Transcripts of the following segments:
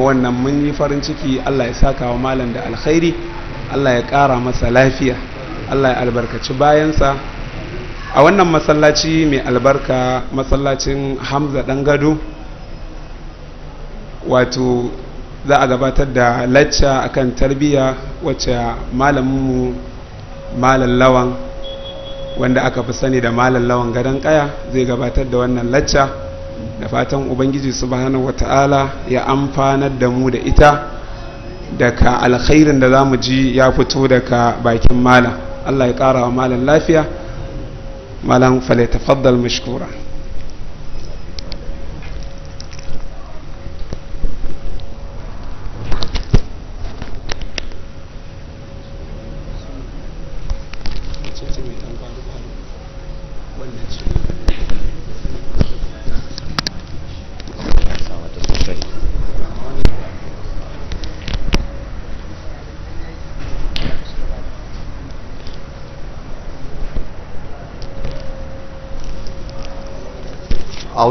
kuma wannan mun yi farin ciki allah ya saka wa malam da alkhairi allah ya ƙara masa lafiya allah ya albarkaci bayansa a wannan masallaci mai albarka masallacin hamza ɗan gado wato za a gabatar da lacca akan tarbiyya wacce malaminmu malam lawan wanda aka fi sani da malam lawan gadon kaya zai gabatar da wannan lacca da fatan ubangiji subhanahu wata'ala ya amfanar da mu da ita daga alkhairin da za mu ji ya fito daga bakin malam allah ya ƙara wa malam lafiya malam tafaddal mashkura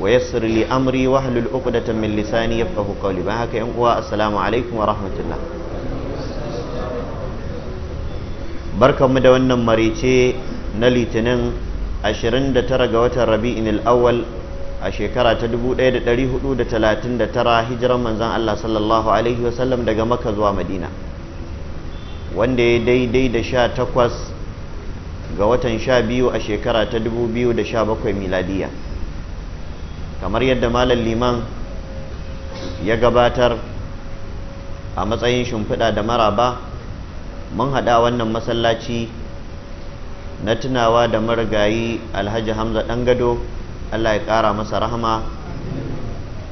wa yassir li amri wa hlul uqdatan min lisani yafqahu qawli ba haka yan uwa assalamu alaikum wa rahmatullah barkamu da wannan marice na litinin 29 ga watan rabi'in al-awwal a shekara ta 1439 hijiran manzon Allah sallallahu alaihi wa sallam daga Makka zuwa Madina wanda ya daidai da 18 ga watan 12 a shekara ta 2017 miladiyya kamar yadda malam liman ya gabatar a matsayin shimfiɗa da maraba mun haɗa wannan masallaci na tunawa da marigayi alhaji hamza ɗan gado allah ya ƙara masa rahama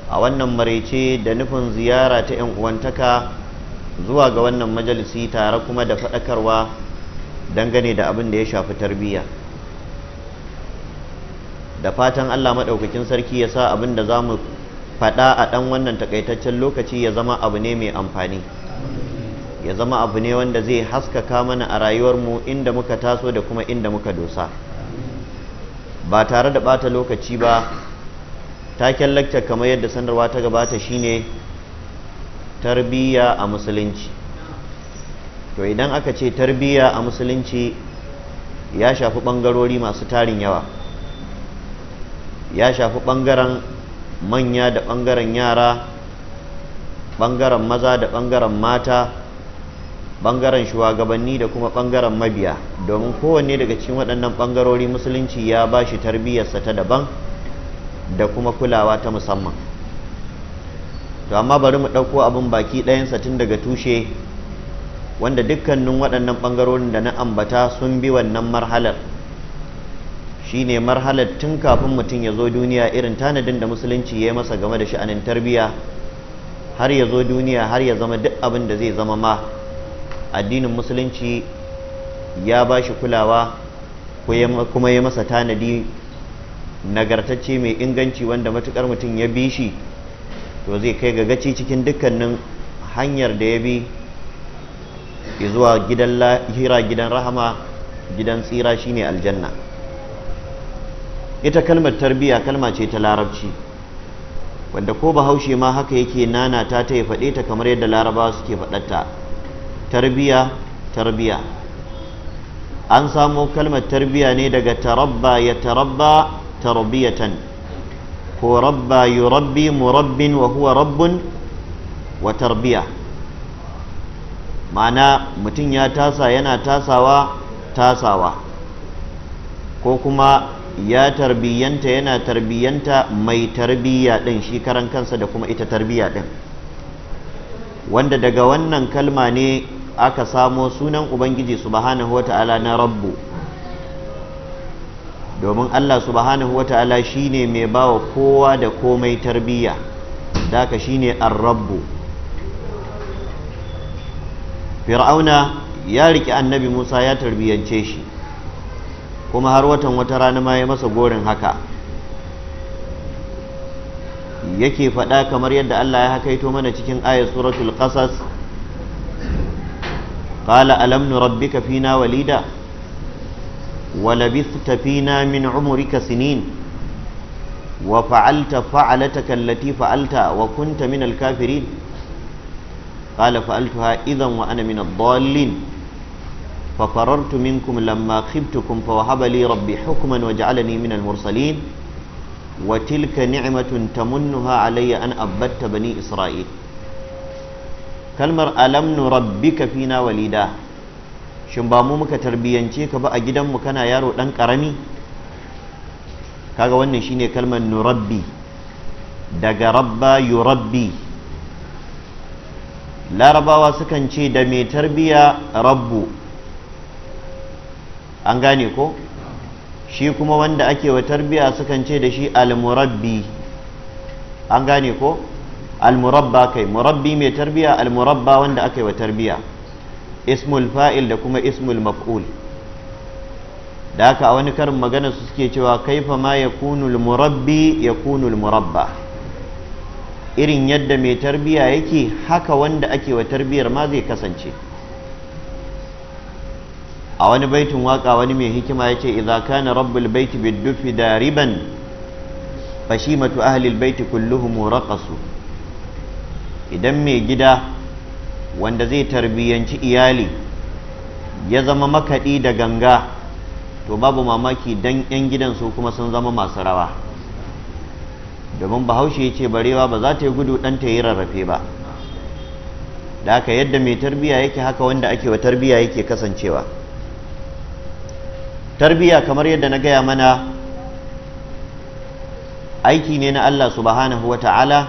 a wannan maraice da nufin ziyara ta 'yan uwantaka zuwa ga wannan majalisi tare kuma da faɗakarwa dangane da abin da ya shafi tarbiyya da fatan Allah maɗaukakin sarki ya sa abin da za mu faɗa a ɗan wannan takaitaccen lokaci ya zama abu ne mai amfani ya zama abu ne wanda zai haskaka mana a rayuwarmu inda muka taso da kuma inda muka dosa ba tare da ɓata lokaci ba taken lacca kamar yadda sanarwa ta gabata shine tarbiyya a musulunci to idan aka ce tarbiyya a musulunci ya shafi ɓangarori masu tarin yawa ya shafi ɓangaren manya da ɓangaren yara ɓangaren maza da ɓangaren mata ɓangaren shugabanni da kuma ɓangaren mabiya domin kowanne daga cikin waɗannan ɓangarori musulunci ya ba shi tarbiyyarsa ta daban da kuma kulawa ta musamman to amma bari mu ɗauko abin baki ɗayansa tun daga tushe wanda dukkanin waɗannan ɓangarorin da na ambata sun bi wannan marhalar shine marhalar tun kafin mutum ya zo duniya irin tanadin da musulunci ya yi masa game da sha'anin tarbiyya har ya zo duniya har ya zama duk abin da zai zama ma addinin musulunci ya ba shi kulawa kuma ya masa tanadi nagartacce mai inganci wanda matukar mutum ya bi shi to zai kai ga gaci cikin dukkanin hanyar da ya bi zuwa gidan gidan rahama gidan tsira shine aljanna ita kalmar tarbiya kalma ce ta larabci wanda ko bahaushe ma haka yake nana ta ta ya faɗe ta kamar yadda larabawa suke faɗata tarbiya tarbiya an samo kalmar tarbiya ne daga tarabba ya tarabba tarbiyatan ko rabba mu murabbin wa huwa rabbun wa tarbiya ma'ana mutum ya tasa yana tasawa tasawa ko kuma ya tarbiyyanta yana tarbiyyanta mai tarbiyya ɗin shi karan kansa da kuma ita tarbiyya ɗin wanda daga wannan kalma ne aka samo sunan ubangiji subhanahu wa ta'ala na rabbu domin allah subhanahu wa ta'ala shi mai ba wa kowa da komai tarbiyya da ka shi ne rabbu fir'auna ya riƙe annabi musa ya tarbiyyance shi kuma har watan wata rana ma ya masa gorin haka yake faɗa kamar yadda Allah ya hakaito mana cikin ayat suratul qasas qala alam nurabbika fina walida wa labithta fina min umrika sinin wa fa'alta fa'alataka allati fa'alta wa kunta min al-kafirin qala fa'altuha idhan wa ana min ad-dallin ففررت منكم لما خبتكم فوهب لي ربي watilka وجعلني من المرسلين وتلك نعمة تمنها علي أن أبدت بني إسرائيل kalmar alam nurabbika kafina walida shin ba mu muka tarbiyance ka ba a gidanmu kana yaro dan karami kaga wannan shine kalmar nurabbi daga rabba yurabbi larabawa sukan ce da mai tarbiya rabbu an gane ko shi kuma wanda ake wa tarbiya sukan ce da shi almurabbi an gane ko almurabba kai murabbi mai tarbiya almurabba wanda ake wa tarbiya ismul fa'il da kuma ismul maf'ul da haka a wani karin magana su suke cewa kaifa ma ya kunul murabbi ya kunul murabba irin yadda mai tarbiya yake haka wanda ake wa tarbiyar ma zai kasance a wani baitin waka wani mai hikima ya ce idza kana rabbul baiti biddufi dariban fashimatu ahli albayti kulluhum raqasu idan mai gida wanda zai tarbiyanci iyali ya zama makaɗi da ganga to babu mamaki dan 'yan gidan su kuma sun zama masu rawa domin bahaushe ya ce barewa ba za ta yi gudu dan ta yi rarrafe ba da haka yadda mai tarbiya yake haka wanda ake wa tarbiya yake kasancewa tarbiya kamar yadda na gaya mana aiki ne na Allah subhanahu wa ta'ala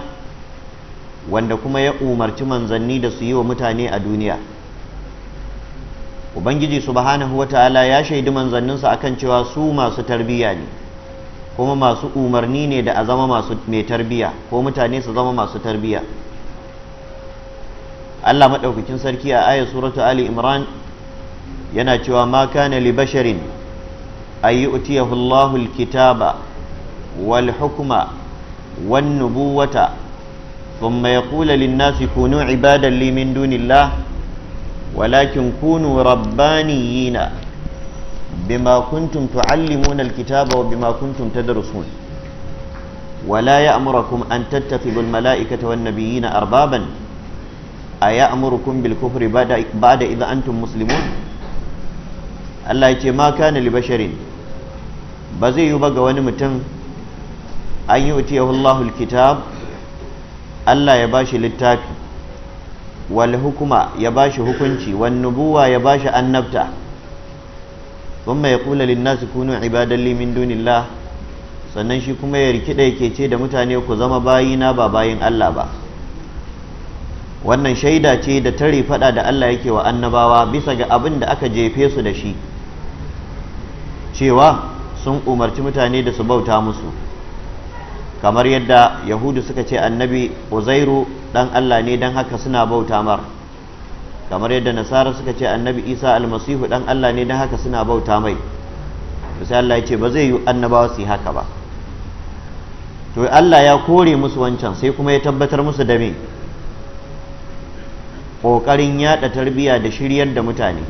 wanda kuma ya umarci manzanni da su yi wa mutane a duniya ubangiji subhanahu wa ta'ala ya shaidi manzanninsa akan cewa su masu tarbiya ne kuma masu umarni ne da a zama masu mai tarbiya ko mutane su zama masu tarbiya Allah maɗaukakin sarki a ayat suratu Ali Imran yana cewa ma kana li basharin أن يؤتيه الله الكتاب والحكم والنبوة ثم يقول للناس كونوا عبادا لي من دون الله ولكن كونوا ربانيين بما كنتم تعلمون الكتاب وبما كنتم تدرسون ولا يأمركم أن تتخذوا الملائكة والنبيين أربابا أيأمركم بالكفر بعد إذا أنتم مسلمون الله يتي ما كان لبشر ba zai yi ba ga wani mutum an yi utiyahu Allahul kitab Allah ya bashi littafi wal hukuma ya bashi hukunci wal nubuwa ya bashi annabta thumma ya kula nasi kunu ibadan limin sannan shi kuma ya rikida yake ce da mutane ku zama bayina ba bayin Allah ba wannan shaida ce da tare fada da Allah yake wa annabawa bisa ga abin da aka jefe su da shi cewa sun umarci mutane da su bauta musu kamar yadda yahudu suka ce annabi uzairu dan Allah ne dan haka suna bauta mar kamar yadda nasara suka ce annabi isa almasihu dan Allah ne dan haka suna bauta mai sai Allah ya ce ba zai yi annabawa su yi haka ba to Allah ya kore musu wancan sai kuma ya tabbatar musu da me ƙoƙarin yaɗa tarbiyya da shiryar da mutane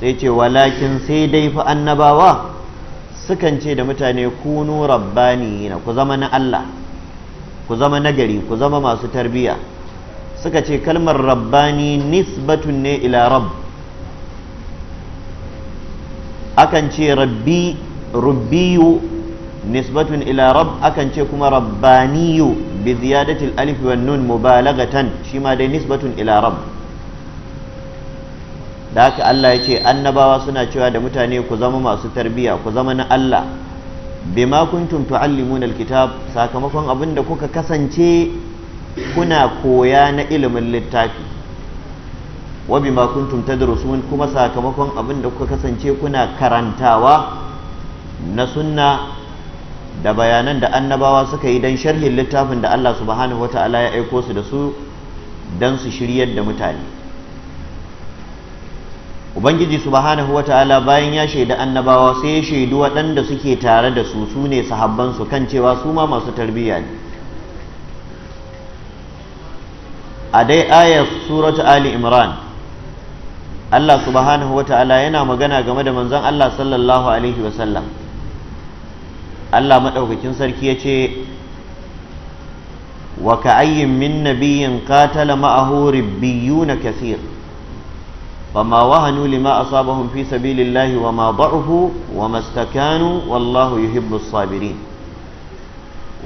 sai ce walakin sai dai fa annabawa sukan ce da mutane kunu rabbaniyina ku zama na Allah ku zama nagari ku zama masu tarbiyya suka ce kalmar rabbani nisbatun ne ila rab akan ce rabbi rubbiyu nisbatun ila rab akan ce kuma rabbaniyu bi ziyadatil alif wan nun mubalagatan shi ma dai nisbatun ila rab da haka Allah ya ce annabawa suna cewa da mutane ku zama masu tarbiya ku zama na Allah bima kuntum tuallimuna alkitab sakamakon abin da kuka kasance kuna koya na ilimin littafi wa bima kuntum tadrusun kuma sakamakon abin da kuka kasance kuna karantawa na sunna da bayanan da annabawa suka yi don sharhin littafin da Allah subhanahu wata'ala ya aiko su da su don su shiryar da mutane ubangiji subhanahu wata'ala bayan ya shaida annabawa sai ya shaidu waɗanda suke tare da su su ne sahabbansu kan cewa su ma masu tarbiyya ne a dai ayar suratu ali imran Allah subhanahu wa ta'ala yana magana game da manzan Allah sallallahu alaihi wa Allah maɗaukakin sarki ya ce wa ka min nabiyyin qatala ma'ahu ribbiyuna kathir فما وهنوا لما أصابهم في سبيل الله وما ضعفوا وما استكانوا والله يحب الصابرين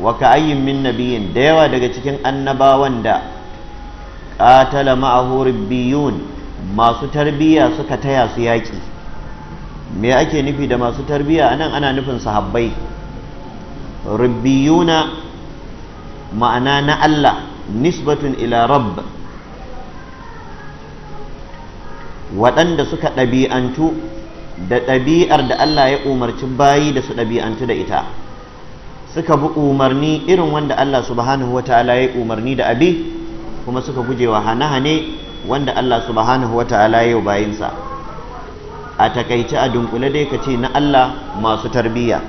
وكأي من نبي ديوا دقتكين أنبا وندا قاتل معه ربيون ما ستربية سكتيا سياكي me ake nufi da masu tarbiya anan ana nufin sahabbai ribbiyuna ma'ana na Allah nisbatun ila rabb waɗanda suka ɗabi'antu da ɗabi'ar da Allah ya umarci bayi da su ɗabi'antu da ita suka bi umarni irin wanda Allah subhanahu wata'ala ya umarni da abi kuma suka guje wa hane-hane wanda Allah subhanahu wata'ala ya bayinsa a takaici a dunkule dai ka ce na Allah masu tarbiyya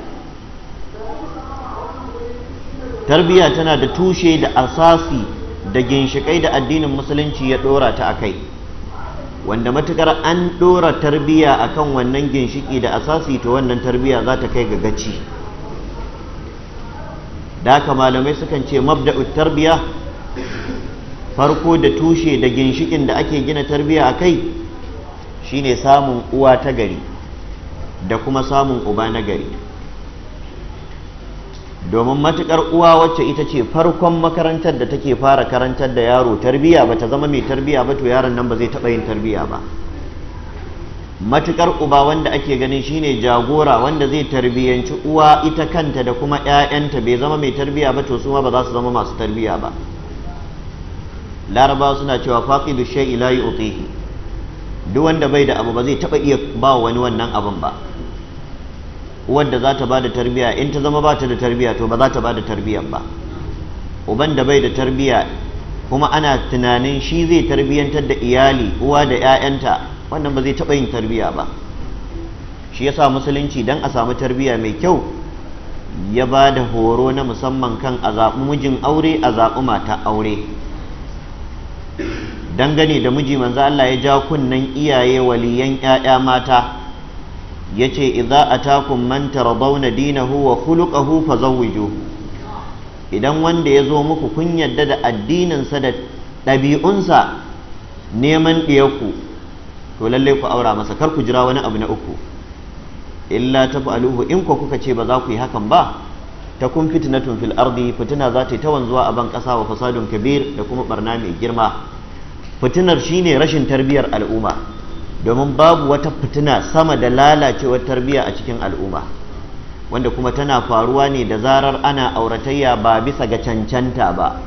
tarbiyya tana da tushe da asasi da ginshiƙai da addinin musulunci ya ɗora ta a kai wanda matukar an dora tarbiya akan wannan ginshiki da asasi to wannan tarbiya za ta kai ga gaci da haka malamai sukan ce mabda'ut tarbiya farko da tushe da ginshikin da ake gina tarbiya a kai shine samun uwa ta gari da kuma samun uba na gari domin matukar uwa wacce ita ce farkon makarantar da take fara karantar da yaro tarbiya ba ta zama mai tarbiya ba to yaron nan ba zai taɓa yin tarbiya ba matukar uba wanda ake ganin shine jagora wanda zai tarbiyanci uwa ita kanta da kuma 'ya'yanta bai zama mai tarbiya ba to su ba za su zama masu tarbiya ba laraba suna cewa faqidu shay'i la yu'tihi duk wanda bai da abu ba zai taba iya ba wani wannan abin ba wadda za ta bada tarbiya in ta zama bata da tarbiya to ba za ta bada tarbiyan ba uban da bai da tarbiya kuma ana tunanin shi zai tarbiyantar da iyali uwa da 'ya'yanta wannan ba zai taɓa yin tarbiya ba shi yasa musulunci dan a samu tarbiya mai kyau ya ba da horo na musamman kan a zaɓi mijin aure a zaɓi mata aure dangane da miji manzo Allah ya ja kunnen iyaye waliyan 'ya'ya mata yace idza atakum man taradawna dinahu wa khuluquhu fazawwijuhu idan wanda ya zo muku kun yadda da addininsa da ɗabi'unsa neman ɗiyarku to lallai ku aura masa kar ku jira wani abu na uku illa taf'aluhu in ku kuka ce ba za ku yi hakan ba ta kun fitnatun fil ardi fitina za ta yi ta wanzuwa a ban ƙasa wa fasadun kabir da kuma barna mai girma fitinar shine rashin tarbiyar al'umma domin babu wata fitina sama da lalacewar tarbiyya a cikin al'umma wanda kuma tana faruwa ne da zarar ana auratayya ba bisa ga cancanta ba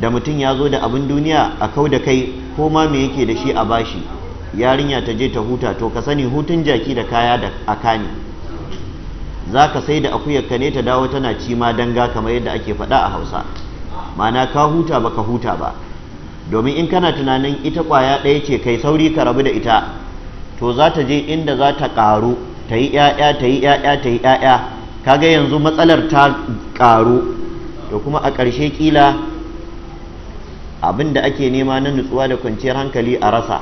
da mutum ya zo da abin duniya a kau da kai ko ma me yake da shi a bashi yarinya ta je ta huta to ka sani hutun jaki da kaya da aka ne za ka sai da akuyar ka ne ta dawo tana cima danga kamar yadda ake faɗa a hausa ma'ana ka huta ba ka huta ba domin in kana tunanin ita kwaya ɗaya ce kai sauri ka rabu da ita to za ta je inda za ta ƙaru ta yi ‘ya'ya ta yi ‘ya'ya ta yi ‘ya'ya kaga yanzu matsalar ta ƙaru to kuma a ƙarshe ƙila Abinda da ake nema na nutsuwa da kwanciyar hankali a rasa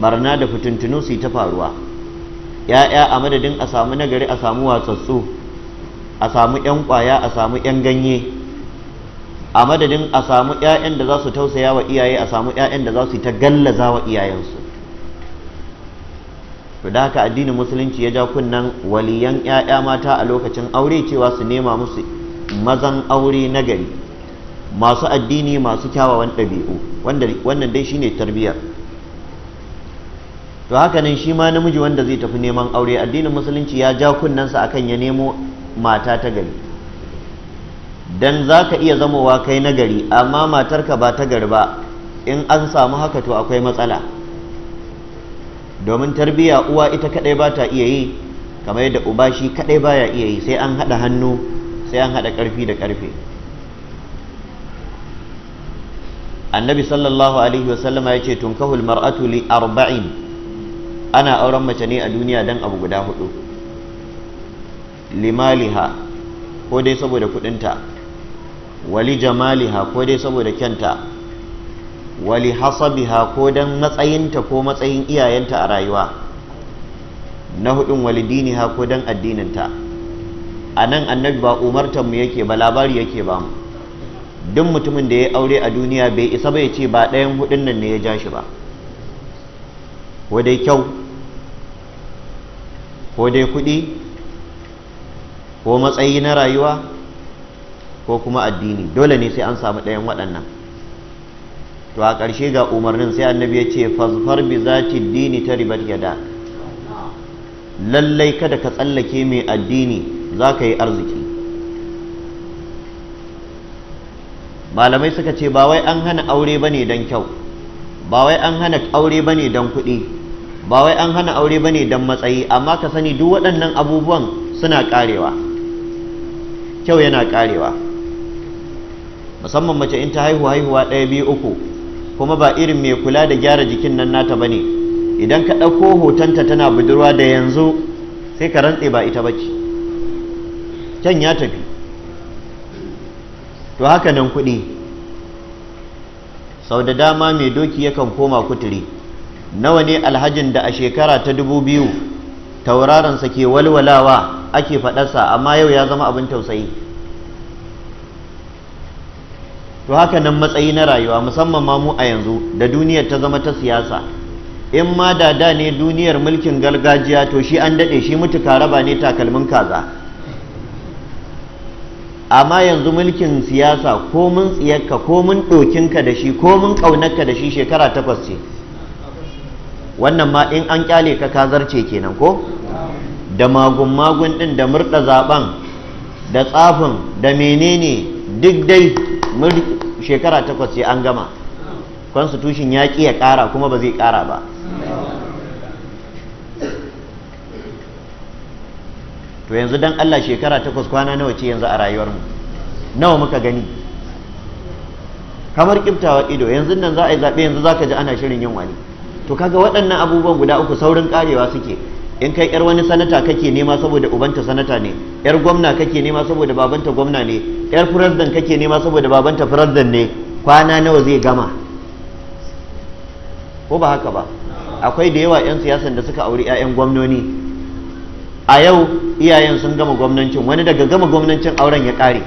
barna da fitintunu su yi ta faruwa ‘ya'ya a madadin a samu nagari a samu watsatsu a samu ‘yan kwaya a samu ‘yan ganye a madadin a samu 'ya'yan da za su tausaya wa iyaye a samu 'ya'yan da za su yi ta gallaza wa iyayensu to da haka addinin musulunci ya ja kunnan waliyan 'ya'ya mata a lokacin aure cewa su nema musu mazan aure na gari masu addini masu kyawawan ɗabi'u wannan dai shine tarbiyyar to haka nan shi ma namiji wanda zai tafi neman aure addinin musulunci ya ja kunnensa akan ya nemo mata ta gari dan za ka iya zamowa kai nagari amma matarka ba ta garba, in an samu haka to akwai matsala domin tarbiyya uwa ita kadai ba ta iya yi kamar yadda uba shi kadai baya iya yi sai an haɗa hannu sai an haɗa ƙarfi da ƙarfe annabi sallallahu alaihi wasallama ya ce tunkahul mar'atu li arba'in ana auren mace ne a duniya don abu guda hudu limaliha ko dai saboda kudinta wali jamaliha ko dai saboda kyanta wali hasabiha ko dan matsayinta ko matsayin iyayenta a rayuwa na hudun walidini ko dan addininta a nan annabi ba umartan mu yake ba labari yake ba mu duk mutumin da ya aure a duniya bai isa bai ce ba ɗayan hudun nan ne ya ja shi ba ko dai kyau ko dai kuɗi ko matsayi na rayuwa ko kuma addini dole ne sai an samu ɗayan waɗannan to a ƙarshe ga umarnin sai annabi ya ce fazfar bi ci dini ta ribar yada lallai kada ka tsallake mai addini za ka yi arziki malamai suka ce ba wai an hana aure ba ne don kyau ba wai an hana aure ba ne don kuɗi ba wai an hana aure bane don matsayi amma ka sani duk waɗannan abubuwan suna ƙarewa kyau yana ƙarewa. musamman mace in ta haihu haihuwa ɗaya biyu uku kuma ba irin mai kula da gyara jikin nan nata ba ne. idan ka ɗauko hotonta tana budurwa da yanzu sai ka rantse ba ita bace can ya tafi to haka nan kuɗi sau da dama mai doki yakan koma kuturi nawa ne alhajin da a shekara ta dubu biyu tauraronsa ke walwalawa ake faɗarsa amma yau ya zama abin tausayi to haka nan matsayi na rayuwa musamman ma mu a yanzu da duniyar ta zama ta siyasa in ma da da ne duniyar mulkin gargajiya to shi an daɗe shi mutuka raba ne takalmin kaza amma yanzu mulkin siyasa ko mun tsiyarka ko mun ɗokinka da shi ko mun ƙaunarka da shi shekara takwas ce wannan ma in an kyale ka kazarce kenan ko da magun-magun ɗin da murɗa zaɓen da tsafin da menene duk dai shekara takwas sai an gama constitution ya ƙi ya ƙara kuma ba zai ƙara ba to yanzu don Allah shekara takwas kwana nawa ce yanzu a rayuwarmu nawa muka gani kamar kiftawa ido yanzu nan za a yi zaɓe yanzu za ka ji ana shirin yin wani to kaga waɗannan abubuwan guda uku saurin ƙarewa suke in kai yar wani sanata kake nema saboda ubanta sanata ne yar gwamna kake nema saboda babanta gwamna ne yar president kake nema saboda babanta president ne kwana nawa zai gama ko ba haka ba akwai da yawa 'yan siyasan da suka auri 'ya'yan gwamnoni a yau iyayen sun gama gwamnancin wani daga gama gwamnancin auren ya ƙare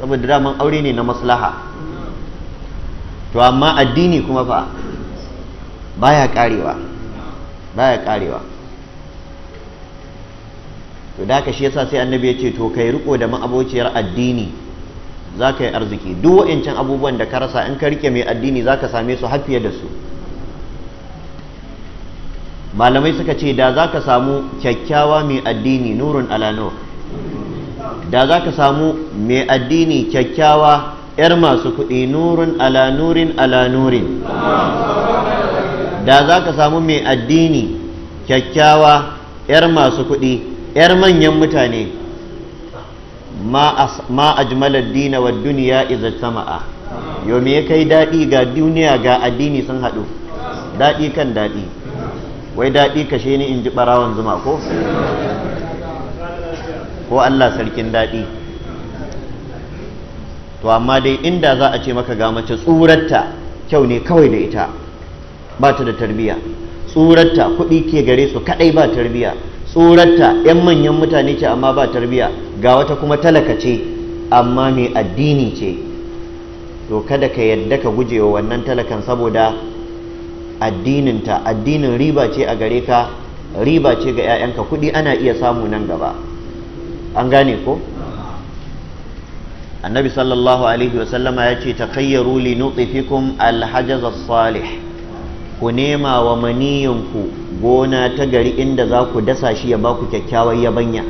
saboda daman aure ne na maslaha to amma addini kuma fa baya ƙarewa baya ƙarewa to da haka shi yasa sai annabi ya ce to kai riko da ma'abociyar addini za ka yi arziki duk wa'incan abubuwan da ka rasa in ka rike mai addini za ka same su hafiye da su malamai suka ce da za ka samu kyakkyawa mai addini nurun alano da za ka samu mai addini kyakkyawa 'yar masu kuɗi nurun ala nurin ala nurin da za ka samu mai addini kyakkyawa 'yar masu kuɗi 'yar manyan mutane ma ajmalar dina wa duniya izar sama'a yau ya kai daɗi ga duniya ga addini sun haɗu daɗi kan daɗi wai daɗi kashe ni in ji ɓarawan zuma ko ko allah sarkin daɗi to amma dai inda za a ce maka ga mace tsuratta kyau ne kawai da ita ba ta da tarbiya tsurarta kuɗi ke gare su kaɗai ba tarbiya tsoratta 'yan manyan mutane ce amma ba tarbiya ga wata kuma talaka ce amma mai addini ce to kada ka yadda ka guje wa wannan talakan saboda addininta addinin riba ce a gare ka riba ce ga 'ya'yanka kudi ana iya samu nan gaba an gane ko annabi sallallahu alaihi wasallama ya ce ta khayyaru li nutifikum alhajaz salih ku nema wa maniyinku gona ta gari inda za ku dasa shi ya ba ku kyakkyawar yabanya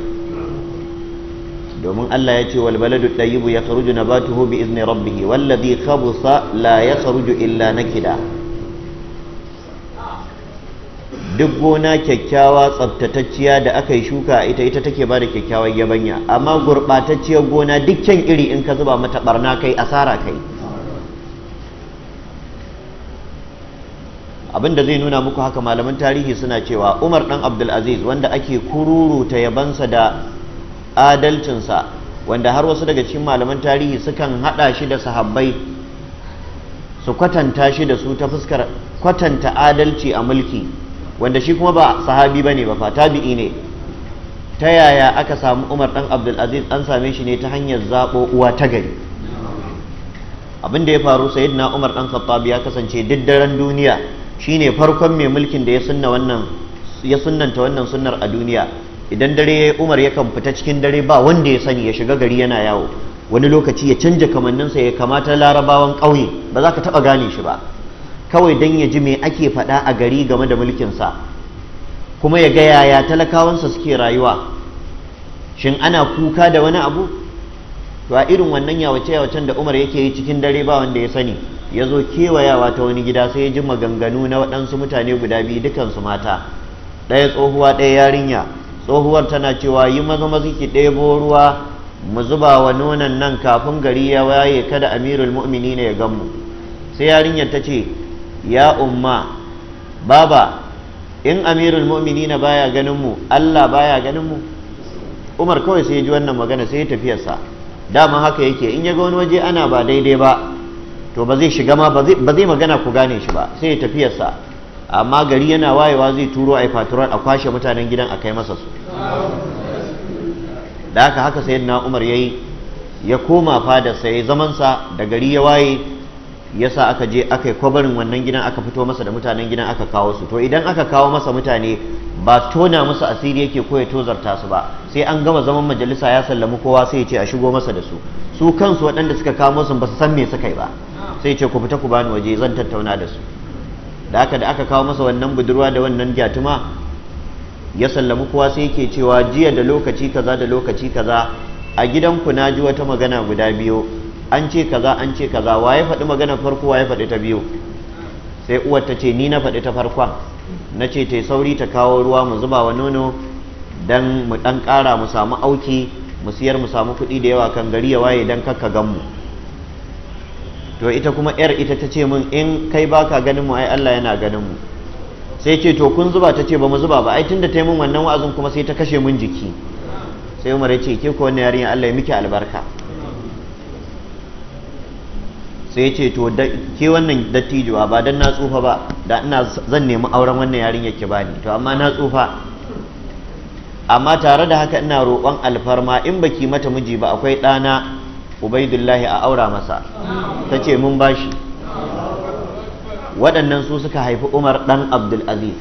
domin Allah ya ce wal baladu tayyibu yakhruju nabatuhu bi izni rabbih wal ladhi khabusa la ya yakhruju illa na kida. duk gona kyakkyawa tsaftatacciya da aka yi shuka ita ita take bada kyakkyawar yabanya amma gurɓatacciyar gona dukkan iri in ka zuba mata barna kai asara kai abin da zai nuna muku haka malaman tarihi suna cewa umar dan abdulaziz wanda ake kururuta yabansa da adalcinsa wanda har wasu daga cikin malaman tarihi sukan hada shi da sahabbai su kwatanta shi da su ta fuskar kwatanta adalci a mulki wanda shi kuma ba sahabi bane ba fata tabi'i ne ta yaya aka samu umar dan abdulaziz an same shi ne ta hanyar zaɓo uwa ta gari abin da ya faru sayyidina umar dan khattab ya kasance duk daren duniya Shi ne farkon mai mulkin da ya sunanta wannan sunar a duniya idan dare Umar yakan fita cikin dare ba wanda ya sani ya shiga gari yana yawo wani lokaci ya canja kamanninsa ya kamata larabawan ƙauye ba za ka taɓa gane shi ba kawai don ya ji me ake faɗa a gari game da mulkinsa kuma ya ga yaya talakawansa suke rayuwa shin ana kuka da wani abu to a irin wannan yawace yawacen da umar yake yi cikin dare ba wanda ya sani ya zo kewayawa ta wani gida sai ya ji maganganu na waɗansu mutane guda biyu dukansu mata ɗaya tsohuwa ɗaya yarinya tsohuwar tana cewa yi maza maza ki ɗebo ruwa mu zuba wa nonon nan kafin gari ya waye kada amirul mu'mini ne ya gan mu sai yarinyar ta ce ya umma baba in amirul mu'mini na baya ganin mu allah baya ganin mu umar kawai sai ya ji wannan magana sai ya tafiyarsa dama haka yake in ya ga wani waje ana ba daidai ba to ba zai shiga ma ba zai magana ku gane shi ba sai ya tafiyarsa amma gari yana wayewa zai turo a faturar a kwashe mutanen gidan a kai masa su da haka haka sayyidina umar yayi ya koma fadarsa ya zamansa da gari ya waye yasa aka je aka yi kwabarin wannan gidan aka fito masa da mutanen gidan aka kawo su to idan aka kawo masa mutane ba tona musu asiri yake koya ya tozarta su ba sai an gama zaman majalisa ya sallami kowa sai ya ce a shigo masa da su su kansu waɗanda suka kawo masu ba su san me suka yi ba sai ce ku fita ku bani waje zan tattauna da su da aka da aka kawo masa wannan budurwa da wannan jatuma ya sallami kowa sai yake cewa jiya da lokaci kaza da lokaci kaza a gidanku na ji wata magana guda biyu an ce kaza an ce kaza waye faɗi magana farko waye faɗi ta biyu sai uwar ta ce ni na faɗi ta farkon na ce ta sauri ta kawo ruwa mu zuba wa nono don mu ɗan ƙara mu samu auki mu siyar mu samu kuɗi da yawa kan gari ya waye dan kakka gan mu to ita kuma yar ita ta ce min in kai baka ganin mu ai Allah yana ganin mu sai ce to kun zuba ta ce ba mu zuba ba ai tunda ta yi min wannan wa'azin kuma sai ta kashe mun jiki sai Umar ya ce ke ko wannan yarinya Allah ya miki albarka sai ya ce to ke wannan dattijuwa ba don na tsufa ba da ina zan nemi auren wannan yake ba bani to amma na tsufa amma tare da haka ina roƙon alfarma in baki mata miji ba akwai ɗana ubaidullahi a aura masa ta ce mun bashi waɗannan su suka haifi umar ɗan abdulaziz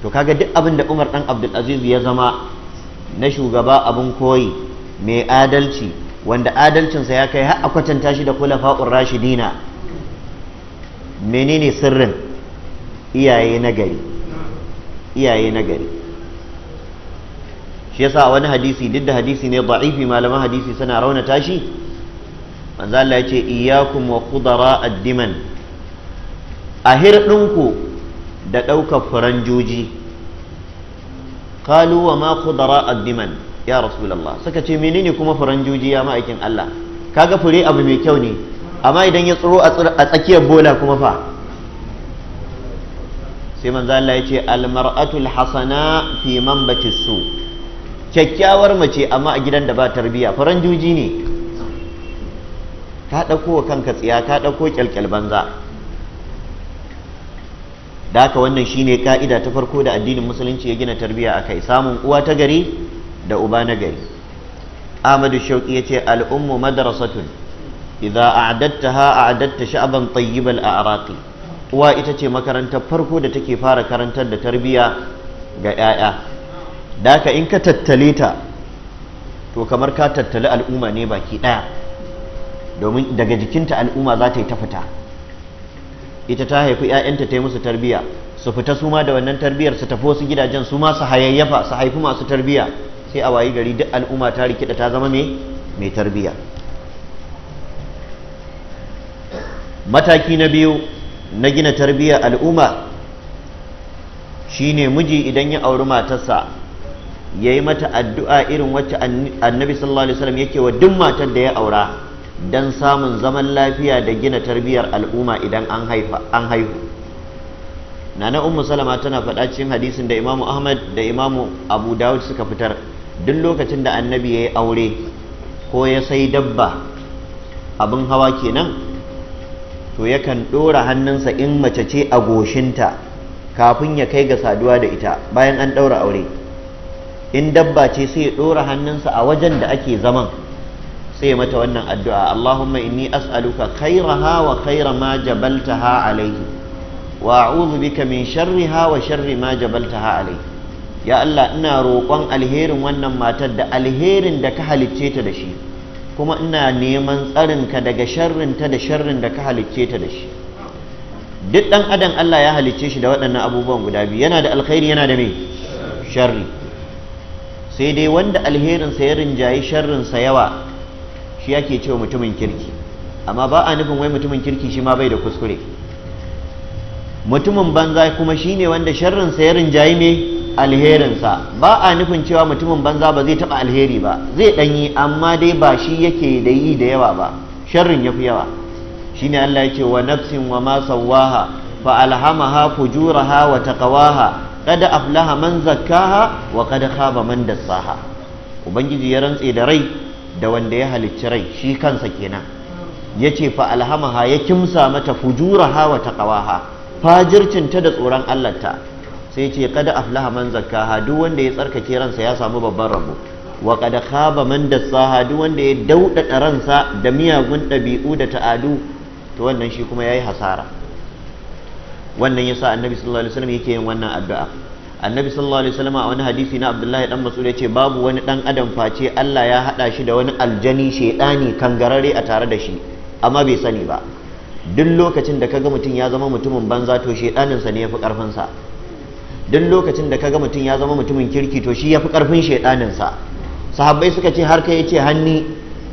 to kaga duk abin da umar ɗan abdulaziz ya zama na shugaba abin koyi mai adalci wanda adalcinsa ya kai har a kwatanta shi da kulafa'ur rashidina menene sirrin iyaye nagari gari iyaye na shi yasa wani hadisi duk da hadisi ne da'ifi malaman hadisi suna raunata shi manzo Allah ya ce iyyakum wa kudara ad-diman a hirdinku da ɗaukar furanjoji kalu wa ma kudara ad ya rasulullah suka ce menene kuma furen juji ya ma'aikin Allah kaga fure abu mai kyau ne amma idan ya tsoro a tsakiyar bola kuma fa sai manzo Allah ya ce almar'atul hasana fi manbati su kyakkyawar mace amma a gidan da ba tarbiya furen juji ne ka ɗauko wa kanka tsiya ka ɗako kyalkyal banza da haka wannan shine ka'ida ta farko da addinin musulunci ya gina tarbiya akai samun uwa ta gari da uba na gari ahmadu shauki ya ce al'ummu madrasatun idza a'adattaha a'adatta sha'ban tayyibal a'raqi uwa ita ce makarantar farko da take fara karantar da tarbiyya ga 'ya'ya daka in ka tattale ta to kamar ka tattali al'umma ne baki ɗaya domin daga jikinta al'umma za ta yi ta ita ta haifi 'ya'yanta ta yi musu tarbiyya su fita su ma da wannan tarbiyyar su tafi wasu gidajen su ma su hayayyafa su haifi masu tarbiyya sai a wayi gari duk al'umma ta rikida ta zama mai mai tarbiya mataki na biyu na gina tarbiya al'umma shine miji idan ya auri matarsa ya yi mata addu'a irin wacce annabi sallallahu alaihi wasallam yake wa duk matar da ya aura don samun zaman lafiya da gina tarbiyyar al'umma idan an an haihu nana ummu salama tana faɗa cikin hadisin da imamu ahmad da imamu abu dawud suka fitar duk lokacin da annabi ya yi aure ko ya sai dabba abin hawa kenan to yakan ɗora hannunsa in mace ce a goshinta kafin ya kai ga saduwa da ita bayan an ɗaura aure in dabba ce sai ya ɗora hannunsa a wajen da ake zaman sai mata wannan addu'a Allahumma inni as'aluka khairaha wa khaira ma jabaltaha alaihi wa a'udhu bika min sharriha wa sharri ma jabaltaha alaihi ya Allah ina roƙon alherin wannan matar da alherin da ka halicce ta da shi kuma ina neman tsarinka daga sharrin ta da sharrin da ka halicce ta da shi duk ɗan adam Allah ya halicce shi da waɗannan abubuwan guda biyu yana da alkhairi yana da mai sharri sai dai wanda alherinsa ya rinjayi sharrinsa yawa shi yake cewa mutumin kirki amma ba a nufin wai mutumin kirki shi ma bai da kuskure mutumin banza kuma shine wanda sharrinsa ya rinjayi mai alherinsa ba a nufin cewa mutumin banza ba zai taɓa alheri ba zai ɗanyi amma dai ba shi yake da yi da yawa ba sharrin ya fi yawa Shi ne Allah ya ce wa nafsin wa ma fa alhamaha fujuraha wa taqwaha qad aflaha man zakkaha wa qad khaba man dassaha ubangiji ya rantse da rai da wanda ya halicci rai shi kansa kenan ce fa alhamaha ya kimsa mata fujuraha wa taqwaha fajircinta da tsoron Allah ta sai ce kada aflaha man zakkaha duk wanda ya tsarkake ransa ya samu babban rabo wa kada khaba man dassaha duk wanda ya daudada ransa da miyagun dabi'u da ta'adu to wannan shi kuma yayi hasara wannan yasa annabi sallallahu alaihi wasallam yake yin wannan addu'a annabi sallallahu alaihi wasallam a wani hadisi na abdullahi dan mas'ud yace babu wani dan adam face Allah ya hada shi da wani aljani shedani kangarare a tare da shi amma bai sani ba duk lokacin da kaga mutum ya zama mutumin banza to shedanin sa ne yafi karfin sa duk lokacin da kaga mutum ya zama mutumin kirki to shi ya fi ƙarfin shaidaninsa sahabbai suka ce har kai ya ce hanni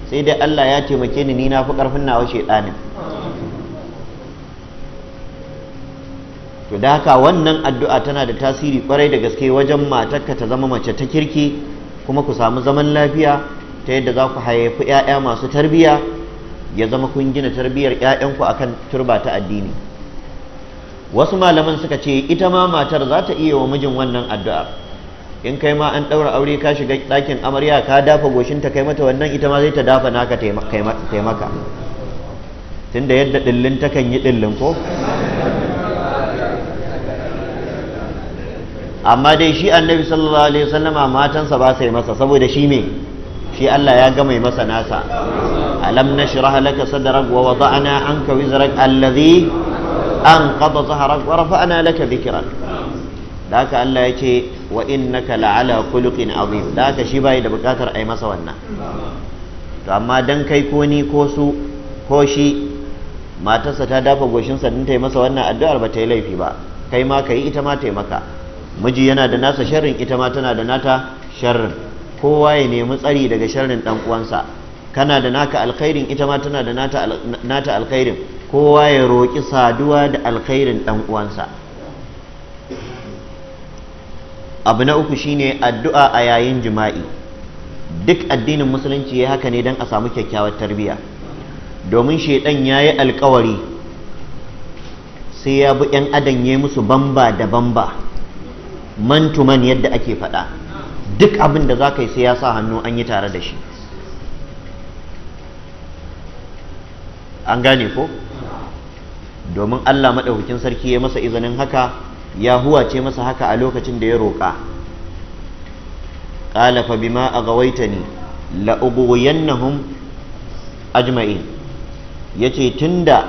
sai dai Allah ya taimake ni ni na fi ƙarfin nawa shaidanin to da haka wannan addu'a tana da tasiri kwarai da gaske wajen matarka ta zama mace ta kirki kuma ku samu zaman lafiya ta yadda za ku haifi 'ya'ya masu tarbiyya ya zama kun gina tarbiyyar 'ya'yanku akan turba ta addini wasu malaman suka ce ita ma matar za ta iya wa mijin wannan addu'a in kai ma an ɗaura aure ka shiga ɗakin amarya ka dafa goshin ta kai mata wannan ita ma zai ta dafa naka taimaka tunda yadda ɗillin kan yi ɗillin ko amma dai shi annabi sallallahu alaihi wasallama matansa ba sai masa saboda shi me shi Allah ya gama masa nasa alam nashrah laka sadrak wa wada'na anka wizrak alladhi an qada zaharak wa rafa'na laka dhikrak da aka Allah ya ce wa innaka la'ala khuluqin azim da aka shi bai da bukatar ai masa wannan to amma dan kai ko ni ko su ko shi matarsa ta dafa goshinsa din ta yi masa wannan addu'ar ba ta yi laifi ba kai ma ka yi ita ma ta yi maka miji yana da nasa sharrin ita ma tana da nata sharrin kowa ya nemi tsari daga sharrin dan uwansa kana da naka alkhairin ita ma tana da nata alkhairin kowa ya roƙi saduwa da alkhairin ɗan uwansa abu na uku shine addu'a a yayin jima'i duk addinin musulunci ya haka ne don a samu kyakkyawar tarbiyya domin shaidan ya yi alkawari sai ya bi 'yan adam ya musu bamba da bamba man man yadda ake faɗa duk abin da za ka yi sai ya sa hannu an yi tare da shi an gane ko? domin Allah maɗaukakin sarki ya masa izinin haka ya huwace masa haka a lokacin da ya roƙa ƙala fa bima agawaitani la ubwiyannahum ajma'in ya ce yace ka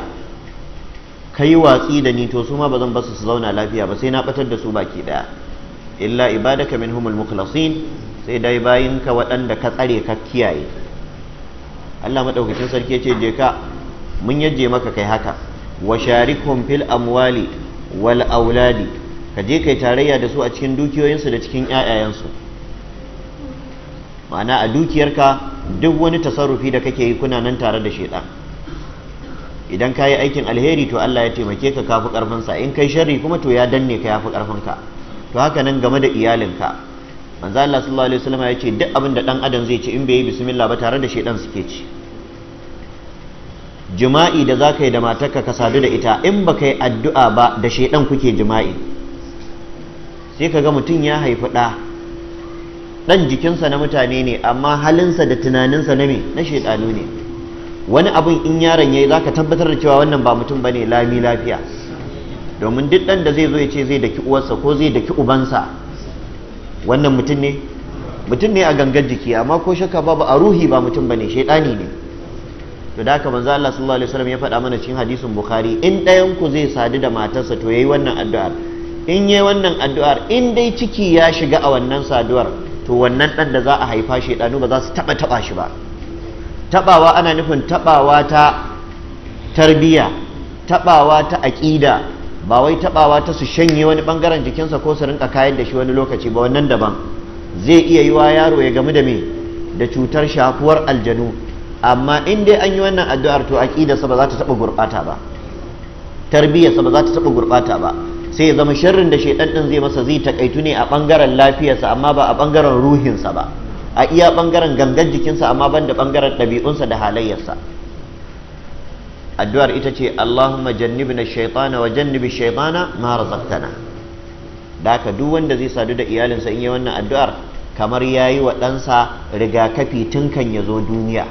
kai watsi da ni to su ma ba zan basu su zauna lafiya ba sai na batar da su baki ɗaya. illa ibadaka humul mukhlasin sai dai bayan ka waɗanda ka tsare ka kiyaye Allah maɗaukakin sarki ce je ka mun yaje maka kai haka wa sharikhum fil amwali wal auladi ka je kai tarayya da su a cikin dukiyoyinsu da cikin ƴaƴayensu Mana a dukiyarka duk wani tasarrufi da kake yi kuna nan tare da shedan idan ka yi aikin alheri to Allah ya taimake ka kafi karfinsa in kai sharri kuma to ya danne ka yafi ka to haka nan game da iyalinka manzo Allah sallallahu alaihi wasallam ya ce duk abin da dan adam zai ci in bai yi bismillah ba tare da shedan suke ci jima'i da za ka yi da matarka ka sadu da ita in ba ka yi addu'a ba da shaidan kuke jima'i sai ka ga mutum ya haifi ɗa ɗan jikinsa na mutane ne amma halinsa da tunaninsa na me na shaidanu ne wani abin in yaron ya yi za ka tabbatar da cewa wannan ba mutum ba ne lami lafiya domin duk ɗan da zai zo ya ce zai daki uwarsa ko zai daki ubansa wannan mutum ne mutum ne a gangar jiki amma ko shakka babu a ruhi ba mutum ba ne shaidani ne to da haka manzo Allah sallallahu alaihi wasallam ya faɗa mana cikin hadisin bukhari in ɗayan ku zai sadu da matarsa to yayi wannan addu'ar in yayi wannan addu'ar in dai ciki ya shiga a wannan saduwar to wannan ɗan da za a haifa shi ɗanu ba za su taɓa taɓa shi ba taɓawa ana nufin taɓawa ta tarbiyya taɓawa ta aƙida ba wai tabawa ta su shanye wani bangaren jikinsa ko su rinka kayan da shi wani lokaci ba wannan daban zai iya yi wa yaro ya gamu da me da cutar shafuwar aljanu amma in dai an yi wannan addu'ar to aqidarsa ba za ta taɓa gurbata ba tarbiyyarsa ba za ta taɓa gurbata ba sai ya zama sharrin da shaidan din zai masa zai takaitu ne a ɓangaren lafiyarsa amma ba a ɓangaren ruhinsa ba a iya ɓangaren gangan jikinsa amma ban da ɓangaren ɗabi'unsa da halayyarsa addu'ar ita ce Allahumma jannibna shaytana wa jannibi shaytana ma razaqtana da haka duk wanda zai sadu da iyalinsa in yi wannan addu'ar kamar yayi wa ɗansa rigakafi tun kan ya zo duniya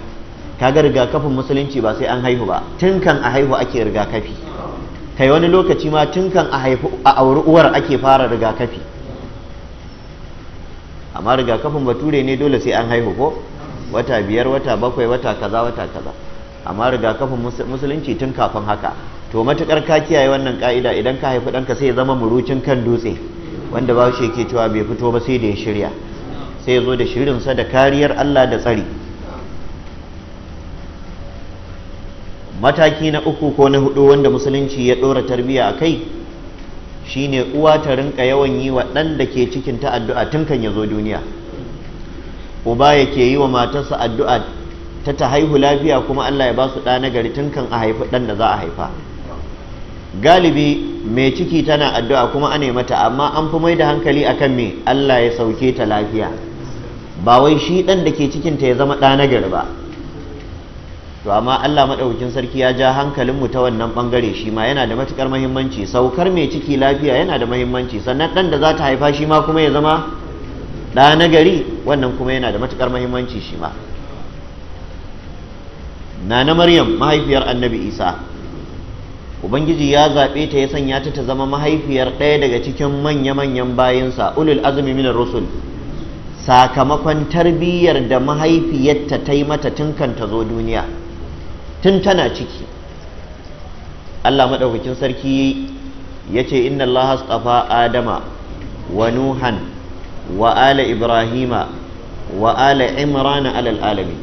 kaga rigakafin musulunci ba sai an haihu ba tun kan a haihu ake rigakafi kai wani lokaci ma tun kan a haifu a auri uwar ake fara rigakafi amma rigakafin bature ne dole sai an haihu ko wata biyar wata bakwai wata kaza wata kaza amma rigakafin musulunci tun kafin haka to matukar ka kiyaye wannan ka'ida idan ka haifi ɗanka sai ya zama murucin kan dutse wanda ba shi yake cewa bai fito ba sai da ya shirya sai ya zo da shirinsa da kariyar Allah da tsari mataki na uku ko na hudu wanda musulunci ya ɗora tarbiyya a kai shine uwa ta rinka yawan yi wa ɗan da ke cikin ta addu'a tun kan ya zo duniya uba ke yi wa matarsa addu'a ta ta haihu lafiya kuma Allah ya ba su ɗa na gari tun kan a haifi ɗan da za a haifa galibi mai ciki tana addu'a kuma ana mata amma an fi mai da hankali akan me Allah ya sauke ta lafiya ba wai shi ɗan da ke cikinta ya zama ɗa gari ba to amma Allah madaukakin sarki ya ja hankalin mu ta wannan bangare shi ma yana da matukar muhimmanci saukar mai ciki lafiya yana da muhimmanci sannan dan da za ta haifa shi ma kuma ya zama da na wannan kuma yana da matukar muhimmanci shi ma nana maryam mahaifiyar annabi isa ubangiji ya zaɓe ta ya sanya ta ta zama mahaifiyar ɗaya daga cikin manya-manyan bayansa ulul azumi min rusul sakamakon tarbiyyar da mahaifiyarta ta yi mata tun kan ta zo duniya tun tana ciki Allah maɗaukakin sarki ya ce inna Allah astafa adama wa nuhan wa ala ibrahima wa ala imrana alal alami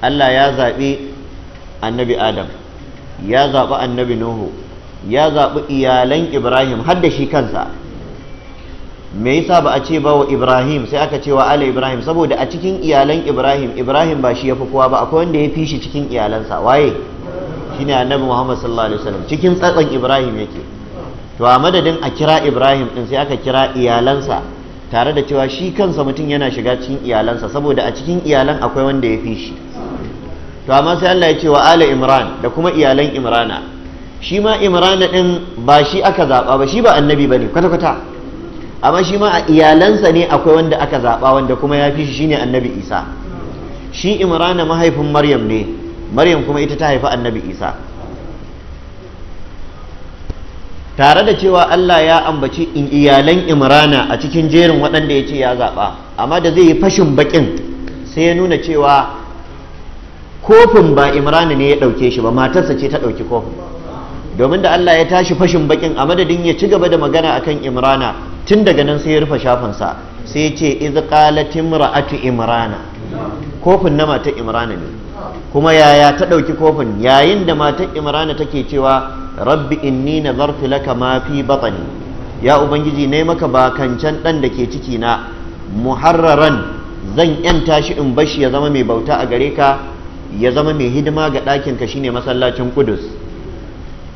Allah ya zaɓi annabi adam ya zaɓi annabi nuhu ya zaɓi iyalan ibrahim har da shi kansa me yasa ba a ce ba wa ibrahim sai aka ce wa Ali ibrahim saboda a cikin iyalan ibrahim ibrahim ba shi ya kowa ba akwai wanda ya fi shi cikin iyalansa waye shine annabi muhammad sallallahu alaihi wasallam cikin tsatsan ibrahim yake to a madadin a kira ibrahim din sai aka kira iyalansa tare da cewa shi kansa mutum yana shiga cikin iyalansa saboda a cikin iyalan akwai wanda ya fi shi to amma sai Allah ya ce wa Ali imran da kuma iyalan imrana shi ma imrana din ba shi aka zaba ba shi ba annabi bane kwata kwata amma shi ma a iyalansa ne akwai wanda aka zaɓa wanda kuma ya fi shi shine annabi isa shi imrana mahaifin maryam ne maryam kuma ita ta haifi annabi isa tare da cewa allah ya ambaci iyalan imrana a cikin jerin waɗanda ya ce ya zaɓa amma da zai yi fashin baƙin sai ya nuna cewa kofin ba imrana ne ya ɗauke shi ba matarsa ce ta ɗauki kofin domin da Allah ya tashi fashin bakin a madadin ya ci gaba da magana akan imrana tun daga nan sai ya rufe shafinsa sai ce iz qalat imra'atu imrana kofin na matan imrana ne kuma yaya ta ɗauki kofin yayin da matar imrana take cewa rabbi inni nazartu laka ma fi batni ya ubangiji ne maka bakancan ɗan da ke ciki na muharraran zan yanta tashi in bashi ya zama mai bauta a gare ka ya zama mai hidima ga ɗakin ka shine masallacin kudus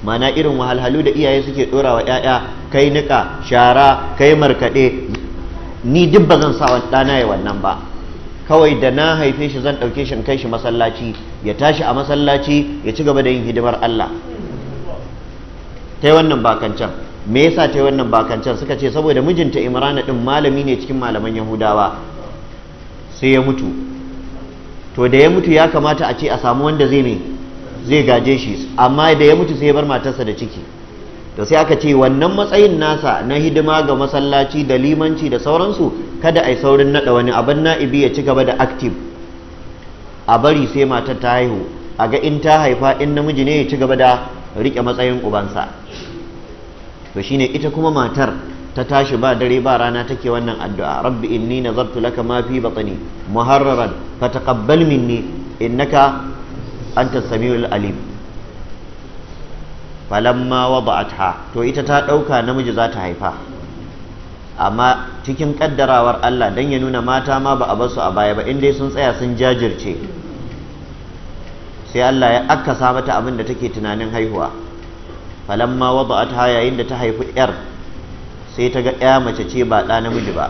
mana irin wahalhalu da iyaye suke dora wa ƴaƴa kai nika shara kai markaɗe ni duk ba zan sa dana ya wannan ba kawai da na haife shi zan ɗauke shi kai shi masallaci ya tashi a masallaci ya ci gaba da yin hidimar Allah tai wannan bakancan me yasa tai wannan bakancan suka ce saboda mijinta imrana din malami ne cikin malaman yahudawa sai ya mutu to da ya mutu ya kamata a ce a samu wanda zai ne zai gaje shi amma da ya mutu sai ya bar matarsa da ciki to sai aka ce wannan matsayin nasa na hidima ga masallaci da limanci da sauransu kada a saurin naɗa wani abin na'ibi ya ci gaba da active a bari sai matar ta haihu a ga in ta haifa in namiji ne ya ci gaba da rike matsayin ubansa to shine ita kuma matar ta tashi ba dare ba rana take wannan addu'a rabbi inni nazartu laka ma fi batni muharraran fataqabbal minni innaka anta samiul alim falamma wada'atha to ita ta dauka namiji za ta haifa amma cikin kaddarawar Allah dan ya nuna mata ma ba a basu a baya ba in dai sun tsaya sun jajirce sai Allah ya sa mata abin da take tunanin haihuwa falamma wada'atha yayin da ta haifi yar sai ta ga ya mace ce ba ɗa namiji ba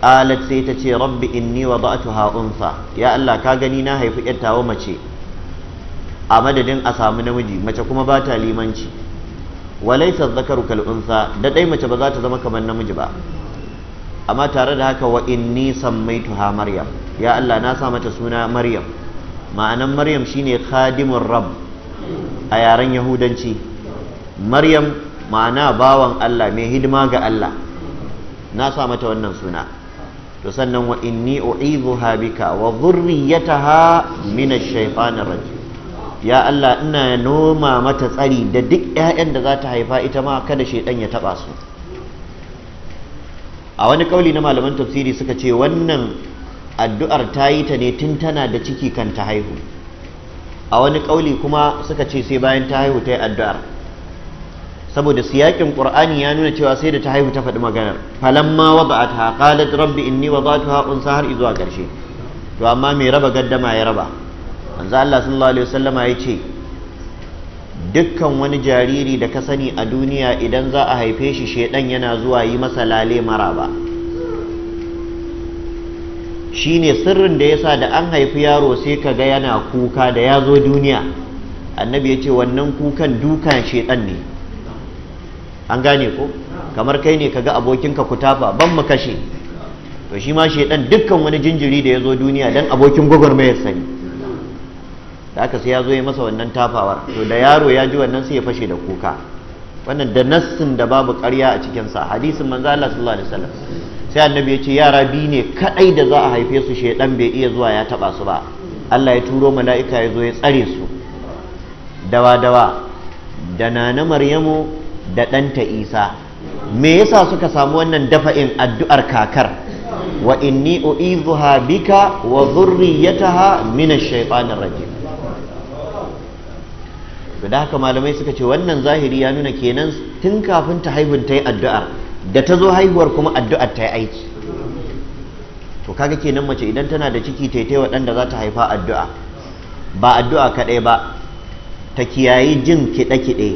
ƙalat sai ta ce rabbi inni wada'tuha unsa ya Allah ka gani na haifi yar tawa mace a madadin a samu namiji mace kuma ba ta limanci walaisa zakaru kal'unsa da dai mace ba za ta zama kamar namiji ba amma tare da haka wa mai tuha maryam ya Allah na sa mata suna maryam ma'anan maryam shine khadimun rab a yaren yahudanci maryam ma'ana bawan Allah mai hidima ga Allah na sa mata wannan suna to sannan wa inni u'idhuha bika wa min minash shaitanir rajim ya Allah ina noma mata tsari da duk 'ya'yan da za ta haifa ita ma kada shaidan ya taɓa su a wani kauli na malaman tafsiri suka ce wannan addu'ar ta yi ta ne tun tana da ciki kan ta haihu a wani kauli kuma suka ce sai bayan ta haihu ta yi addu'ar saboda siyakin qur'ani ya nuna cewa sai da ta haihu ta faɗi maganar falamma wada'atha qalat rabbi in ba ta unsa har izuwa ƙarshe to amma mai raba gaddama ya raba manzo Allah sallallahu alaihi wasallama ya ce dukkan wani jariri da ka sani a duniya idan za a haife shi shedan yana zuwa yi masa lale maraba shine sirrin da sa da an haifi yaro sai ka ga yana kuka da ya zo duniya annabi ya ce wannan kukan duka shedan ne an gane ko kamar kai ne ka ga abokinka ku tafa ban mu kashe to shi ma shedan dukkan wani jinjiri da ya zo duniya dan abokin gwagwarmayar sani da aka sai ya zo ya masa wannan tafawar to da yaro ya ji wannan sai ya fashe da kuka wannan da nassin da babu ƙarya a cikinsa hadisin manzo Allah sallallahu alaihi wasallam sai annabi ya ce yara biyu ne kadai da za a haife su shedan bai iya zuwa ya taba su ba Allah ya turo mala'ika ya zo ya tsare su dawa dawa da nana Maryamu da ɗanta Isa me yasa suka samu wannan dafa'in addu'ar kakar wa inni u'izuha bika wa dhurriyyataha min ash-shaytanir rajim Guda da haka malamai suka ce wannan zahiri ya nuna kenan tun kafin ta haihun ta yi addu'ar da ta zo haihuwar kuma addu'ar ta yi aiki to kaga kenan mace idan tana da ciki taitai waɗanda za ta haifa addu'a ba addu'a kaɗai ba ta kiyaye jin kiɗe-kiɗe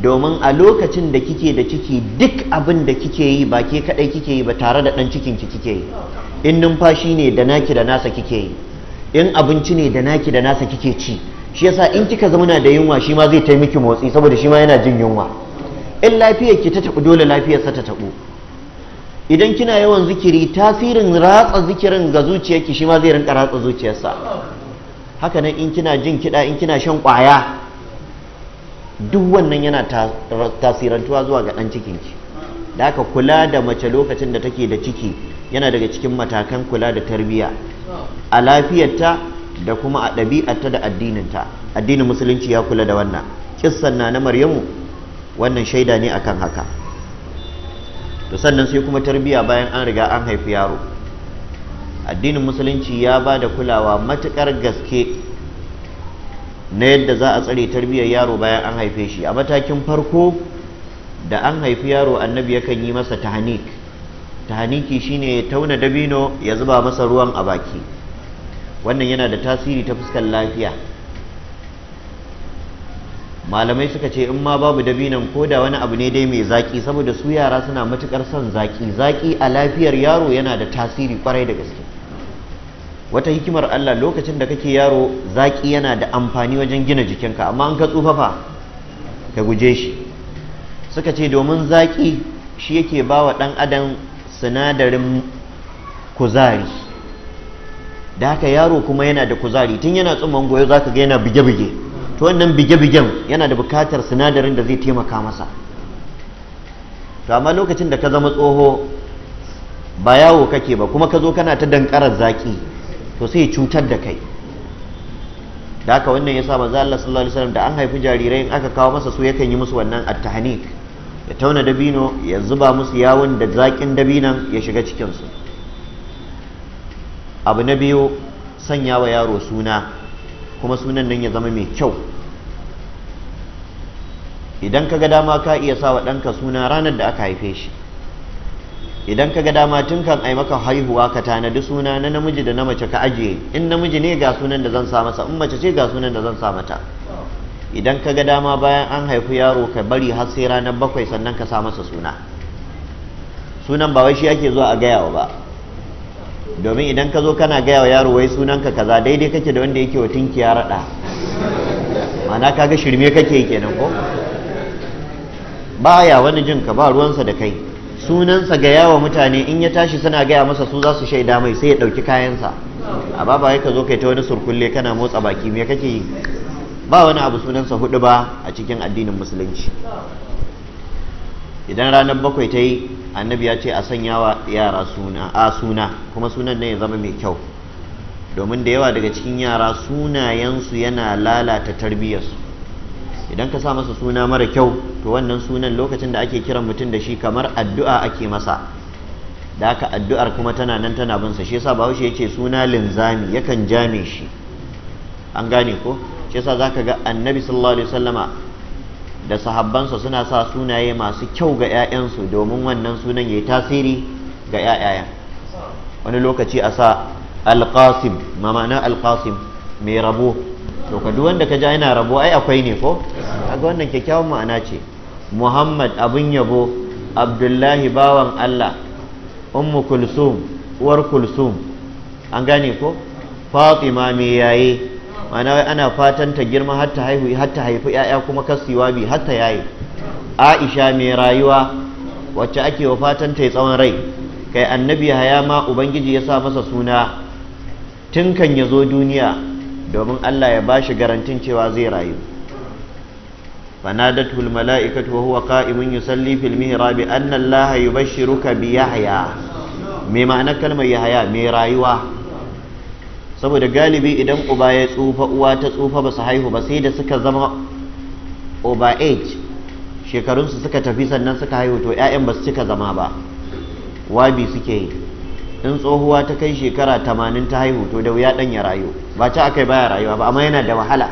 domin a lokacin da kike da ciki duk abin da kike yi ba ke kaɗai kike yi ba tare da ɗan cikin ki kike yi in numfashi ne da naki da nasa kike yi in abinci ne da naki da nasa kike ci shi yasa in kika zauna da yunwa shi ma zai taimaki motsi saboda shi ma yana jin yunwa in lafiyar ki ta taɓu dole lafiyar sa ta taɓu idan kina yawan zikiri tasirin ratsa zikirin ga zuciyarki shi ma zai rinka ratsa zuciyarsa haka nan in kina jin kiɗa in kina shan ƙwaya duk wannan yana tasirantuwa zuwa ga ɗan cikinki da haka kula da mace lokacin da take da ciki yana daga cikin matakan kula da tarbiyya a lafiyarta da kuma a ɗabi'arta da addininta addinin musulunci ya kula da wannan kissan na na maryamu wannan shaida ne akan haka to sannan sai kuma tarbiyya bayan an riga an haifi yaro addinin musulunci ya ba da kulawa matuƙar gaske na yadda za a tsare tarbiyyar yaro bayan an haife shi a matakin farko da an haifi yaro annabi yakan yi masa tahanik tahaniki shine ya tauna dabino ya zuba masa ruwan a baki wannan yana da tasiri ta fuskar lafiya malamai suka ce in ma babu dabinan ko da wani abu ne dai mai zaki saboda su yara suna matukar son zaki zaki a lafiyar yaro yana da tasiri kwarai da gaske wata hikimar Allah lokacin da kake yaro zaki yana da amfani wajen gina jikinka amma an ka tsufafa ka guje shi suka ce domin zaki shi yake bawa wa ɗan adam sinadarin kuzari da haka yaro kuma yana da kuzari tun yana tsumman goyo ka ga yana bige-bige to wannan bige-bigen yana da bukatar sinadarin da zai taimaka masa to amma lokacin da ka zama tsoho ba yawo kake ba kuma ka zo kana ta dankarar zaki to sai cutar da kai da haka wannan ya yasa manzo Allah sallallahu alaihi wasallam da an haifi jarirai in aka kawo masa su yakan yi musu wannan at-tahnik ya tauna dabino ya zuba musu yawon da zaƙin dabinan ya shiga cikin su abu na biyu sanya wa yaro suna kuma sunan nan ya zama mai kyau idan ka ga dama ka iya sa wa ɗanka suna ranar da aka haife shi idan ka ga dama tun kan ai maka haihuwa ka tanadi suna na namiji da na mace ka ajiye in namiji ne ga sunan da zan sa masa in mace ce ga sunan da zan sa mata idan ka ga dama bayan an haifi yaro ka bari har sai ranar bakwai sannan ka sa masa suna sunan ba wai shi ake zuwa a gayawa ba domin idan ka zo kana gaya wa yaro wai sunanka kaza daidai kake da wanda yake wa ya raɗa mana kaga shirme kake kenan ko baya wani jin ka ba ruwansa da kai sunansa gaya wa mutane in ya tashi suna gaya masa su za su shaida mai sai ya ɗauki kayansa a baba ba ka zo kai ta wani surkulle kana motsa baki me kake yi ba wani abu sunansa hudu ba a cikin addinin musulunci idan ranar bakwai ta yi annabi ya ce a sanya wa yara suna a suna kuma sunan nan ya zama mai kyau domin da yawa daga cikin yara sunayensu yana lalata tarbiyyarsu idan ka sa masa suna mara kyau to wannan sunan lokacin da ake kiran mutum da shi kamar addu'a ake masa da haka addu'ar kuma tana nan tana bin sa shi yasa bahaushe ya ce suna linzami yakan jame shi an gane ko shi yasa zaka ga annabi sallallahu alaihi wasallama da sahabbansa suna sa sunaye masu kyau ga 'ya'yansu domin wannan sunan ya yi tasiri ga 'ya'ya. wani lokaci a sa alƙasim ma ma'ana alƙasim mai rabo to wanda ka ja yana rabo ai akwai ne ko ga wannan kyakkyawan ma'ana ce muhammad abin yabo abdullahi bawan allah ummu kulsum uwar kulsum an gane ko fatima mai yaye ma'ana wai ana fatan ta girma har ta haihu har ta haifi ƴaƴa kuma kasiwa bi har ta yayi Aisha mai rayuwa wacce ake wa fatan ta yi tsawon rai kai annabi haya ma ubangiji ya sa masa suna tun kan ya zo duniya domin Allah ya bashi garantin cewa zai rayu فنادته الملائكة وهو قائم يصلي في المهراب أن الله يبشرك بيحيى Mai ma'anar kalmar yahaya mai rayuwa saboda galibi idan uba ya tsufa uwa ta tsufa ba su haihu ba sai da suka zama over age shekarunsu suka tafi sannan suka haihu to 'ya'yan ba su cika zama ba wabi suke yi in tsohuwa ta kai shekara tamanin ta haihu to da wuya ɗan ya rayu ba ci a kai baya rayuwa ba amma yana da wahala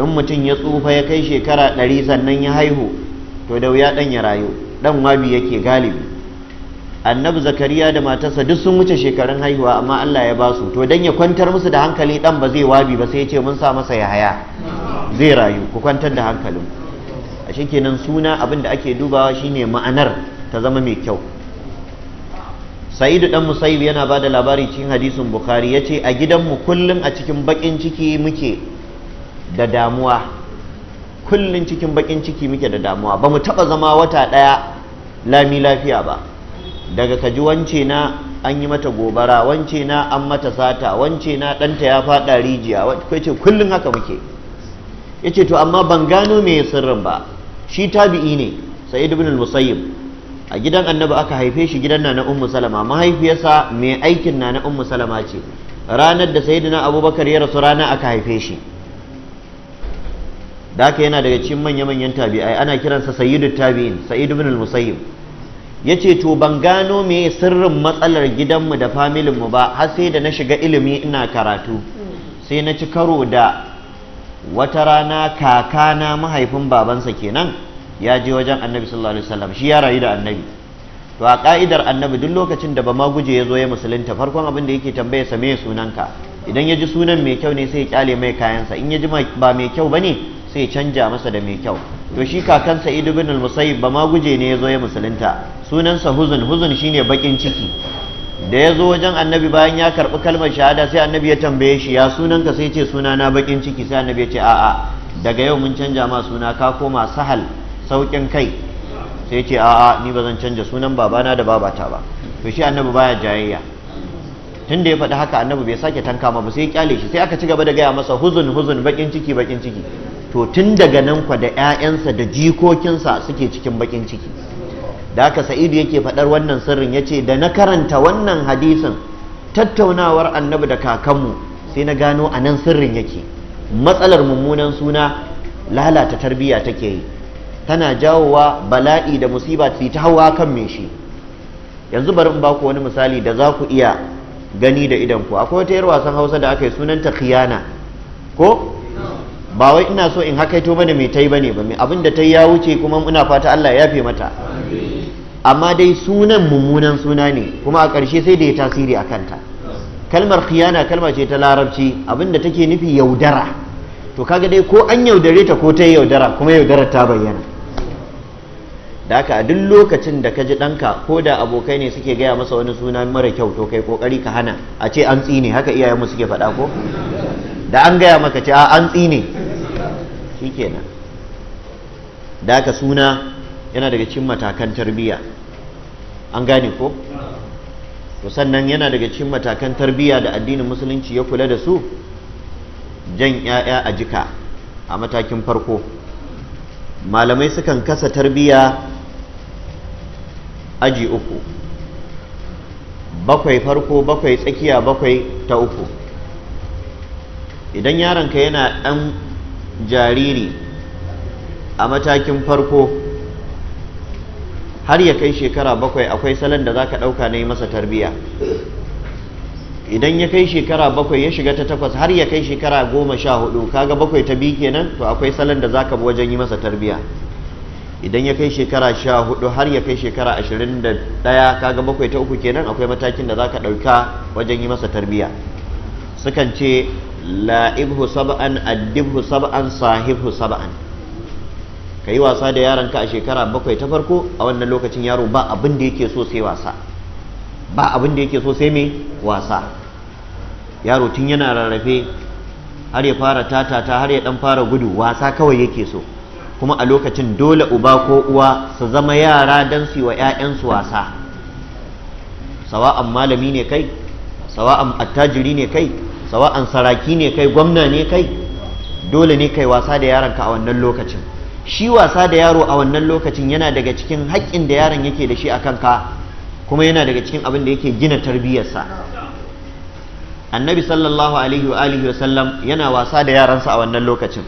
in mutum ya tsufa ya kai shekara ɗari sannan ya haihu to da wuya ɗan ya rayu ɗan wabi yake galibi annabi zakariya da matarsa duk sun wuce shekarun haihuwa amma Allah ya ba su, to dan ya kwantar musu da hankali ɗan ba zai wabi ba sai ya ce mun sa masa ya haya, zai rayu ku kwantar da hankalin a kenan suna abin da ake dubawa shine ma'anar ta zama mai kyau sa'idu dan musayib yana ba da labari cikin hadisin bukhari ce a gidanmu kullum a cikin bakin ciki muke da damuwa kullum cikin bakin ciki muke da damuwa ba mu taba zama wata ɗaya lami lafiya ba daga kaji wance na an yi mata gobara wance na an mata sata wance na ɗanta ya faɗa rijiya kai ce kullum haka muke ya ce to amma ban gano me sirrin ba shi tabi'i ne sai ibn al-musayyib a gidan annabi aka haife shi gidan na ummu salama mahaifiyarsa mai aikin na na ummu salama ce ranar da sayyidina abubakar ya rasu rana aka haife shi da haka yana daga cikin manya-manyan tabi'ai ana kiransa sayyidu tabi'in sa'id ibn al-musayyib ya ce to ban gano me sirrin matsalar gidanmu da familinmu ba har sai da na shiga ilimi ina karatu sai na ci karo da wata rana kakana mahaifin babansa kenan ya je wajen annabi sallallahu alaihi wasallam shi ya rayu da annabi to a ka'idar annabi duk lokacin da ba ma guje ya zo ya musulunta farkon abin da yake tambaya sa me sunanka idan ya ji sunan mai kyau ne sai ya kyale mai kayansa in ya ji ba mai kyau ba ne, sai ya canja masa da mai kyau to shi kakansa ibn al-musayyib ba ma guje ne ya zo ya musulunta sunansa huzun huzun shine bakin ciki da ya zo wajen annabi bayan ya karɓi kalmar shahada sai annabi ya tambaye shi ya sunanka sai ce sunana bakin ciki sai annabi ya ce a'a daga yau mun canja ma suna ka koma sahal saukin kai sai ce a'a ni ba zan canja sunan babana da babata ba to shi annabi baya jayayya tun da ya faɗi haka annabi bai sake tanka ma ba sai ya kyale shi sai aka ci gaba da gaya masa huzun huzun bakin ciki bakin ciki to tun daga nan kwa da 'ya'yansa da jikokinsa suke cikin bakin ciki da haka sa'idu yake faɗar wannan sirrin ya ce da na karanta wannan hadisin tattaunawar annabi da kakanmu sai na gano a nan sirrin yake matsalar mummunan suna lalata tarbiyya take yi tana jawowa bala'i da musiba su ta hawa kan me shi yanzu bari in ba ku wani misali da za ku iya gani da idan ku akwai wata yar wasan hausa da aka yi ta khiyana ko ba wai ina so in hakaito bane mai tai bane ba mai abin da ta ya wuce kuma ina fata Allah ya fi mata amma dai sunan mummunan suna ne kuma a ƙarshe sai da ya tasiri a kanta kalmar khiyana kalma ce ta larabci abinda take nufi yaudara to kaga dai ko an yaudare ta ko ta yi yaudara kuma yaudarar ta bayyana da haka a duk lokacin da ka ji ɗanka ko da abokai ne suke gaya masa wani suna mara kyau to kai kokari ka hana a ce an tsine haka iyayenmu suke faɗa ko da an gaya maka ce a an tsine shikenan da haka suna yana daga cikin matakan tarbiyya an gane ko to sannan yana daga cikin matakan tarbiyya da addinin musulunci ya kula da su jan 'ya'ya a jika a matakin farko malamai sukan kasa tarbiyya aji uku bakwai farko bakwai tsakiya bakwai ta uku idan yaronka yana ɗan jariri a matakin farko har ya kai shekara bakwai akwai salon da za ka ɗauka na yi masa tarbiya idan ya kai shekara bakwai ya shiga ta takwas har ya kai shekara goma sha hudu kaga bakwai ta biyu kenan to akwai salon da za ka bi wajen yi masa tarbiya idan ya kai shekara sha hudu har ya kai shekara ashirin da ɗaya kaga bakwai ta uku kenan akwai matakin da za ka ɗauka wajen yi masa tarbiya sukan ce la'ibhu sab'an addibhu sab'an sahibhu sab'an ka yi wasa da yaranka a shekara bakwai ta farko a wannan lokacin yaro ba abin da yake so sai wasa ba abin da yake so sai mai wasa yaro tun yana rarrafe har ya fara tatata har ya dan fara gudu wasa kawai yake so kuma a lokacin dole uba ko uwa su zama yara don su yi wa 'ya'yansu wasa sawa'an malami ne kai sawa'an attajiri ne kai sawa'an saraki ne kai gwamna ne kai dole ne kai wasa da yaranka a wannan lokacin shi wasa da yaro a wannan lokacin yana daga cikin haƙƙin da yaron yake da shi a kanka kuma yana daga cikin abin da yake gina tarbiyyarsa annabi sallallahu alaihi wa alihi wa sallam yana wasa da yaransa a wannan lokacin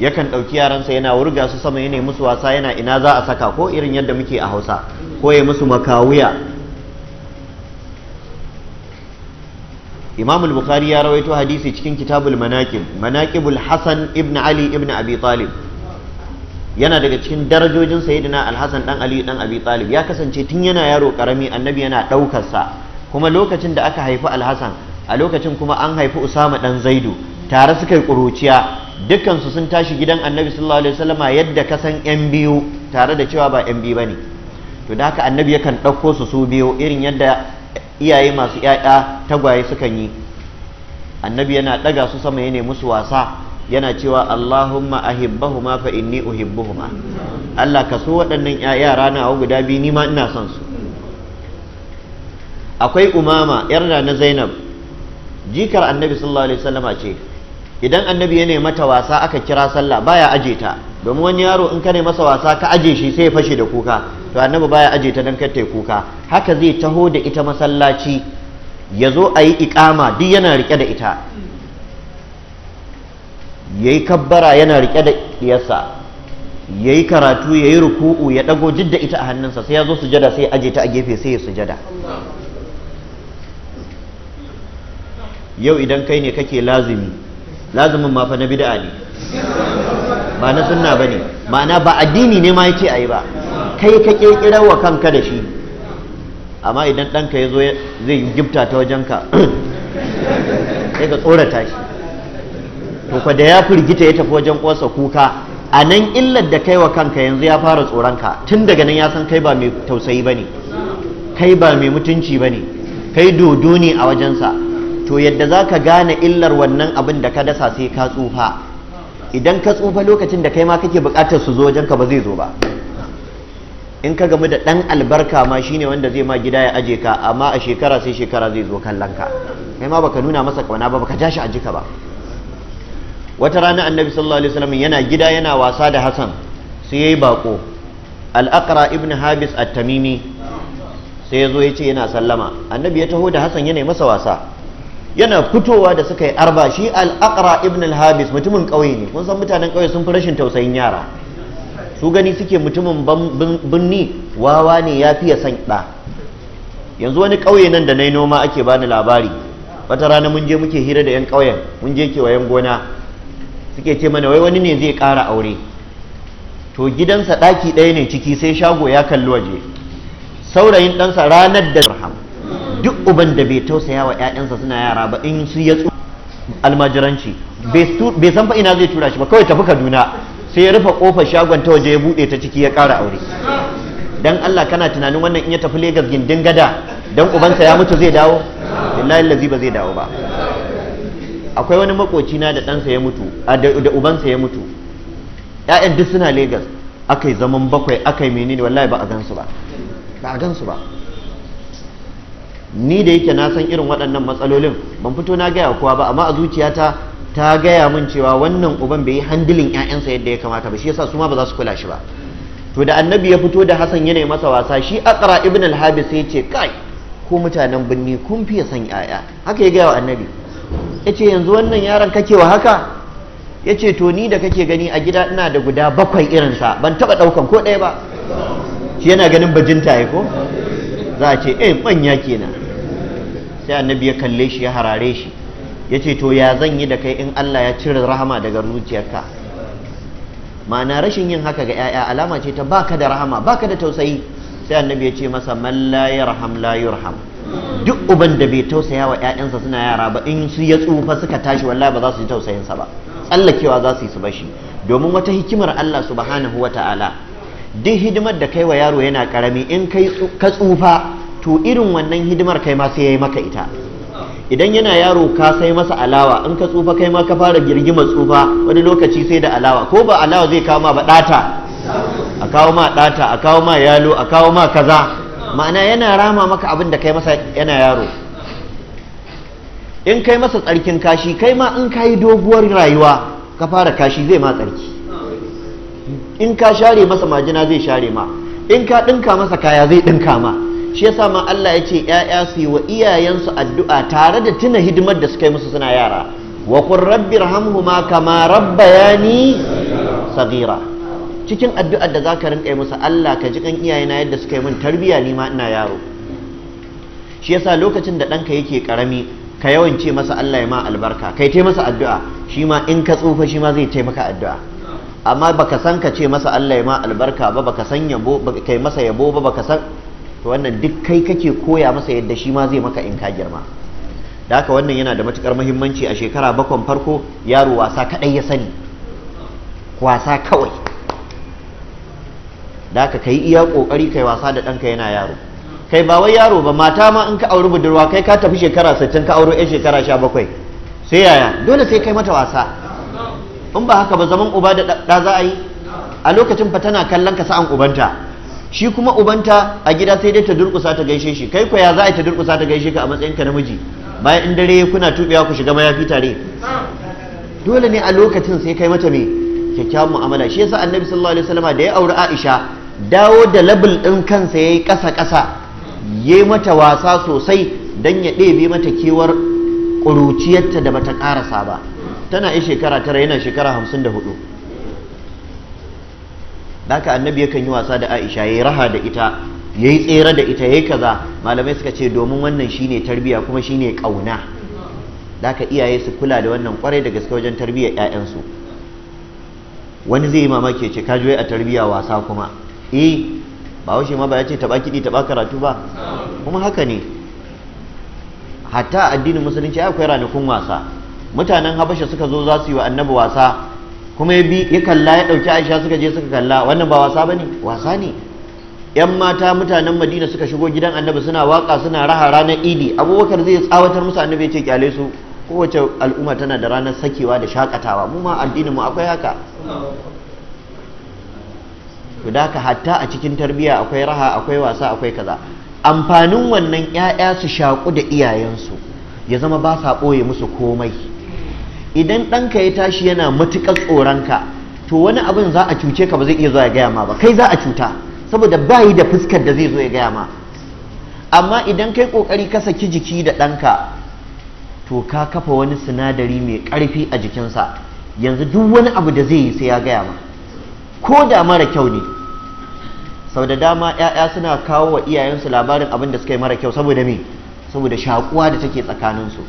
yakan ɗauki yaransa yana wurga su sama yana musu wasa yana ina za a saka ko irin yadda muke a hausa ko ya musu makawuya imam al-bukhari ya rawaito hadisi cikin kitabul manaqib manaqibul hasan ibn ali ibn abi yana daga cikin darajojin sayyidina al-hasan dan ali dan abi talib ya kasance tun yana yaro karami annabi yana daukar sa kuma lokacin da aka haifi al a lokacin kuma an haifi usama dan zaidu tare suka yi kuruciya dukkansu sun tashi gidan annabi sallallahu alaihi wasallama yadda ka san yan biyu tare da cewa ba yan biyu bane to da haka annabi yakan dauko su su biyu irin yadda iyaye masu ‘ya'ya tagwaye sukan yi annabi yana ɗaga su sama ya nemi su wasa yana cewa Allahumma ahibbahuma fa inni uhibbuhuma Allah ka so waɗannan rana a guda biyu ni ma ina son su akwai umama yar na Zainab jikar annabi sallallahu alaihi wasallama ce idan annabi ya nemi mata wasa aka kira sallah baya aje ta domin wani yaro in ka ne masa wasa ka aje shi sai ya fashe da kuka to annabi baya aje ta dan kar kuka haka zai taho da ita masallaci ya zo a yi ikama duk yana rike da ita ya yi kabbara yana rike da iyasa ya yi karatu ya yi ruku'u ya ɗago jidda ita a hannunsa sai ya zo sujada sai ya aje ta a gefe sai ya sujada yau idan kai ne kake lazimi lazimin mafa na bid'a ne ba na sunna ba ne ma'ana ba addini ne ma ya ce a yi ba kai ka ƙirƙirar wa kanka da shi amma idan ɗanka ya zo zai gifta ta wajenka sai ka tsorata shi to fa da ya firgita ya tafi wajen ƙwasa kuka a nan illar da kai wa kanka yanzu ya fara tsoronka tun daga nan ya san kai ba mai tausayi ba ne kai ba mai mutunci ba ne kai dodo ne a wajensa to yadda za ka gane illar wannan abin da ka dasa sai ka tsufa idan ka tsufa lokacin da kai ma kake buƙatar su zo wajen ka ba zai zo ba in ka gamu da ɗan albarka ma shine wanda zai ma gida ya aje ka amma a shekara sai shekara zai zo kallon ka kai ma baka nuna masa kauna ba baka tashi a jika ba wata rana annabi sallallahu alaihi wasallam yana gida yana wasa da Hassan sai yayi bako al-aqra ibn habis at-tamimi sai yazo yace yana sallama annabi ya taho da Hassan yana masa wasa yana fitowa da suka yi arba shi al ibn al-habis mutumin ƙauye ne kun san mutanen ƙauye sun fi rashin tausayin yara su gani suke mutumin birni wawa ne ya fiye san ɗa yanzu wani ƙauye nan da na yi noma ake bani labari wata rana mun je muke hira da 'yan ƙauyen mun je kewayen gona suke ce mana wai wani ne zai kara aure to gidansa ɗaki ɗaya ne ciki sai shago ya kalli waje saurayin ɗansa ranar da duk uban da bai tausaya wa ƴaƴansa suna yara ba in su ya tsu almajiranci bai san fa ina zai tura shi ba kawai tafi Kaduna sai ya rufe kofar shagon ta waje ya buɗe ta ciki ya ƙara aure dan Allah kana tunanin wannan in ya tafi Legas gindin gada dan ubansa ya mutu zai dawo billahi allazi ba zai dawo ba akwai wani makoci na da ɗansa ya mutu da ubansa ya mutu ƴaƴan duk suna Aka yi zaman bakwai yi menene wallahi ba a gansu ba ba a gansu ba ni da yake na san irin waɗannan matsalolin ban fito na gaya kowa ba amma a zuciyata ta gaya min cewa wannan uban bai yi handilin 'ya'yansa yadda ya kamata ba shi yasa su ma ba za su kula shi ba to da annabi ya fito da hasan yana masa wasa shi akra ibn al-habis sai ce kai ko mutanen binni kun fiye san 'ya'ya haka ya gaya wa annabi ya yanzu wannan yaron kake wa haka ya to ni da kake gani a gida ina da guda bakwai irinsa ban taɓa ɗaukan ko ɗaya ba shi yana ganin bajinta ya ko za a ce eh manya kenan sai annabi ya kalle shi ya harare shi ya ce to ya zan yi da kai in Allah ya cire rahama daga zuciyarka ma'ana rashin yin haka ga 'ya'ya alama ce ta baka da rahama baka da tausayi sai annabi ya ce masa man la yarham la yurham duk uban da bai tausaya wa 'ya'yansa suna yara ba in su ya tsufa suka tashi wallahi ba za su yi tausayinsa ba tsallakewa za su yi su bashi domin wata hikimar Allah subhanahu wa ta'ala duk hidimar da kai wa yaro yana karami in kai ka tsufa to irin wannan hidimar kai ma sai yayi maka ita idan yana yaro ka sai masa alawa in ka tsufa kai ma ka fara girgima tsufa wani lokaci sai da alawa ko ba alawa zai kawo ma ba data a kawo ma data a kawo ma yalo a kawo ma kaza ma'ana yana rama maka abin da kai masa yana yaro in kai masa tsarkin kashi kai ma in kayi doguwar rayuwa ka fara kashi zai ma tsarki in ka share masa majina zai share ma in ka ɗinka masa kaya zai ɗinka ma shi yasa ma Allah ya ce ‘ya'ya su yi wa iyayensu addu'a tare da tuna hidimar da suka yi musu suna yara wa kun rabbi rahamhuma kama rabbayani sagira cikin addu'a da za ka rinka yi musu Allah ka ji kan iyayena yadda suka yi min tarbiyya ni ma ina yaro shi yasa lokacin da ɗanka yake karami ka yawan ce masa Allah ya ma albarka kai te masa addu'a shi ma in ka tsufa shi ma zai taimaka addu'a amma baka san ka ce masa Allah ya ma albarka ba baka san yabo kai masa yabo ba baka san to wannan duk kai kake koya masa yadda shi ma zai maka in ka girma da haka wannan yana da matukar muhimmanci a shekara bakon farko yaro wasa kadai ya sani wasa kawai da haka kai iya kokari kai wasa da danka yana yaro kai ba wai yaro ba mata ma in ka auri budurwa kai ka tafi shekara 60 ka auro 'yan shekara 17 sai yaya dole sai kai mata wasa in ba haka ba zaman uba da ɗa za a yi a lokacin fa tana kallon ka sa'an ubanta shi kuma ubanta a gida sai dai ta durƙusa ta gaishe shi kai kwaya ya za a yi ta durƙusa ta gaishe ka a matsayin ka namiji bayan in dare kuna tubewa ku shiga mayafi tare dole ne a lokacin sai kai mata me kyakkyawan mu'amala shi yasa annabi sallallahu alaihi wasallam da ya auri Aisha dawo da label ɗin kansa yayi ƙasa ƙasa yayi mata wasa sosai dan ya ɗebe mata kewar ƙuruciyarta da bata ƙarasa ba tana yi shekara tara yana shekara hamsin da hudu haka annabi yakan yi wasa da aisha ya yi raha da ita ya yi tsere da ita ya yi kaza malamai suka ce domin wannan shine tarbiya kuma shine kauna haka iyaye su kula da wannan kwarai da gaske wajen tarbiyyar 'ya'yansu wani zai yi mamaki ce ka a tarbiya wasa kuma eh ba washe ma ba ya ce taba kiɗi taba karatu ba kuma haka ne hatta addinin musulunci akwai ranakun wasa mutanen habasha suka zo za su yi wa annabi wasa kuma ya bi ya kalla ya ɗauki aisha suka je suka kalla wannan ba wasa ba ne wasa ne yan mata mutanen madina suka shigo gidan annabi suna waka suna raha ranar idi abubakar zai tsawatar musu annabi ya ce kyale su kowace al'umma tana da ranar sakewa da shakatawa mu ma addinin mu akwai haka to da haka hatta a cikin tarbiyya akwai raha akwai wasa akwai kaza amfanin wannan 'ya'ya su shaƙu da iyayensu ya zama ba sa ɓoye musu komai idan ɗanka ya tashi yana matuƙar ka to wani abin za a cuce ka ba zai iya zuwa ya gaya ma ba kai za a cuta saboda ba yi da fuskar da zai zo ya gaya ma amma idan kai ƙoƙari ka saki jiki da ɗanka to ka kafa wani sinadari mai ƙarfi a jikinsa yanzu duk wani abu da zai yi sai ya gaya ma ko da mara kyau ne sau da dama 'ya'ya suna kawo wa iyayensu labarin abin da suka yi mara kyau saboda me saboda shaƙuwa da take tsakaninsu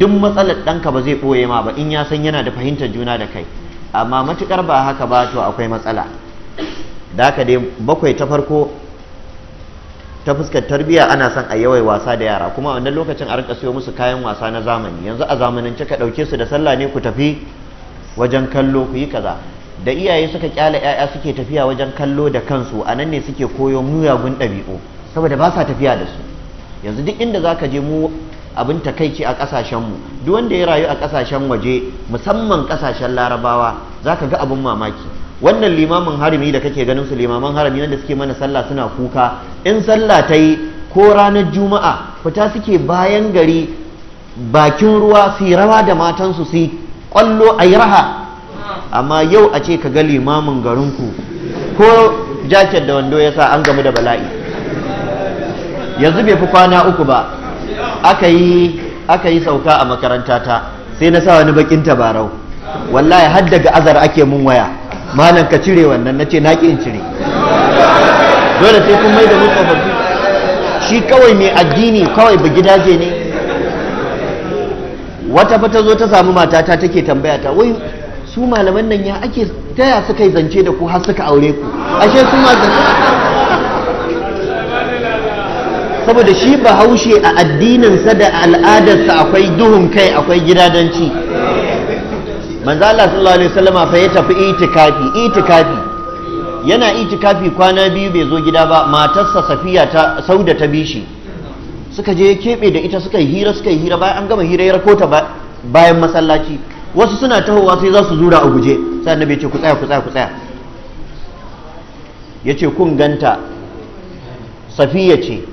duk matsalar ɗanka ba zai ɓoye ma ba in ya san yana da fahimtar juna da kai amma matukar ba haka ba to akwai matsala da haka dai bakwai ta farko ta fuskar tarbiyya ana son a yawai wasa da yara kuma wannan lokacin a rinka siyo musu kayan wasa na zamani yanzu a zamanance ka ɗauke su da sallah ne ku tafi wajen kallo ku yi kaza da iyaye suka kyale 'ya'ya suke tafiya wajen kallo da kansu a nan ne suke koyo muyagun ɗabi'u saboda ba sa tafiya da su yanzu duk inda za ka je mu abin takaici a kasashen mu. duk wanda ya rayu a ƙasashen waje musamman ƙasashen larabawa za ka ga abin mamaki wannan limamin harami da kake ganin su limaman harami wanda suke mana sallah suna kuka in sallah ta yi ko ranar juma'a fita suke bayan gari bakin ruwa su rawa da matansu su kwallo a yi raha amma yau a ce ka ga limamin garinku ko jaket da wando ya sa an gamu da bala'i yanzu bai fi kwana uku ba aka yi aka yi sauka a makaranta ta sai na sa wani bakin tabarau wallahi har daga azar ake mun waya malam ka cire wannan nace na ki in cire dole sai kun mai da mu shi kawai mai addini kawai ba gidaje ne wata fa ta zo ta samu matata take tambaya ta wai su malaman nan ya ake taya suka yi zance da ku har suka aure ku ashe su ma saboda shi bahaushe a addininsa da al'adarsa akwai duhun kai akwai gidadanci manzo Allah sallallahu alaihi wasallama fa ya tafi itikafi itikafi yana itikafi kwana biyu bai zo gida ba matarsa safiya ta sauda ta bishi suka je keɓe da ita suka yi hira suka yi hira bayan an gama hira ya rakota bayan masallaci wasu suna tahowa sai za su zura a guje sai annabi ce ku tsaya ku tsaya ku tsaya yace kun ganta safiya ce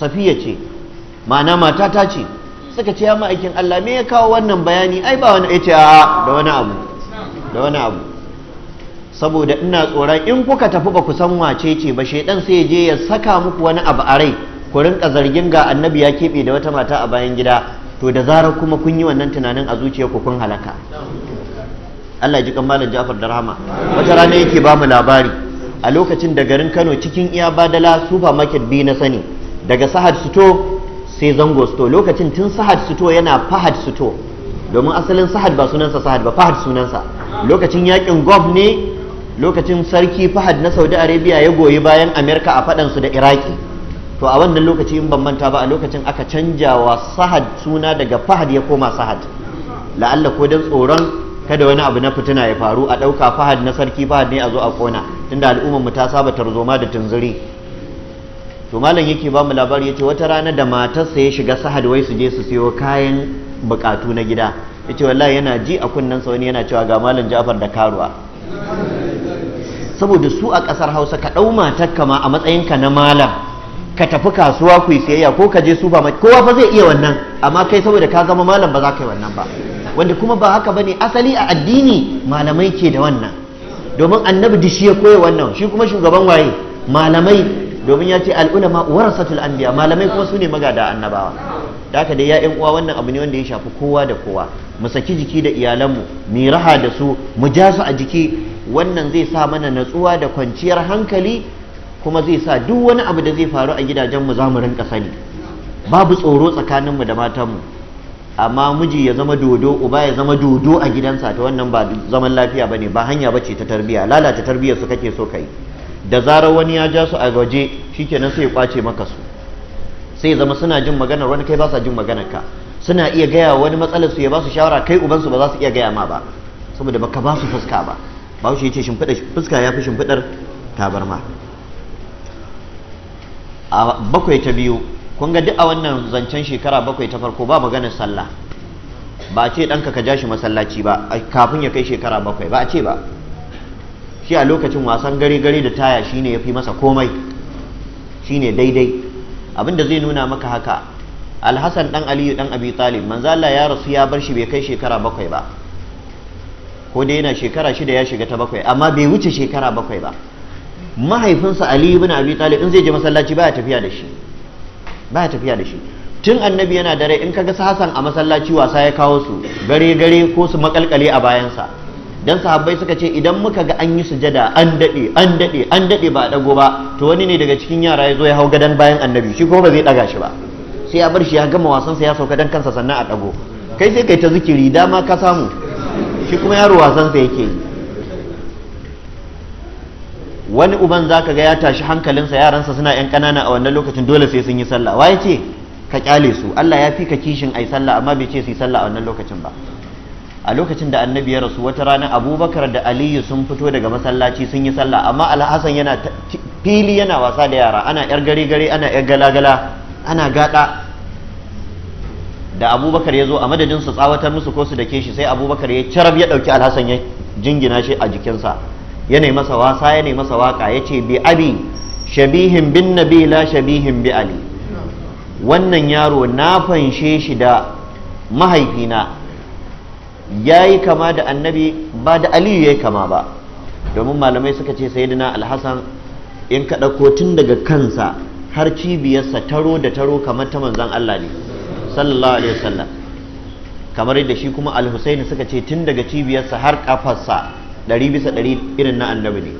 safiya ce ma'ana mata ta ce suka ce ya ma'aikin Allah me ya kawo wannan bayani ai ba wani ya ce a da wani abu da wani abu saboda ina tsoron in kuka tafi ba ku san wace ce ba shaidan sai ya je ya saka muku wani abu a rai ku rinka zargin ga annabi ya keɓe da wata mata a bayan gida to da zarar kuma kun yi wannan tunanin a ku kun halaka Allah ji malam Jafar da rahama wata rana yake ba mu labari a lokacin da garin Kano cikin iya badala supermarket biyu na sani daga sahad suto sai zango suto lokacin tun sahad suto yana fahad suto domin asalin sahad ba sunansa sahad ba fahad sunansa lokacin yakin gov ne lokacin sarki fahad na saudi arabia ya goyi bayan amerika a fadansu da iraki to a wannan lokaci in ban manta ba a lokacin aka canja wa sahad suna daga fahad ya koma sahad la'alla ko don tsoron kada wani abu na fitina ya faru a ɗauka fahad na sarki fahad ne a zo a kona tunda al'ummar mu ta saba tarzoma da tunzuri to malam yake ba mu labari yace wata rana da matarsa ya shiga sahad wai su je su siyo kayan bukatu na gida yace wallahi yana ji a kunnen sa wani yana cewa ga malam Ja'far da karuwa saboda su a kasar Hausa ka dau matar kama a matsayin ka na malam ka tafi kasuwa ku yi siyayya ko ka je supermarket kowa fa zai iya wannan amma kai saboda ka zama malam ba za ka yi wannan ba wanda kuma ba haka bane asali a addini malamai ke da wannan domin annabi dishi ya koya wannan shi kuma shugaban waye malamai domin ya ce al'ulama warasatul anbiya malamai kuma su ne magada annabawa da haka dai ya uwa wannan abu ne wanda ya shafi kowa da kowa mu saki jiki da iyalanmu mu raha da su mu ja su a jiki wannan zai sa mana natsuwa da kwanciyar hankali kuma zai sa duk wani abu da zai faru a gidajenmu za mu rinka sani babu tsoro tsakaninmu da matanmu amma miji ya zama dodo uba ya zama dodo a gidansa ta wannan ba zaman lafiya bane ba hanya bace ta tarbiyya lalata tarbiyyar su kake so kai da zarar wani ya ja su a waje shikenan sai ya kwace maka su sai zama suna jin magana wani kai ba sa jin magana ka suna iya gaya wani matsalar su ya ba su shawara kai uban su ba za su iya gaya ma ba saboda baka ba su fuska ba ba shi yace shimfida fuska ya fi shimfidar tabarma a bakwai ta biyu kun ga duk a wannan zancen shekara bakwai ta farko ba maganar sallah ba a ce ɗanka ka ja shi masallaci ba kafin ya kai shekara bakwai ba a ce ba shi a lokacin wasan gare gare da taya shine fi masa komai shine daidai abinda zai nuna maka haka alhassan dan aliyu dan abi talib manzo Allah ya rasu ya bar shi bai kai shekara bakwai ba ko dai yana shekara shida ya shiga ta bakwai amma bai wuce shekara bakwai ba mahaifinsa aliyu bin abi talib in zai je masallaci baya tafiya da shi baya tafiya da shi tun annabi yana dare in ka ga Hassan a masallaci wasa ya kawo su gare gare ko su makalkale a bayansa dan sahabbai suka ce idan muka ga an yi sujada an daɗe an daɗe an daɗe ba a ɗago ba to wani ne daga cikin yara ya zo ya hau gadan bayan annabi shi kuma ba zai daga shi ba sai ya bar shi ya gama wasan sa ya sauka dan kansa sannan a ɗago kai sai kai ta zikiri dama ka samu shi kuma yaro wasan sa yake yi wani uban zaka ga ya tashi hankalinsa yaransa suna yan kanana a wannan lokacin dole sai sun yi sallah waye ce ka kyale su Allah ya fi ka kishin ai sallah amma bai ce su yi sallah a wannan lokacin ba a lokacin da annabi ya rasu wata rana abubakar da aliyu sun fito daga masallaci sun yi sallah amma alhassan yana fili yana wasa da yara ana yar gare gare ana yar galagala ana gada da abubakar ya zo a madadin su tsawatar musu ko su dake shi sai abubakar ya carab ya dauki alhassan ya jingina shi a jikinsa ya masa wasa ya masa waka ya ce bi abi shabihin bin nabi la shabihin bi ali wannan yaro na fanshe shi da mahaifina ya yi kama da annabi ba da aliyu ya yi kama ba domin malamai suka ce sayidina alhassan in ka ɗauko tun daga kansa har cibiyarsa taro da taro kamar ta manzan Allah ne sallallahu alaihi wasallam kamar yadda shi kuma alhusaini suka ce tun daga cibiyarsa har kafarsa ɗari bisa ɗari irin na annabi ne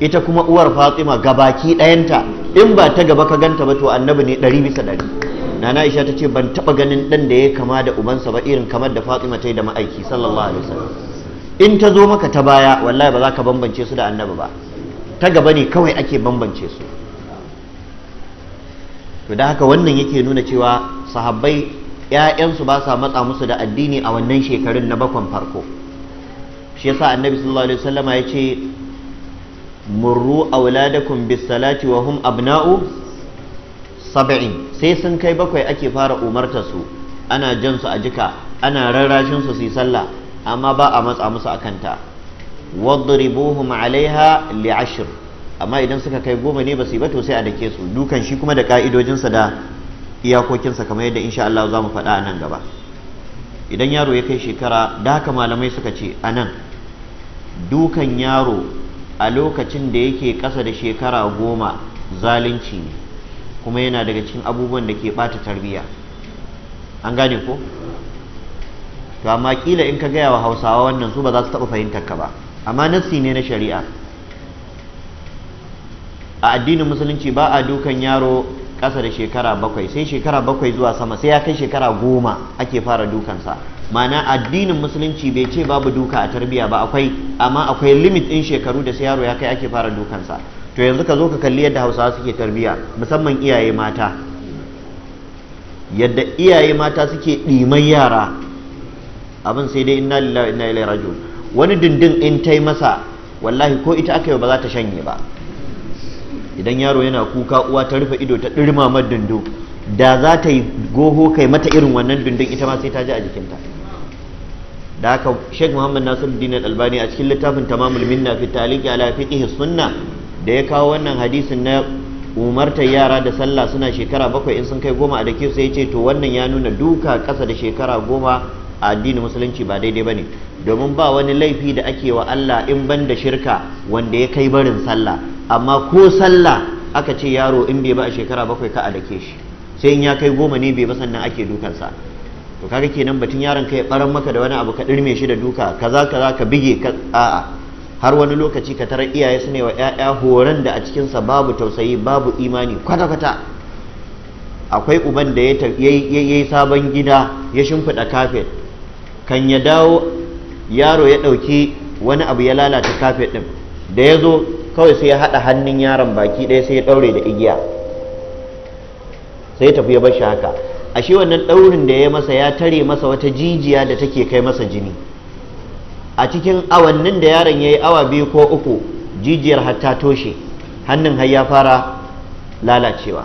ita kuma uwar fatima baki ɗayanta in ba ta gaba ka ganta ba to annabi ne bisa ɗari nana Aisha ta ce ban taba ganin ɗan da ya kama da ubansa ba irin kamar da Fatima ta yi da ma'aiki sallallahu alaihi wasallam in ta zo maka ta baya wallahi ba za ka bambance su da annabi ba ta gaba ne kawai ake bambance su to da haka wannan yake nuna cewa sahabbai ƴaƴansu ba sa matsa musu da addini a wannan shekarun na bakon farko shi yasa annabi sallallahu alaihi wasallama ya ce murru auladakum bis salati wa hum abna'u saba'in sai sun kai bakwai ake fara umarta su ana jan su a jika ana rarrashin su su sallah amma ba a matsa musu a kanta wadribuhum alaiha li amma idan suka kai goma ne ba su yi ba to sai a dake su dukan shi kuma da ka'idojin sa da iyakokinsa kamar yadda insha Allah za mu faɗa a nan gaba idan yaro ya kai shekara da haka malamai suka ce a nan dukan yaro a lokacin da yake ƙasa da shekara goma zalunci ne kuma yana daga cikin abubuwan da ke bata tarbiyya an gane ko to amma kila in ka gaya wa hausawa wannan su ba za su taɓa fahimtar ka ba amma nassi ne na shari'a a addinin musulunci ba a dukan yaro ƙasa da shekara bakwai sai shekara bakwai zuwa sama sai ya kai shekara goma ake fara dukansa ma'ana addinin musulunci bai ce babu duka a tarbiyya ba akwai amma akwai limit ɗin shekaru da sai yaro ya kai ake fara dukansa to yanzu ka zo ka kalli yadda hausawa suke tarbiya musamman iyaye mata yadda iyaye mata suke ɗiman yara abin sai dai inna lillahi inna ilaihi raji'un wani dindin in tai masa wallahi ko ita aka yi ba za ta shanye ba idan yaro yana kuka uwa ta rufe ido ta ɗirmama dindo da za ta yi goho kai mata irin wannan dindin ita ma sai ta ji a jikinta da haka sheikh muhammad nasiruddin albani a cikin littafin tamamul minna fi taliki ala fiqh sunna da ya kawo wannan hadisin na umartar yara da sallah suna shekara bakwai in sun kai goma a da kyau sai ya ce to wannan ya nuna duka ƙasa da shekara goma a addinin musulunci ba daidai ba ne domin ba wani laifi da ake wa Allah in ban da shirka wanda ya kai barin sallah amma ko sallah aka ce yaro in bai ba a shekara bakwai ka a dake shi sai in ya kai goma ne bai ba sannan ake dukansa to kaga kenan batun yaron ka ya barar maka da wani abu ka dirme shi da duka kaza kaza ka bige ka a'a har wani lokaci ka tarar iyaye su ne wa 'ya'ya horon da a cikinsa babu tausayi babu imani kwata-kwata akwai uban da ya yi sabon gida ya shimfiɗa kafet kan ya dawo yaro ya ɗauki wani abu ya lalata kafet ɗin da ya zo kawai sai ya haɗa hannun yaron baki ɗaya sai ya ɗaure da igiya sai ya tafi ya bar shi haka ashe wannan ɗaurin da ya masa ya tare masa wata jijiya da take kai masa jini a cikin awannin da yaron ya yi awa biyu ko uku jijiyar hatta toshe hannun har ya fara lalacewa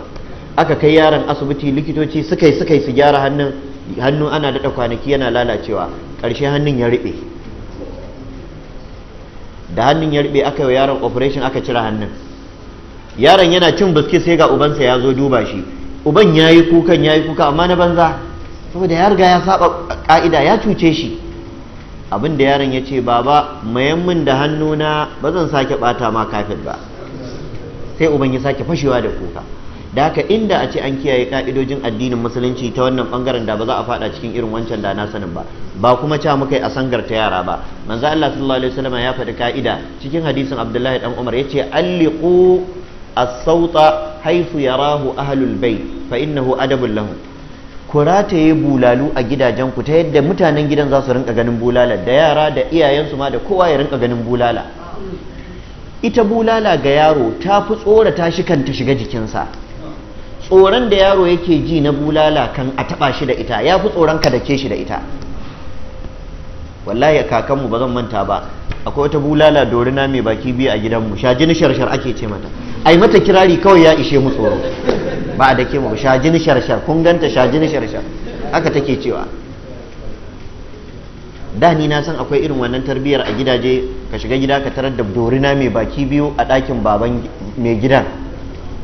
aka kai yaron asibiti likitoci suka yi suka yi su gyara hannun hannu ana daɗa kwanaki yana lalacewa ƙarshe hannun ya riɓe da hannun ya riɓe aka yi yaron operation aka cire hannun yaron yana cin biskit sai ga ubansa ya zo duba shi uban ya yi kukan ya kuka amma na banza saboda ya riga ya saba ƙa'ida, ya cuce shi abin da yaron ya ce baba mayan min da hannuna ba zan sake bata ma kafin ba sai uban ya sake fashewa da kuka da haka inda a ce an kiyaye ka'idojin addinin musulunci ta wannan bangaren da ba za a fada cikin irin wancan da na sanin ba ba kuma ca muka yi a sangar ta yara ba manzo Allah sallallahu alaihi wasallam ya faɗi ka'ida cikin hadisin Abdullahi dan Umar yace alliqu as sawta haythu yarahu ahlul bayt fa innahu adabul lahum ku rataye bulalu a gidajenku ta yadda mutanen gidan za su rinka ganin bulala da yara da iyayensu ma da kowa ya rinka ganin bulala ita bulala ga yaro ta fi tsorata shi kan ta shiga jikinsa tsoron da yaro yake ji na bulala kan a taba shi da ita ya fi tsoron ka da ke shi da ita wallahi kakanmu ba zan manta ba akwai wata bulala dorina mai baki biyu a gidanmu shajini sharshar ake ce mata ai mata kirari kawai ya ishe mu tsoro ba a dake mu ba shajini sharshar kun ganta shajini sharshar haka take cewa da ni na san akwai irin wannan tarbiyyar a gidaje ka shiga gida ka tarar da dorina mai baki biyu a ɗakin baban mai gidan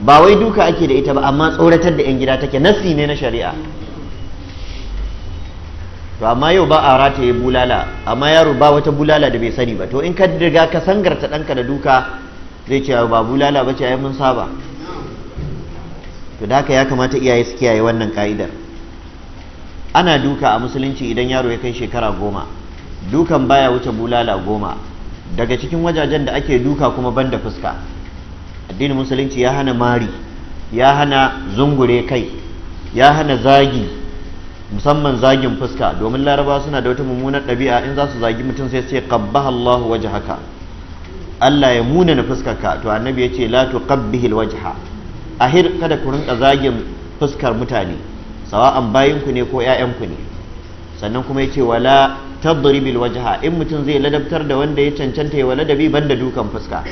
ba wai duka ake da ita ba amma tsoratar da 'yan gida take nasi ne na shari'a to amma yau ba a rataye bulala amma yaro ba wata bulala da bai sani ba to in ka riga ka sangarta ɗanka da duka zai ce ba bulala ba ce ai mun saba to da haka ya kamata iyaye su kiyaye wannan ka'idar ana duka a musulunci idan yaro ya kai shekara goma dukan baya wuce bulala goma daga cikin wajajen da ake duka kuma banda fuska addinin musulunci ya hana mari ya hana zungure kai ya hana zagi musamman zagin fuska domin laraba suna da wata mummunar ɗabi'a in za su zagi mutum sai sai Allah waje haka Allah ya muna na fuskarka to annabi ya ce la tuqabbihil wajha ahir kada ku rinka zagin fuskar mutane sawa'an bayinku ne ko ku ne sannan kuma ya ce wala tadribil wajha in mutum zai ladabtar da wanda ya cancanta ya ladabi da dukan fuska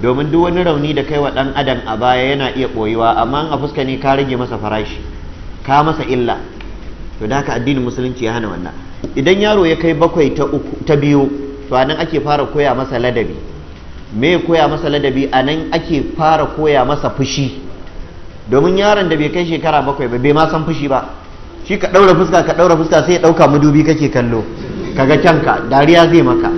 domin duk wani rauni da kai wa dan adam a baya yana iya boyewa amma a fuska ne ka rage masa farashi ka masa illa to da haka addinin musulunci ya hana wannan idan yaro ya kai bakwai ta biyu to anan ake fara koya masa ladabi me koya masa ladabi anan ake fara koya masa fushi domin yaron da bai kai shekara bakwai ba bai ma san fushi ba shi ka ɗaura fuska ka ɗaura fuska sai ya ɗauka madubi kake kallo kaga kyanka dariya zai maka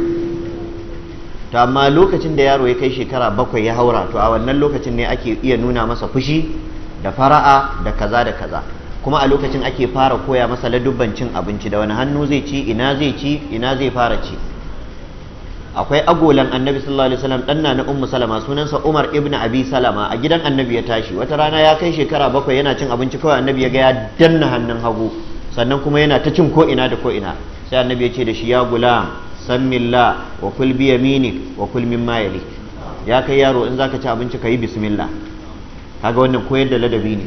to amma lokacin da yaro ya kai shekara bakwai ya haura to a wannan lokacin ne ake iya nuna masa fushi da fara'a da kaza da kaza kuma a lokacin ake fara koya masa ladubban cin abinci da wani hannu zai ci ina zai ci ina zai fara ci akwai agolan annabi sallallahu alaihi wasallam dan na ummu salama sunansa umar ibnu abi salama a gidan annabi ya tashi wata rana ya kai shekara bakwai yana cin abinci kawai annabi ya ga ya danna hannun hagu sannan kuma yana ta cin ko ina da ko ina sai annabi ya ce da shi ya gula sammilla wa kul bi yaminik wa kul mimma yalik ya kai yaro in zaka ci abinci kayi bismillah kaga wannan koyar da ladabi ne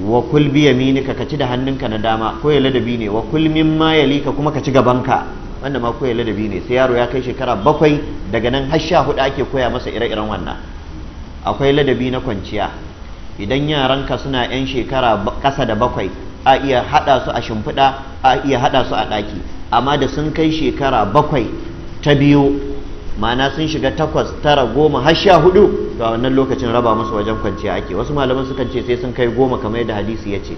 wa kul bi yaminika ka ci da hannunka na dama ko ya ladabi ne wa kul mimma yalika kuma ka ci gabanka wanda ma ko ya ladabi ne sai yaro ya kai shekara bakwai daga nan har sha hudu ake koya masa ire-iren wannan akwai ladabi na kwanciya idan yaran ka suna 'yan shekara kasa da bakwai a iya haɗa su a shimfiɗa a iya haɗa su a ɗaki amma da sun kai shekara bakwai ta biyu ma'ana sun shiga takwas tara goma har sha hudu to a wannan lokacin raba musu wajen kwanciya ake wasu malaman sukan ce sai sun kai goma kamar yadda hadisi ya ce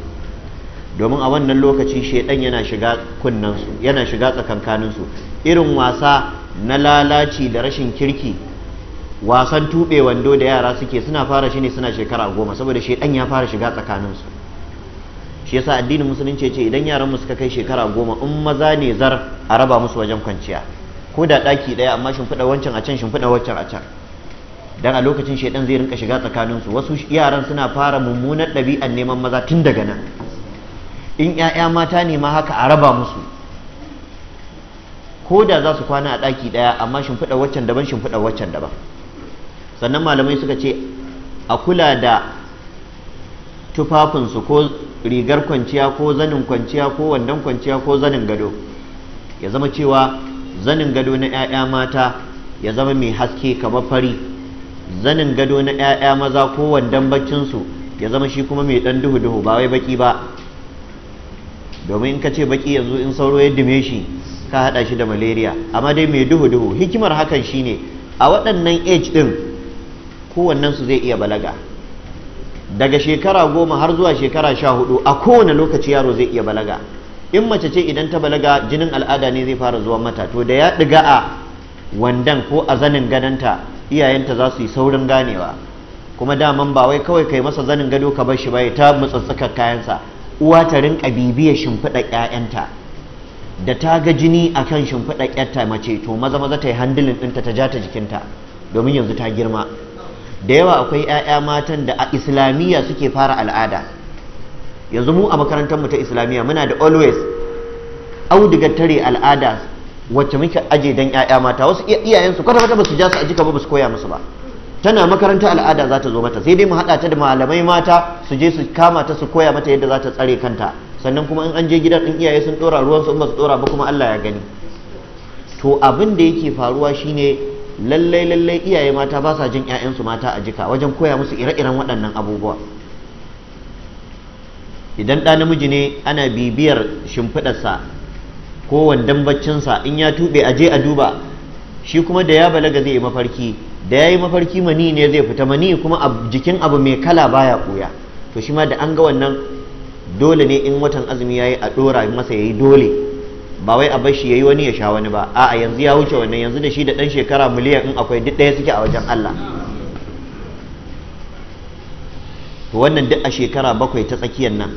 domin a wannan lokaci shaidan yana shiga kunnansu yana shiga tsakankaninsu irin wasa na lalaci da rashin kirki wasan tube wando da yara suke suna fara shi ne suna shekara goma saboda shaidan ya fara shiga tsakaninsu shi yasa addinin musulunci ce idan yaran mu suka kai shekara goma in maza ne zar a raba musu wajen kwanciya ko da ɗaki ɗaya amma shimfiɗa wancan a can shimfiɗa wancan a can dan a lokacin shaidan zai rinka shiga tsakaninsu wasu yaran suna fara mummunar ɗabi'ar neman maza tun daga nan in 'ya'ya mata ne ma haka a raba musu ko da za su kwana a ɗaki ɗaya amma shimfiɗa waccan daban shimfiɗa waccan daban sannan malamai suka ce a kula da tufafinsu ko rigar kwanciya ko zanin kwanciya ko wandon kwanciya ko zanin gado ya zama cewa zanin gado na 'ya'ya mata ya zama mai haske kamar fari zanin gado na 'ya'ya maza ko wandan ya zama shi kuma mai ɗan duhu duhu ba wai baki ba domin in ka ce baki yanzu in sauro ya dume shi ka haɗa shi da malaria amma dai mai duhu duhu hikimar hakan shine a waɗannan age ɗin su zai iya balaga daga shekara goma har zuwa shekara sha hudu a kowane lokaci yaro zai iya balaga in mace ce idan ta balaga jinin al'ada ne zai fara zuwa mata to da ya ɗiga a wandan ko a zanin gananta iyayenta za su yi saurin ganewa kuma daman ba wai kawai kai masa zanin gado ka bar shi ba ta mutsatsukar kayansa uwa ta rinka bibiya shimfiɗa ƴaƴanta da ta ga jini a kan shimfiɗa ƴaƴanta mace to maza maza ta yi handilin ɗinta ta ja ta jikinta domin yanzu ta girma da yawa akwai 'ya'ya matan da a islamiyya suke fara al'ada yanzu mu a makarantar mu ta islamiyya muna da always audiga tare al'ada wacce muke aje dan 'ya'ya mata wasu iyayen su kwata kwata basu ja su ajika ba basu koya musu ba tana makaranta al'ada za ta zo mata sai dai mu haɗa ta da malamai mata su je su kama ta su koya mata yadda za ta tsare kanta sannan kuma in an je gidan din iyaye sun dora ruwan su in ba su dora ba kuma Allah ya gani to abin da yake faruwa shine lallai lallai iyaye mata ba sa jin 'ya'yansu mata a jika wajen koya musu ire-iren waɗannan abubuwa idan ɗa namiji ne ana bibiyar shimfiɗarsa ko wandon baccinsa in ya tuɓe a je a duba shi kuma da ya balaga zai yi mafarki da ya yi mafarki mani ne zai fita mani kuma jikin abu mai kala baya ɓuya to shi ma da an ga wannan dole ne in watan azumi ya yi a ɗora masa ya yi dole ba wai a bashi ya yi wani ya sha wani ba a'a yanzu ya wuce wannan yanzu da shi da ɗan shekara miliyan in akwai duk ɗaya suke a wajen allah to wannan duk a shekara bakwai ta tsakiyar nan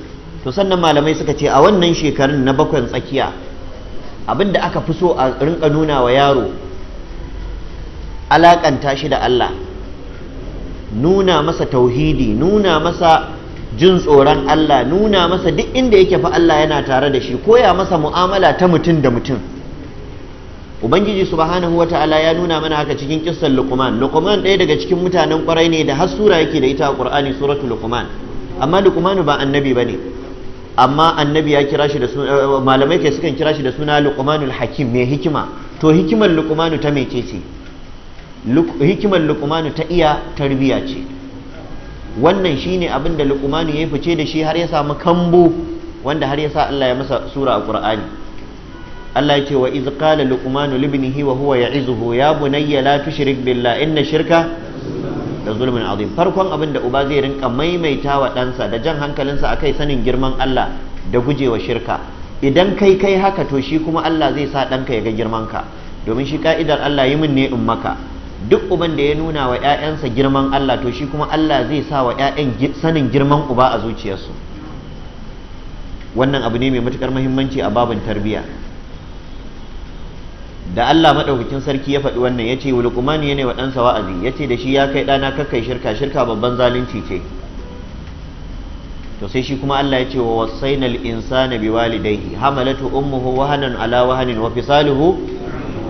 to sannan malamai suka ce a wannan shekarun na bakwai tsakiya abinda aka fi so a rinka nuna wa yaro alakanta shi da Allah nuna masa tauhidi nuna masa jin tsoron Allah nuna masa duk inda yake fa Allah yana tare da shi koya masa mu'amala ta mutum da mutum ubangiji subhanahu ta'ala ya nuna mana haka cikin kissan luqman luqman ɗaya daga cikin mutanen kwarai ne da har sura yake da ita a qur'ani suratu luqman amma luqman ba annabi bane amma annabi ya kira shi da suna eh, malamai kai sukan kira shi da suna luqmanul hakim mai hikima to hikimar luqmanu ta mece ce hikimar luqmanu ta iya tarbiya ce wannan shine abin da luqmanu ya fice da shi har ya samu kambo wanda har ya sa Allah ya masa sura a qur'ani Allah ya ce wa iz qala luqmanu libnihi wa huwa ya'izuhu ya bunayya la tushrik billah inna shirka da zulmin azim farkon abin da uba zai rinka maimaita wa ɗansa da jan hankalinsa akai sanin girman Allah da gujewa shirka idan kai kai haka to shi kuma Allah zai sa ɗanka ya ga girman ka domin shi ka'idar Allah yi min ne in maka duk uban da ya nuna wa 'ya'yansa girman Allah to shi kuma Allah zai sa wa 'ya'yan sanin girman uba a zuciyarsu wannan abu ne mai matukar muhimmanci a babin tarbiyya da Allah madaukakin sarki ya faɗi wannan yace wa luqman yana wa ɗansa wa'azi yace da shi ya kai ɗana kakkai shirka shirka babban zalunci ce to sai shi kuma Allah ya ce wa wasainal insana biwalidayhi hamalatu ummuhu wahanan ala wahanin wa fisaluhu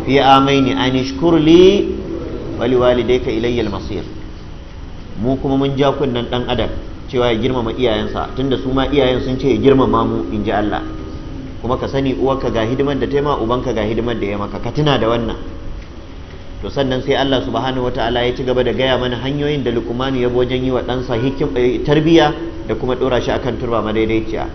fi amaini an ishkur li wa liwalidayka ilayya masir mu kuma mun ja kunnan dan adam cewa ya girmama iyayensa tunda su ma iyayen sun ce ya girmama mu in ji Allah kuma ka sani uwarka ga hidimar da ta ma ubanka ga hidimar da ya maka ka tuna da wannan to sannan sai Allah subhanahu wataala ya ci gaba da gaya mana hanyoyin da lukumanu ya wajen yi wa ɗansa hikim eh, tarbiya da kuma ɗora shi akan turba madaidaiciya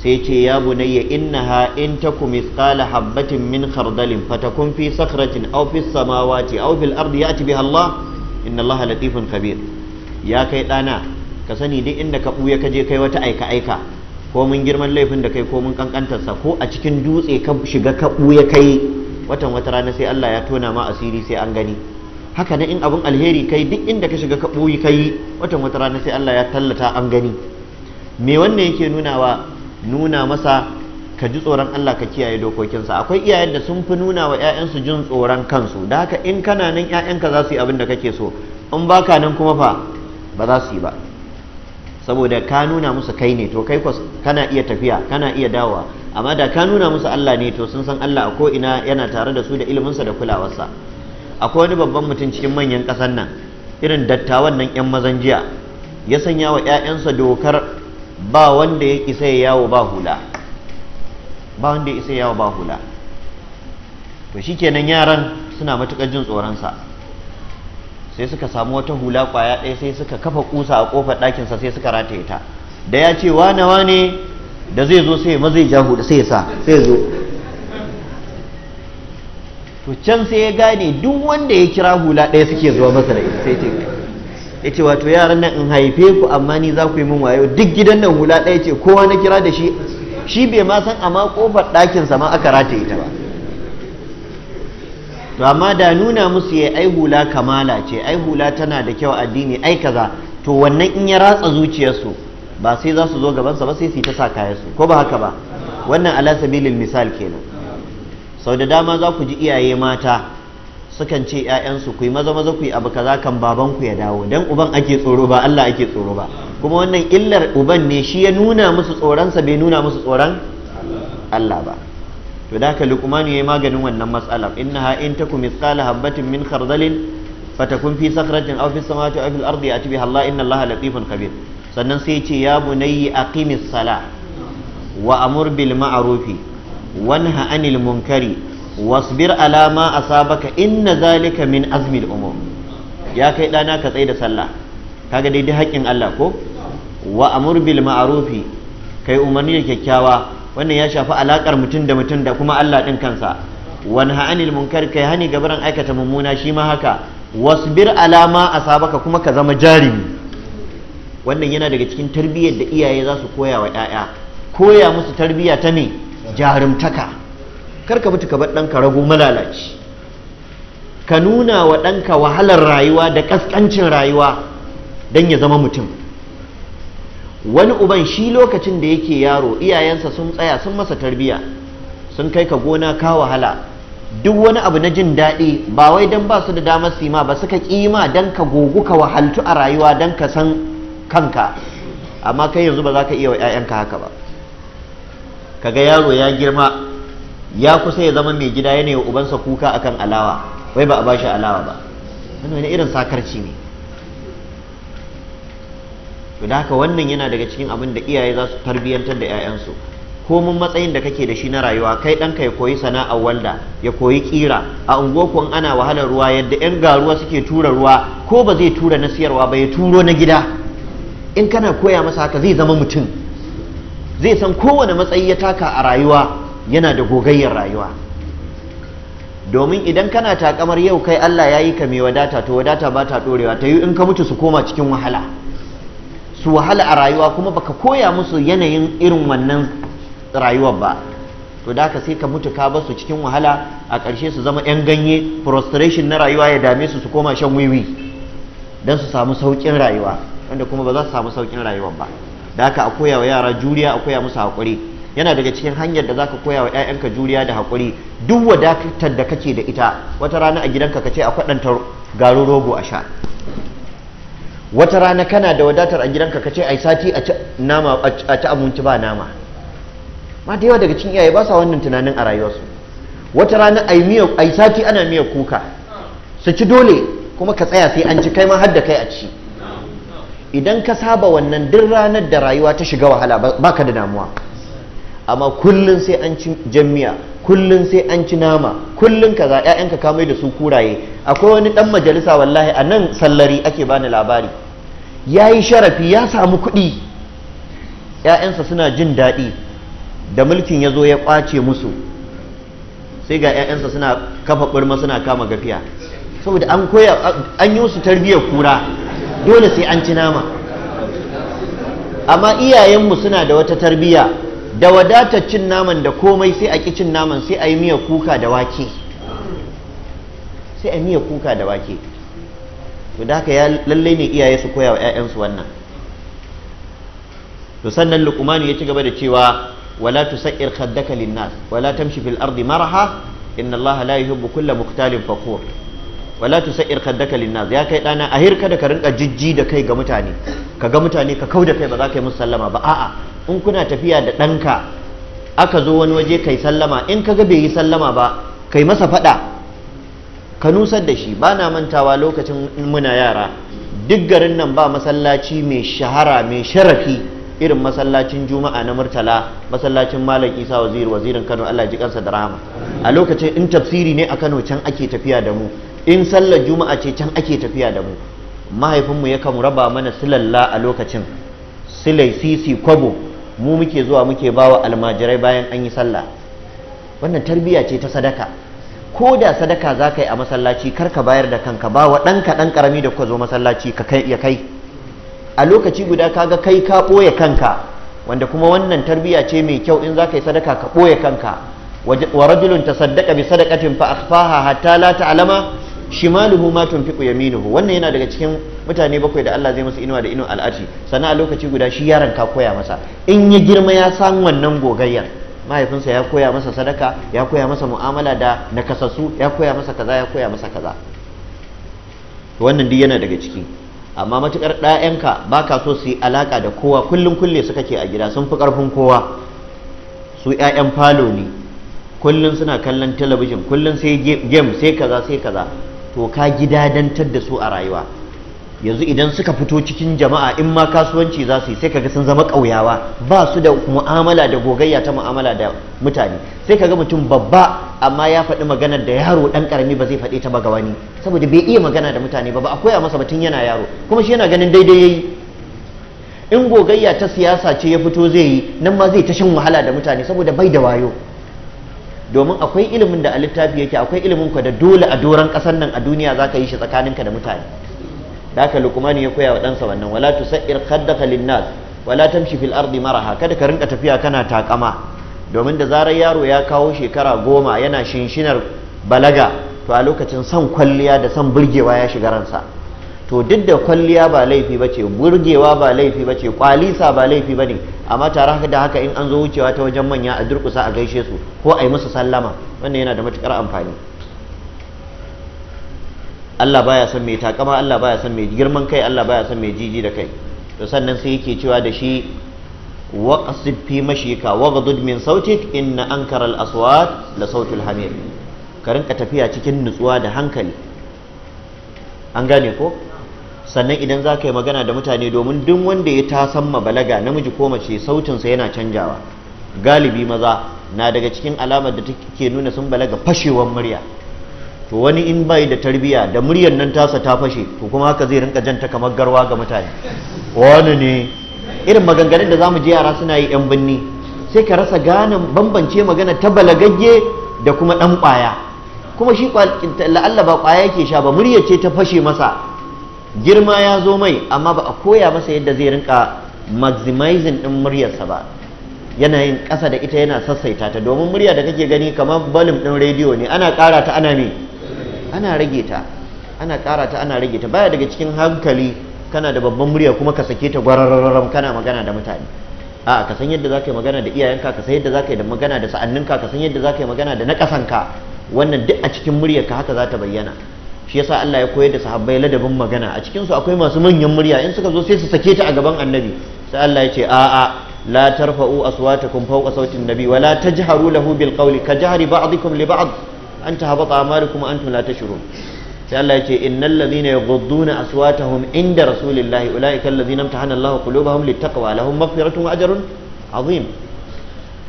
sai ce ya bunayya inna in taku mithqala habatin min khardalin fatakun fi sakratin aw fi samawati aw fil ardi ya'ti biha Allah inna Allah latifun khabir ya kai ɗana ka sani duk inda ka buya ka je kai wata aika aika ko mun girman laifin da kai ko mun kankantarsa ko a cikin dutse ka shiga ka ya kai watan wata rana sai Allah ya tona ma asiri sai an gani haka na in abin alheri kai duk inda ka shiga ka ɓoyi kai watan wata rana sai Allah ya tallata an gani me wannan yake wa nuna masa ka ji tsoron Allah ka kiyaye dokokinsa akwai iyayen da sun fi nuna wa 'ya'yansu jin tsoron kansu da haka in kana nan 'ya'yanka za su yi abin da kake so in baka nan kuma fa ba za su yi ba saboda ka nuna musu kai ne to kai kana iya tafiya kana iya dawowa amma da ka nuna musu Allah ne to sun san Allah a ko ina yana tare da su da iliminsa da kulawarsa akwai wani babban mutum cikin manyan ƙasar nan irin dattawan nan 'yan mazan jiya ya sanya wa 'ya'yansa dokar ba wanda ya isa ya yawo ba hula ba wanda ya isa ya yawo ba hula to shikenan yaran suna matuƙar jin tsoron sa. sai suka samu wata hula kwaya ɗaya sai suka kafa kusa a kofar ɗakinsa sai suka rataye ta da ya ce wane wane da zai zo sai ma zai ja sai sa sai zo to can sai ya gane duk wanda ya kira hula ɗaya suke zuwa masa da sai ce ya ce wato yaran nan in haife ku amma ni za ku yi min wayo duk gidan nan hula ɗaya ce kowa na kira da shi shi bai ma san amma kofar ɗakinsa ma aka rataye ta ba to amma da nuna musu ya ai hula kamala ce ai hula tana da kyau addini ai kaza to wannan in ya ratsa zuciyarsu ba sai za su zo gabansa ba sai su ta sa kayansu ko ba haka ba wannan ala sabilil misal kenan sau da dama za ku ji iyaye mata sukan ce 'ya'yansu ku yi maza maza ku yi abu kaza kan baban ku ya dawo dan uban ake tsoro ba Allah ake tsoro ba kuma wannan illar uban ne shi ya nuna musu tsoronsa bai nuna musu tsoron Allah ba to da haka ya yayi maganin wannan matsalar innaha in takum mithqala habatin min khardalin fatakun fi sakratin aw fi samawati aw fil ardi ati biha Allah inna Allah latifun khabir sannan sai ce ya bunayya aqimis sala wa amur bil ma'rufi wanha anil munkari wasbir ala ma asabaka inna zalika min azmil umur ya kai dana ka tsaye da sallah kaga dai haƙƙin Allah ko wa amur bil ma'rufi kai umarni da kyakkyawa wannan ya shafi alakar mutum da mutum da kuma Allah ɗin kansa Wani anil munkar kai hani gabaran aikata mummuna shi ma haka wasu bir alama a sabaka kuma ka zama jarimi wannan yana daga cikin tarbiyyar da iyaye za su koya wa 'ya'ya koya musu tarbiyya ta ne jarumtaka kar ka mutu ka bar ɗanka rago malalaci ka nuna wa ɗanka wahalar rayuwa da ƙasƙancin rayuwa don ya zama mutum wani uban shi lokacin da yake yaro iyayensa sun tsaya sun masa tarbiya sun kai ka gona ka wahala duk wani abu na jin daɗi ba wai don ba su da damar sima ba suka kima don ka gogu ka wahaltu a rayuwa don ka san kanka amma kai yanzu ba za ka iya wa 'ya'yanka haka ba ga yaro ya girma ya kusa ya zama mai gida yanayi wa ubansa kuka akan alawa wai ba a bashi alawa ba wani irin sakarci ne to da haka wannan yana daga cikin abin da iyaye za su tarbiyyantar da 'ya'yansu komin matsayin da kake da shi na rayuwa kai ɗanka ya koyi sana'ar walda ya koyi kira a unguwakon ana wahalar ruwa yadda 'yan garuwa suke tura ruwa ko ba zai tura na siyarwa ba ya turo na gida in kana koya masa haka zai zama mutum zai san kowane matsayi ya taka a rayuwa yana da gogayyar rayuwa domin idan kana takamar yau kai Allah ya yi ka mai wadata to wadata ba ta ɗorewa ta yi in ka mutu su koma cikin wahala su wahala a rayuwa kuma baka koya musu yanayin irin wannan rayuwar ba to da haka sai ka mutu ka basu cikin wahala a ƙarshe su zama 'yan ganye frustration na rayuwa ya dame su su koma shan wiwi don su samu sauƙin rayuwa wanda kuma ba za su samu sauƙin rayuwar ba da haka a koya wa yara juriya a koya musu haƙuri yana daga cikin hanyar da zaka koya wa 'ya'yanka juriya da haƙuri duk wadatar da kake da ita wata rana a gidanka ka ce a kwaɗanta garin rogo a sha wata rana kana da wadatar a gidanka ka ce ai sati a ci abinci ba nama ma da yawa daga cikin iyaye ba sa wannan tunanin a rayuwarsu wata rana ai sati ana miya kuka su ci dole kuma ka tsaya sai an ci kai ma har da kai a ci idan ka saba wannan duk ranar da rayuwa ta shiga wahala baka da damuwa amma kullun sai an ci jami'a, kullun sai an ci nama kullun kaza ƴaƴanka ka mai da su kuraye akwai wani ɗan majalisa wallahi a nan sallari ake bani labari Ya yi sharafi ya samu kuɗi ƴaƴansa suna jin daɗi da mulkin ya zo ya ƙwace musu sai ga ƴaƴansa suna kafa ɓurma suna kama gafiya saboda an koya an yi su tarbiyyar kura dole sai an ci nama amma iyayenmu suna da wata tarbiyya da wadatar cin naman da komai sai a ƙi cin naman sai a yi miya kuka da wake sai a miya kuka da wake to da haka ya lallai ne iyaye su koya wa 'ya'yansu wannan to sannan lukumanu ya ci gaba da cewa wala sa'ir khaddaka linnas wala tamshi fil ardi maraha inna allaha la yuhibbu kulla muktalin fakor. wala sa'ir khaddaka linnas ya kai dana ahir da ka rinka jijji da kai ga mutane ka ga mutane ka kauda kai ba za ka yi musu sallama ba a'a in kuna tafiya da ɗanka aka zo wani waje kai sallama in kaga bai yi sallama ba kai masa faɗa ka nusar da shi ba na mantawa lokacin muna yara duk garin nan ba masallaci mai shahara mai sharafi irin masallacin juma'a na murtala masallacin malam isa wazir wazirin kano allah ji kansa da rama a lokacin in tafsiri ne a kano can ake tafiya da mu in sallar juma'a ce can ake tafiya da mu mahaifinmu ya yakan raba mana silalla a lokacin silai sisi kwabo mu muke zuwa muke bawa almajirai bayan an yi sallah wannan tarbiyya ce ta sadaka ko da sadaka za ka yi a masallaci kar ka bayar da kanka ba wa ɗanka ɗan ƙarami da kuka zo masallaci ka kai ya kai a lokaci guda ka ga kai ka ɓoye kanka wanda kuma wannan tarbiyya ce mai kyau in za ka yi sadaka ka ɓoye kanka wa rajulun tasaddaqa bi sadaqatin fa akhfaha hatta la ta'lama shimaluhu ma tunfiqu yaminuhu wannan yana daga cikin mutane bakwai da Allah zai masa inuwa da inu al'aci sannan a lokaci guda shi yaron ka koya masa in ya girma ya san wannan gogayyar mahaifinsa ya koya masa sadaka ya koya masa mu'amala da nakasassu ya koya masa kaza ya koya masa kaza wannan duk yana daga ciki amma matukar ɗayanka ba ka so su yi alaka da kowa kullum kulle suka ke a gida sun fi ƙarfin kowa su 'ya'yan falo ne kullum suna kallon talabijin kullum sai game sai kaza sai kaza to ka gidadantar da su a rayuwa yanzu idan suka fito cikin jama'a in ma kasuwanci za su yi sai kaga sun zama ƙauyawa ba su da mu'amala da gogayya ta mu'amala da mutane sai kaga mutum babba amma ya faɗi maganar da yaro ɗan ƙarami ba zai faɗi ta ba ga wani saboda bai iya magana da mutane ba ba a koya masa batun yana yaro kuma shi yana ganin daidai yayi in gogayya ta siyasa ce ya fito zai yi nan ma zai ta shan wahala da mutane saboda bai da wayo domin akwai ilimin da a littafi yake akwai ilimin ka da dole a doron kasar nan a duniya za ka yi shi tsakaninka da mutane da haka lukumani ya koya wa ɗansa wannan wala tu kadda khaddaka linnas wala tamshi fil ardi maraha kada ka rinka tafiya kana takama domin da zarar yaro ya kawo shekara goma yana shinshinar balaga to a lokacin son kwalliya da son burgewa ya shiga ransa to duk da kwalliya ba laifi ba ce burgewa ba laifi ba ce kwalisa ba laifi ba ne amma tare haka da haka in an zo wucewa ta wajen manya a durkusa a gaishe su ko a yi musu sallama wannan yana da matukar amfani Allah baya son mai takama Allah baya son mai girman kai Allah baya son mai jiji da kai to sannan sai yake cewa da shi waqsid fi mashika waghdud min sautik inna ankara al-aswat la sautul hamir ka rinka tafiya cikin nutsuwa da hankali an gane ko sannan idan za ka yi magana da mutane domin duk wanda ya tasan balaga namiji ko mace sautinsa yana canjawa galibi maza na daga cikin alamar da take nuna sun balaga fashewar murya to wani in bai da tarbiya da muryar nan tasa ta fashe to kuma haka zai rinka janta kamar garwa ga mutane wani ne irin maganganun da za mu je yara suna yi yan binni sai ka rasa gane bambance magana ta balagagge da kuma ɗan ƙwaya. kuma shi la'alla ba kwaya yake sha ba muryar ce ta fashe masa girma ya zo mai amma ba a koya masa yadda zai rinka maximizing din muryarsa ba yana yin ƙasa da ita yana sassaita ta domin murya da kake gani kamar balum din rediyo ne ana ƙara ta ana ne ana rage ta ana ƙara ta ana rage ta baya daga cikin hankali kana da babban murya kuma ka sake ta gwararraram kana magana da mutane a ka san yadda zaka yi magana da iyayenka ka san yadda zaka yi da magana da sa'anninka ka san yadda zaka yi magana da na ƙasanka wannan duk a cikin muryarka haka za ta bayyana shi yasa Allah ya koyar da sahabbai ladabin magana a cikin su akwai masu manyan murya in suka zo sai su sake ta a gaban annabi sai Allah ya ce a a la tarfa'u aswatakum fawqa sautin nabi wa la tajharu lahu bil qawli ka jahri ba'dikum li ba'd an tahbata amalukum antum la tashurun sai Allah ya ce innal ladhina yaghudduna aswatahum inda rasulillahi ulaika alladhina imtahana Allah qulubahum littaqwa lahum maghfiratun wa ajrun azim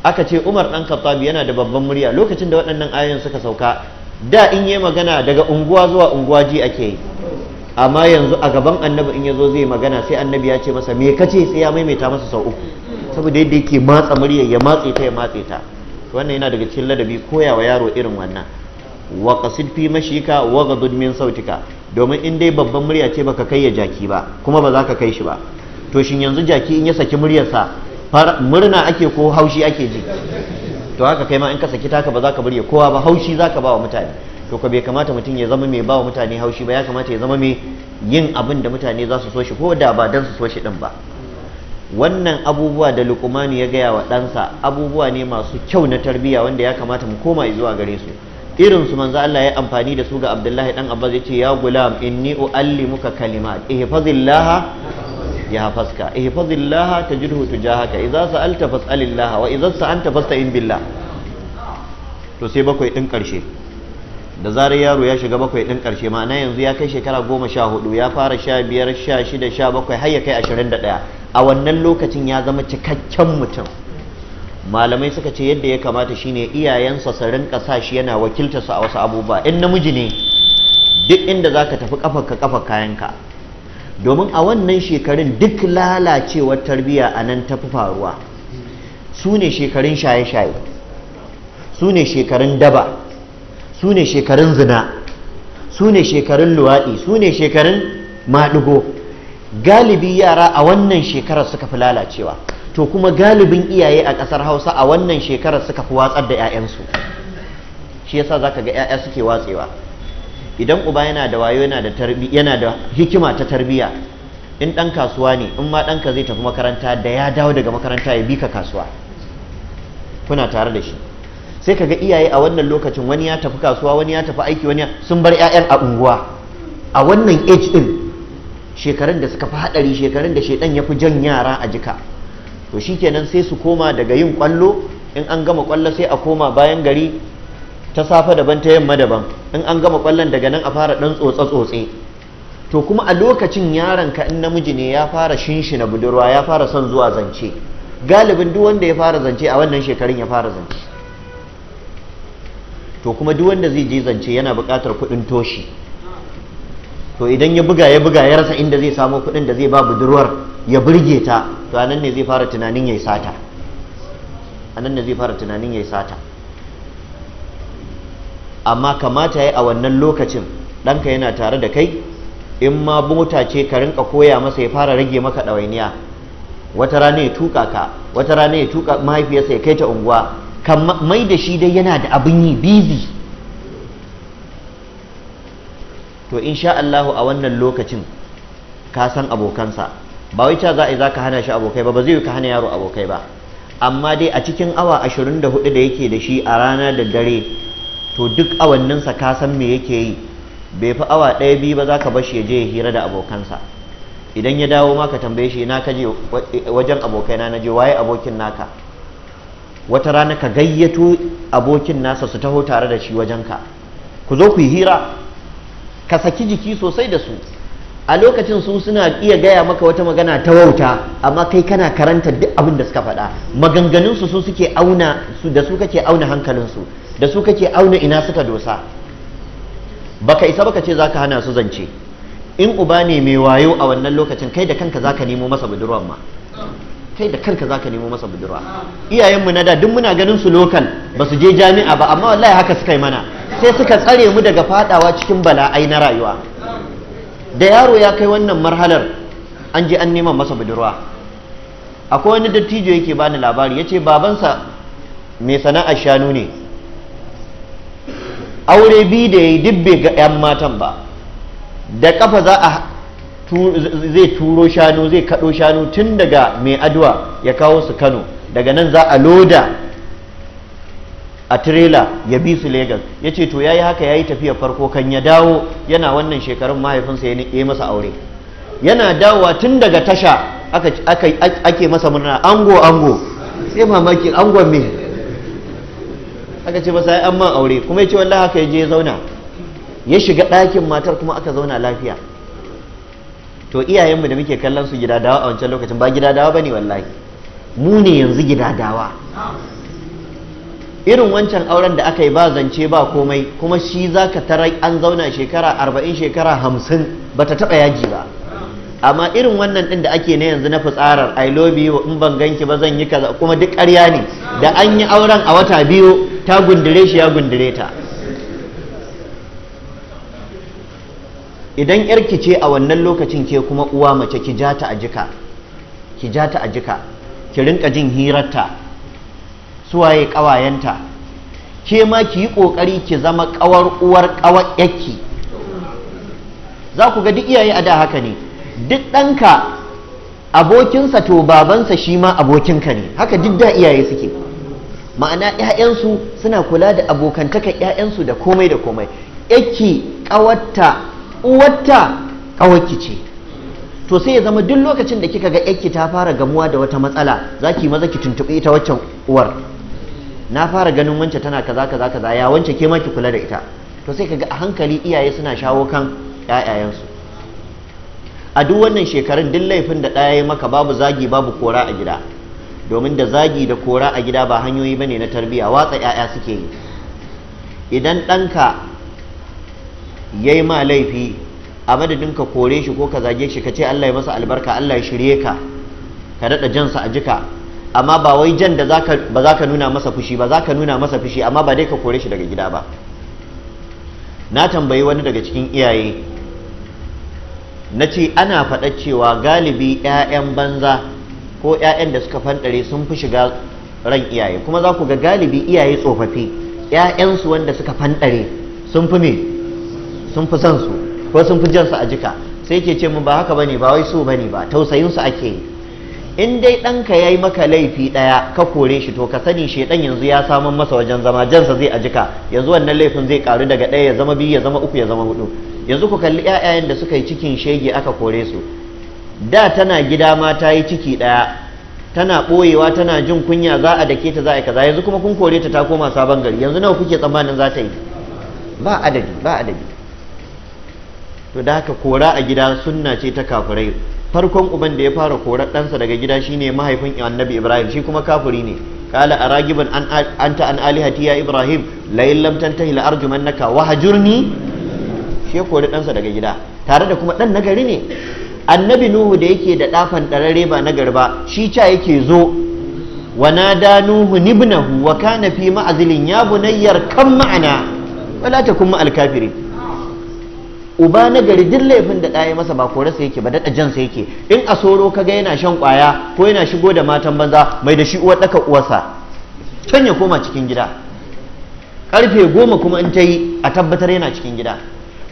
aka ce Umar dan Khattab yana da babban murya lokacin da waɗannan ayoyin suka sauka da in yi magana daga unguwa zuwa unguwa ji ake yi amma yanzu a gaban annabi in ya zo zai magana sai annabi ya ce masa me kace sai ya maimaita masa sau uku saboda yadda yake matsa muryar ya matse ta ya matse ta wannan yana daga cikin ladabi koya wa yaro irin wannan wa qasid fi mashika wa ghadud min sautika domin in dai babban murya ce baka kai ya jaki ba kuma ba za ka kai shi ba to shin yanzu jaki in ya saki muryarsa murna ake ko haushi ake ji to haka kai ma in ka saki taka ba za ka burge kowa ba haushi za ka ba wa mutane to ka bai kamata mutum ya zama mai ba wa mutane haushi ba ya kamata ya zama mai yin abin da mutane za su so shi ko da ba dan su so shi din ba wannan abubuwa da lukumanu ya gaya wa ɗansa abubuwa ne masu kyau na tarbiyya wanda ya kamata mu koma zuwa gare su irin su manzo Allah ya amfani da su ga Abdullahi dan Abbas ce ya gulam inni uallimuka kalimat ihfazillaha Ya yahfaska ihfazillaha tajidhu tujahaka idza sa'alta fas'alillaha wa idza sa'anta fasta'in billah to sai bakwai din karshe da zarar yaro ya shiga bakwai din karshe ma'ana yanzu ya kai shekara goma sha hudu ya fara sha biyar sha shida sha bakwai har ya kai ashirin da ɗaya a wannan lokacin ya zama cikakken mutum malamai suka ce yadda ya kamata shine iyayensa su rinka sa shi yana wakiltarsa a wasu abubuwa in namiji ne duk inda zaka tafi tafi ka kafar kayanka domin a wannan shekarun duk lalacewar tarbiyya a nan tafi faruwa su ne shekarun shaye-shaye su ne shekarun daba su ne shekarun zina su ne shekarun luwaɗi su ne shekarun maɗigo galibi yara a wannan shekarar suka fi lalacewa to kuma galibin iyaye a ƙasar hausa a wannan shekarar suka fi watsar da 'ya'yansu shi yasa za ka ga 'ya'ya suke watsewa idan uba yana da wayo yana da hikima ta tarbiya in dan kasuwa ne in ma ka zai tafi makaranta da ya dawo daga makaranta ya bi ka kasuwa kuna tare da shi sai kaga iyaye a wannan lokacin wani ya tafi kasuwa wani ya tafi aiki wani sun bar 'ya'yan a unguwa a wannan age din shekarun da suka fi hadari shekarun da shedan ya fi jan yara a jika to shikenan sai su koma daga yin kwallo in an gama kwallo sai a koma bayan gari ta safa daban ta yamma daban in an gama kwallon daga nan a fara dan tsotse tsotse to kuma a lokacin yaron ka in namiji ne ya fara shinshina budurwa ya fara son zuwa zance galibin duk wanda ya fara zance a wannan shekarun ya fara zance to kuma duk wanda zai je zance yana buƙatar kuɗin toshi to idan ya buga ya buga ya rasa inda zai samo kuɗin da zai ba budurwar ya burge ta to anan ne zai fara tunanin yi sata anan ne zai fara tunanin yayi sata amma kamata ya a wannan lokacin ɗanka yana tare da kai in ma mota ce ka rinka koya masa ya fara rage maka ɗawainiya wata rana ya tuka ka wata rana ya tuka mahaifiyarsa ya kai ta unguwa mai da shi dai yana da abin yi bizi to sha Allahu a wannan lokacin ka san abokansa ba wai za a ka hana shi abokai ba ba zai ka hana yaro abokai ba amma dai a cikin awa 24 da yake da shi a rana da dare to duk awanninsa ka san me yake yi bai fi awa ɗaya biyu ba za ka shi ya je ya hira da abokansa idan ya dawo ma ka tambaye shi na kaje wajen abokaina na je waye abokin naka wata rana ka gayyato abokin nasa su taho tare da shi wajen ka. ku zo ku yi hira ka saki jiki sosai da su a lokacin su suna iya gaya maka wata magana ta wauta amma kai kana karanta duk abin da suka faɗa maganganunsu su suke auna su da su kake auna hankalinsu da su kake auna ina suka dosa baka isa baka ce zaka hana su zance in uba ne mai wayo a wannan lokacin kai da kanka zaka nemo masa budurwa ma kai da kanka zaka nemo masa budurwa iyayenmu na da duk muna ganin su lokal ba su je jami'a ba amma wallahi haka suka yi mana sai suka tsare mu daga fadawa cikin bala'ai na rayuwa da yaro ya kai wannan marhalar an je an neman masa budurwa akwai wani dattijo yake bani labari ya ce babansa mai sana'ar shanu ne aure bi da ya dibbe ga 'yan matan ba da kafa za a zai turo shanu zai kaɗo shanu tun daga mai aduwa ya kawo su kano daga nan za a loda a tirela ya bi su Legas ya ce to ya yi haka ya yi tafiya farko kan ya dawo yana wannan shekarun mahaifinsa ya yi masa aure yana dawowa tun daga tasha ake masa murna ango ango sai mamaki angon me aka ce masa an man aure kuma ya ce wallahi haka ya je ya zauna ya shiga ɗakin matar kuma aka zauna lafiya to iyayenmu da muke kallon su gida dawa a wancan lokacin ba gida dawa bane wallahi mu ne yanzu gida dawa irin wancan auren da aka yi ba zance ba komai kuma shi za ka tara an zauna shekara arba'in shekara hamsin ba ta taɓa yaji ba amma irin wannan ɗin da ake na yanzu na fitsarar i love you in ban ganki ba zan yi kaza kuma duk ƙarya ne da an yi auren a wata biyu ta gundure shi ya gundure ta idan yarki ce a wannan lokacin ke kuma uwa mace ki ja ta a ki ja ta a ki rinka jin hirarta suwaye ƙawayenta ke ma ki yi ƙoƙari ki zama ƙawar uwar ƙawar yakki za ku ga duk iyaye a da haka ne duk ɗanka abokinsa to babansa shi ma abokinka ne haka duk da iyaye suke ma'ana 'ya'yansu suna kula da abokantakar 'ya'yansu da komai da komai yake kawatta uwatta ƙawarki ce to sai ya zama duk lokacin da kika ga yake ta fara gamuwa da wata matsala zaki maza ki tuntuɓi ita waccan uwar na fara ganin wance tana kaza kaza kaza ya wance ke ma ki kula da ita to sai kaga a hankali iyaye suna shawo kan ƴaƴayensu a duk wannan shekarun duk laifin da ɗaya ya maka babu zagi babu kora a gida domin da zagi da kora a gida ba hanyoyi bane na tarbiyya watsa 'ya'ya suke yi idan ɗanka ya yi ma laifi a madadin ka kore shi ko ka zage shi ka ce Allah ya masa albarka Allah ya shirye ka ka daɗa jansa a jika amma ba wai jan da ba za ka nuna masa fushi ba za ka nuna masa fushi amma ba dai ka kore shi daga gida ba na tambayi wani daga cikin iyaye na ce ana faɗa cewa galibi 'ya'yan banza ko 'ya'yan da suka fanɗare sun fi shiga ran iyaye kuma za ku ga galibi iyaye tsofaffi 'ya'yansu wanda suka fanɗare sun fi me sun fi son su ko sun fi jansu a jika sai ke ce mu ba haka bane ba wai so bane ba tausayinsu ake yi in dai ɗanka ya yi maka laifi ɗaya ka kore shi to ka sani shaidan yanzu ya samun masa wajen zama jansa zai a jika. yanzu wannan laifin zai karu daga ɗaya ya zama biyu ya zama uku ya zama hudu yanzu ku kalli 'ya'yayen da suka yi cikin shege aka kore su da tana gida ma ta yi ciki ɗaya tana ɓoyewa tana jin kunya za a dake ta za a kaza yanzu kuma kun kore ta ta koma sabon gari yanzu nawa kuke tsammanin za ta yi ba adadi ba adadi to da haka kora a gida sunna ce ta kafirai farkon uban da ya fara korar ɗansa daga gida shine mahaifin annabi ibrahim shi kuma kafiri ne kala a ragibin anta an alihati ya ibrahim layin lamtan ta tantahi la arjumannaka wahjurni shi ya kori ɗansa daga gida tare da kuma ɗan nagari ne annabi nuhu da yake da ɗafan ɗarare ba na garba shi ca yake zo wa da nuhu nibnahu wa kana fi ma'azilin ya bunayyar kan ma'ana wala ta kuma alkafiri uba na gari duk laifin da ɗaya masa ba sa yake ba daɗa jansa yake in a soro kaga yana shan kwaya ko yana shigo da matan banza mai da shi uwar ɗaka uwarsa can ya koma cikin gida ƙarfe goma kuma in ta yi a tabbatar yana cikin gida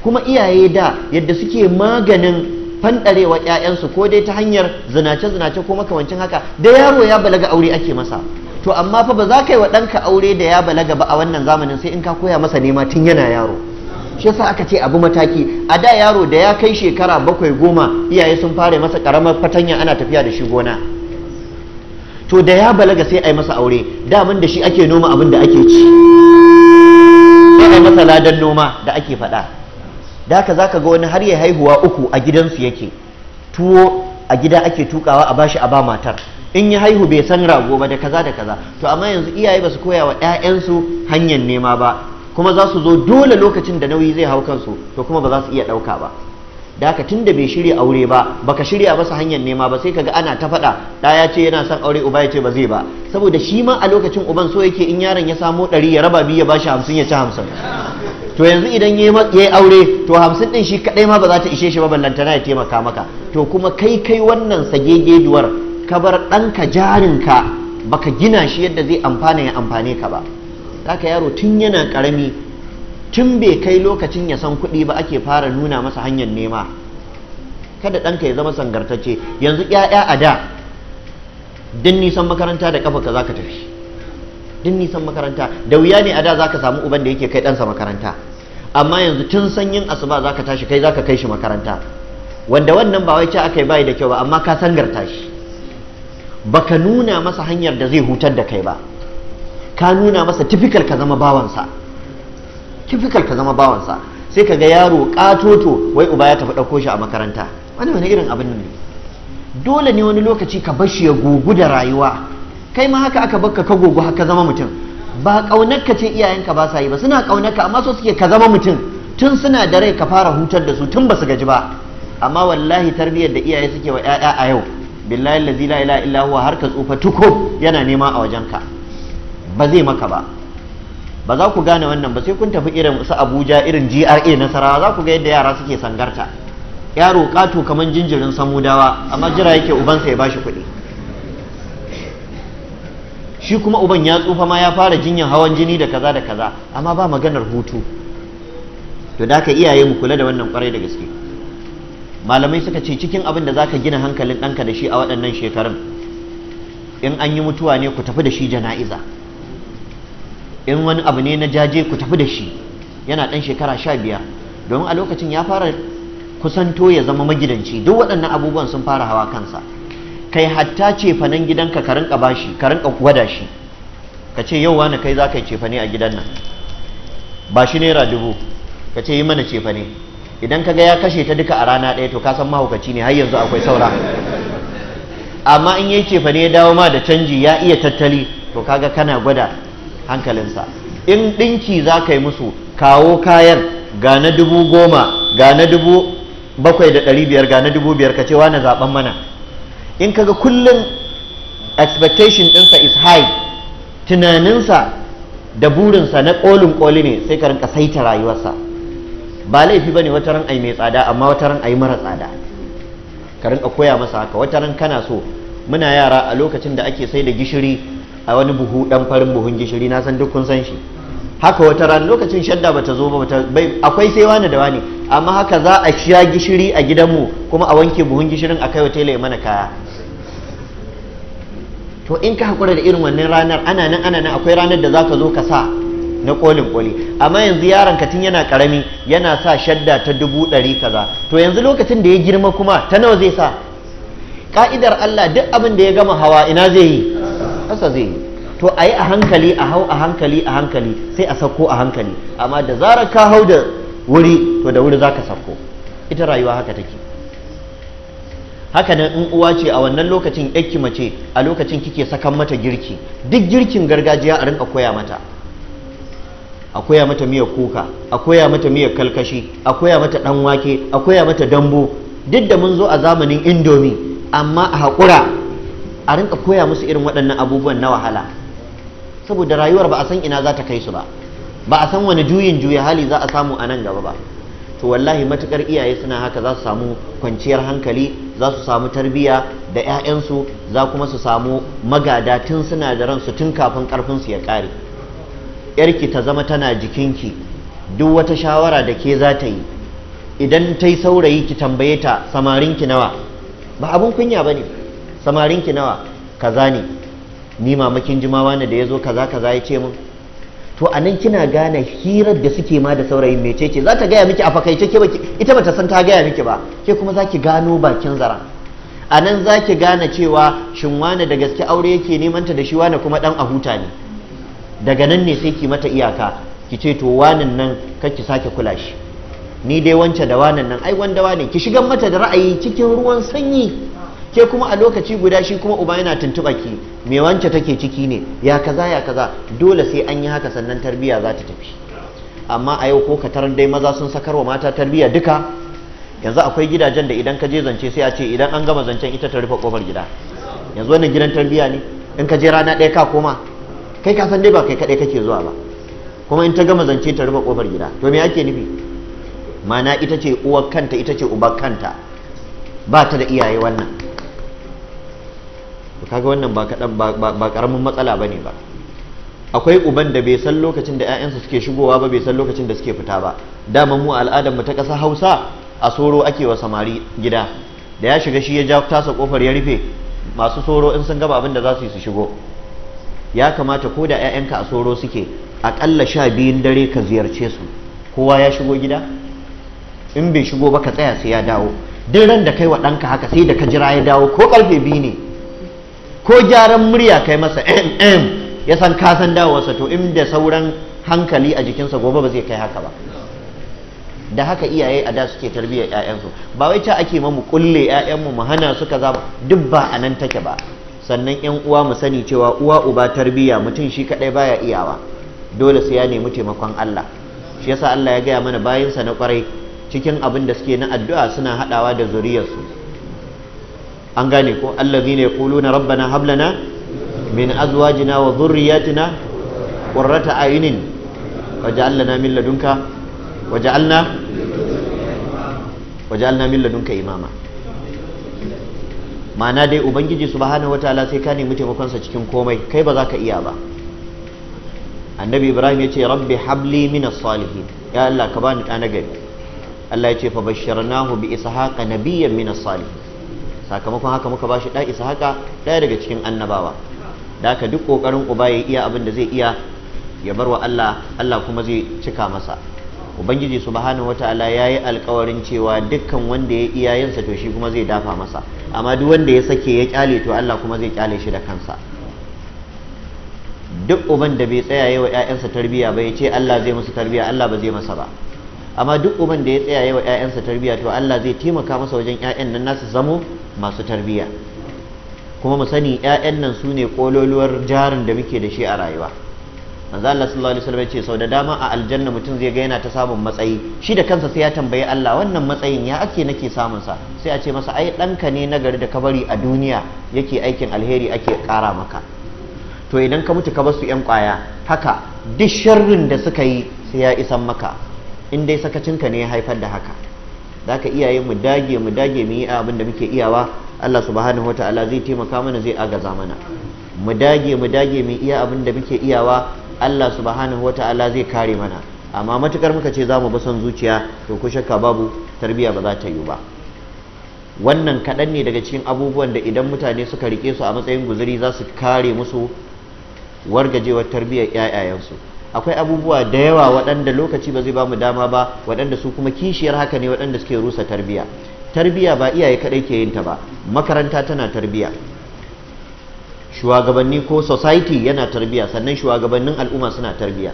kuma iyaye da yadda suke maganin fanɗarewa ƴaƴansu ko dai ta hanyar zinace-zinace ko makamancin haka da yaro ya balaga aure ake masa to amma fa ba za ka yi wa ɗanka aure da ya balaga ba a wannan zamanin sai in ka koya masa nema tun yana yaro shi yasa aka ce abu mataki a da yaro da ya kai shekara bakwai goma iyaye sun fara masa ƙaramar fatanya ana tafiya da shi gona to da ya balaga sai a yi masa aure daman da shi ake noma abin da ake ci sai a yi masa ladan noma da ake faɗa da za zaka ga wani har ya haihuwa uku a gidansu yake tuwo a gida ake tukawa a bashi a ba matar in ya haihu bai san rago ba da kaza da kaza to amma yanzu iyaye ba su koya wa 'ya'yansu hanyar nema ba kuma za su zo dole lokacin da nauyi zai hau kansu to kuma ba za su iya ɗauka ba da haka da bai shirya aure ba baka shirya masa hanyar nema ba sai kaga ana ta faɗa da ya ce yana son aure uba ya ce ba zai ba saboda shi ma a lokacin uban so yake in yaron ya samo ɗari ya raba biyu ya bashi hamsin ya ci hamsin to yanzu idan ya yi aure to hamsin ɗin shi kaɗai ma ba za ta ishe shi ba na ya taimaka maka to kuma kai kai wannan sagegeduwar ka bar ɗanka jarinka baka gina shi yadda zai amfana ya amfane ka ba zaka yaro tun yana ƙarami tun bai kai lokacin ya san kuɗi ba ake fara nuna masa hanyar nema kada ɗanka ya zama sangartacce yanzu ƴaƴa a da din nisan makaranta da kafa ka za ka tafi din nisan makaranta da wuya ne a da za ka samu uban da yake kai ɗansa makaranta amma yanzu tun sanyin asuba za ka tashi kai za ka kai shi makaranta wanda wannan ba wai ce aka yi bayi da kyau ba amma ka sangarta shi baka nuna masa hanyar da zai hutar da kai ba ka nuna masa tifikal ka zama bawansa typical ka zama bawansa sai ka ga yaro katoto wai uba ya tafi ɗauko shi a makaranta wani wani irin abin ne dole ne wani lokaci ka bashi ya gogu da rayuwa kai ma haka aka bakka ka gogu haka zama mutum ba ƙaunar ka ce iyayenka ba sa yi ba suna ƙaunar ka amma so suke ka zama mutum tun suna da rai ka fara hutar da su tun ba su gaji ba amma wallahi tarbiyyar da iyaye suke wa 'ya'ya a yau billahi la ilaha illa har ka tsufa tuko yana nema a wajenka ba zai maka ba ba za ku gane wannan ba sai kun tafi irin su abuja irin gra nasarawa za ku ga yadda yara suke sangarta yaro kato kamar jinjirin samudawa amma jira yake ubansa ya ba shi kuɗi shi kuma uban ya tsufa ma ya fara jinyar hawan jini da kaza da kaza amma ba maganar hutu to da ka iyaye mu kula da wannan kwarai da gaske malamai suka ce cikin abin da zaka gina hankalin ɗanka da shi a waɗannan shekarun in an yi mutuwa ne ku tafi da shi jana'iza in wani abu ne na jaje ku tafi da shi yana ɗan shekara sha biyar domin a lokacin ya fara kusanto ya zama magidanci duk waɗannan abubuwan sun fara hawa kansa kai hatta cefanen gidanka ka rinka bashi ka rinka gwada shi ka ce yau wani kai za ka yi cefane a gidan nan ba shi naira dubu ka ce yi mana cefane idan ka ga ya kashe ta duka a rana ɗaya to ka san mahaukaci ne har yanzu akwai saura amma in yi cefane ya dawo ma da canji ya iya tattali to kaga kana gwada hankalinsa in ɗinki za ka yi musu kawo kayan ga na dubu goma ga na dubu bakwai da ɗari biyar ga na dubu biyar ka ce na zaɓen mana in kaga kullum expectation ɗinsa is high tunaninsa da burinsa na ƙolin ƙoli ne sai ka rinka saita rayuwarsa ba laifi ba ne wata ran ai mai tsada amma wata ran ai mara tsada ka rinka koya masa haka wata ran kana so muna yara a lokacin da ake sai da gishiri a wani buhu dan farin buhun gishiri na san duk kun san shi haka wata rana lokacin shadda bata zo ba akwai sai wani da wani amma haka za a shiya gishiri a gidanmu kuma a wanke buhun gishirin a kai wa tela mana kaya to in ka hakura da irin wannan ranar ana nan ana nan akwai ranar da zaka zo ka sa na kolin koli amma yanzu yaron ka tun yana karami yana sa shadda ta dubu ɗari kaza to yanzu lokacin da ya girma kuma ta nawa zai sa ka'idar Allah duk abin da ya gama hawa ina zai yi ƙasa zai yi to a yi a hankali a hau a hankali a hankali sai a sauko a hankali amma da zarar ka hau da wuri to da wuri za ka sauko ita rayuwa haka take haka nan in uwa ce a wannan lokacin yakki mace a lokacin kike sakan mata girki duk girkin gargajiya a rinka koya mata a koya mata miyar kuka a koya mata miyar kalkashi a koya mata dan wake a koya mata dambo, duk da mun zo a zamanin indomi amma a haƙura a rinka koya musu irin waɗannan abubuwan na wahala saboda rayuwar ba a san ina za ta kai su ba ba a san wani juyin juya hali za a samu a nan gaba ba to wallahi matukar iyaye suna haka za su samu kwanciyar hankali za su samu tarbiyya da 'ya'yansu za kuma su samu magada tun suna da ransu tun kafin karfinsu ya ƙare yarki ta zama tana jikinki duk wata shawara da ke za ta yi idan ta yi saurayi ki tambaye ta samarinki nawa ba abin kunya ba ne samarin ki nawa kaza ne ni mamakin jimawa ne da ya zo kaza kaza ya ce min to a nan kina gane hirar da suke ma da saurayin ce za ta gaya miki a fakaice ke baki ita bata san ta gaya miki ba ke kuma za ki gano bakin zara a nan za ki gane cewa shin wane da gaske aure yake neman ta da shi wane kuma dan ahuta ne daga nan ne sai ki mata iyaka ki ce to wanin nan kar ki sake kula shi ni dai wance da wanan nan ai wanda wane ki shigan mata da ra'ayi cikin ruwan sanyi ke kuma a lokaci guda shi kuma uba yana tuntuɓa ki me wance take ciki ne ya kaza ya kaza dole sai an yi haka sannan tarbiyya za ta tafi amma a yau ko ka tarar dai maza sun sakar wa mata tarbiyya duka yanzu akwai gidajen da idan ka je zance sai a ce idan an gama zancen ita ta rufe kofar gida yanzu wannan gidan tarbiyya ne in ka je rana ɗaya ka koma kai ka san dai ba kai kaɗai kake zuwa ba kuma in ta gama zance ta rufe kofar gida to me ake nufi mana ita ce uwar kanta ita ce ubar kanta ba ta da iyaye wannan kaga wannan ba kaɗan ba ƙaramin matsala ba ne ba akwai uban da bai san lokacin da 'ya'yansa suke shigowa ba bai san lokacin da suke fita ba dama mu al'adar mu ta ƙasa hausa a soro ake wa samari gida da ya shiga shi ya ja tasa kofar ya rufe masu soro in sun gaba abin da za su yi su shigo ya kamata ko da 'ya'yanka a soro suke aƙalla sha biyun dare ka ziyarce su kowa ya shigo gida in bai shigo ba ka tsaya sai ya dawo duk ran da kai wa ɗanka haka sai da ka jira ya dawo ko ƙarfe biyu ne ko gyaran murya kai masa M ya san kasan san dawowarsa to inda sauran hankali a jikinsa gobe ba zai kai haka ba da haka iyaye a da suke tarbiyyar 'ya'yansu ba wai ta ake mamu kulle 'ya'yanmu mu hana su kaza duk ba a nan take ba sannan 'yan uwa mu sani cewa uwa uba tarbiyya mutum shi kadai baya iyawa dole sai ya nemi taimakon Allah shi yasa Allah ya gaya mana bayinsa na kwarai cikin abin da suke na addu'a suna hadawa da zuriyarsu an gane ko allazina yaquluna rabbana hab na min azwajina wa dhurriyyatina qurrata ayunin waj'alna min ladunka waj'alna waj'alna min ladunka imama ma'ana dai ubangiji subhanahu wataala sai ka nemi taimakon sa cikin komai kai ba za ka iya ba annabi ibrahim ya ce rabbi habli min salihin ya allah ka bani ɗa gari allah ya ce fa nahu bi ishaqa nabiyyan min salihin sakamakon haka muka bashi da haka ɗaya daga cikin annabawa da ka duk kokarin uba ya iya abin da zai iya ya bar wa Allah Allah kuma zai cika masa ubangiji subhanahu wataala yi alkawarin cewa dukkan wanda ya iya yansa to shi kuma zai dafa masa amma duk wanda ya sake ya kyale to Allah kuma zai kyale shi da kansa duk uban da bai tsaya yawa ƴaƴansa tarbiya ba ya ce Allah zai musu tarbiya Allah ba zai masa ba amma duk uban da ya tsaya yawa ƴaƴansa tarbiya to Allah zai taimaka masa wajen ƴaƴan nan nasu zamo masu tarbiyya kuma mu sani 'ya'yan nan su ne kololuwar jarin da muke da shi a rayuwa manzo Allah sallallahu alaihi wasallam ce sau da dama a aljanna mutum zai ga yana ta samun matsayi shi da kansa sai ya tambayi Allah wannan matsayin ya ake nake samun sa sai a ce masa ai ɗanka ne nagari da ka bari a duniya yake aikin alheri ake ƙara maka to idan ka mutu ka basu yan kwaya haka duk sharrin da suka yi sai ya isan maka in dai sakacinka ne ya haifar da haka da ka iyaye mu dage mu dage mu yi abin da muke iyawa Allah subhanahu wataala zai taimaka mana zai agaza mana mu dage mu dage mu iya abin da muke iyawa Allah subhanahu wataala zai kare mana amma matukar muka ce za mu bi son zuciya to ku shakka babu tarbiyya ba za ta yi ba wannan kaɗan ne daga cikin abubuwan da idan mutane suka rike su a matsayin guzuri za su kare musu wargajewar tarbiyyar 'ya'yayensu akwai abubuwa da yawa waɗanda lokaci ba zai ba mu dama ba waɗanda su kuma kishiyar haka ne waɗanda suke rusa tarbiya tarbiya ba iyaye kaɗai ke yin ta ba makaranta tana tarbiya shugabanni ko society yana tarbiya sannan shugabannin al'umma suna tarbiya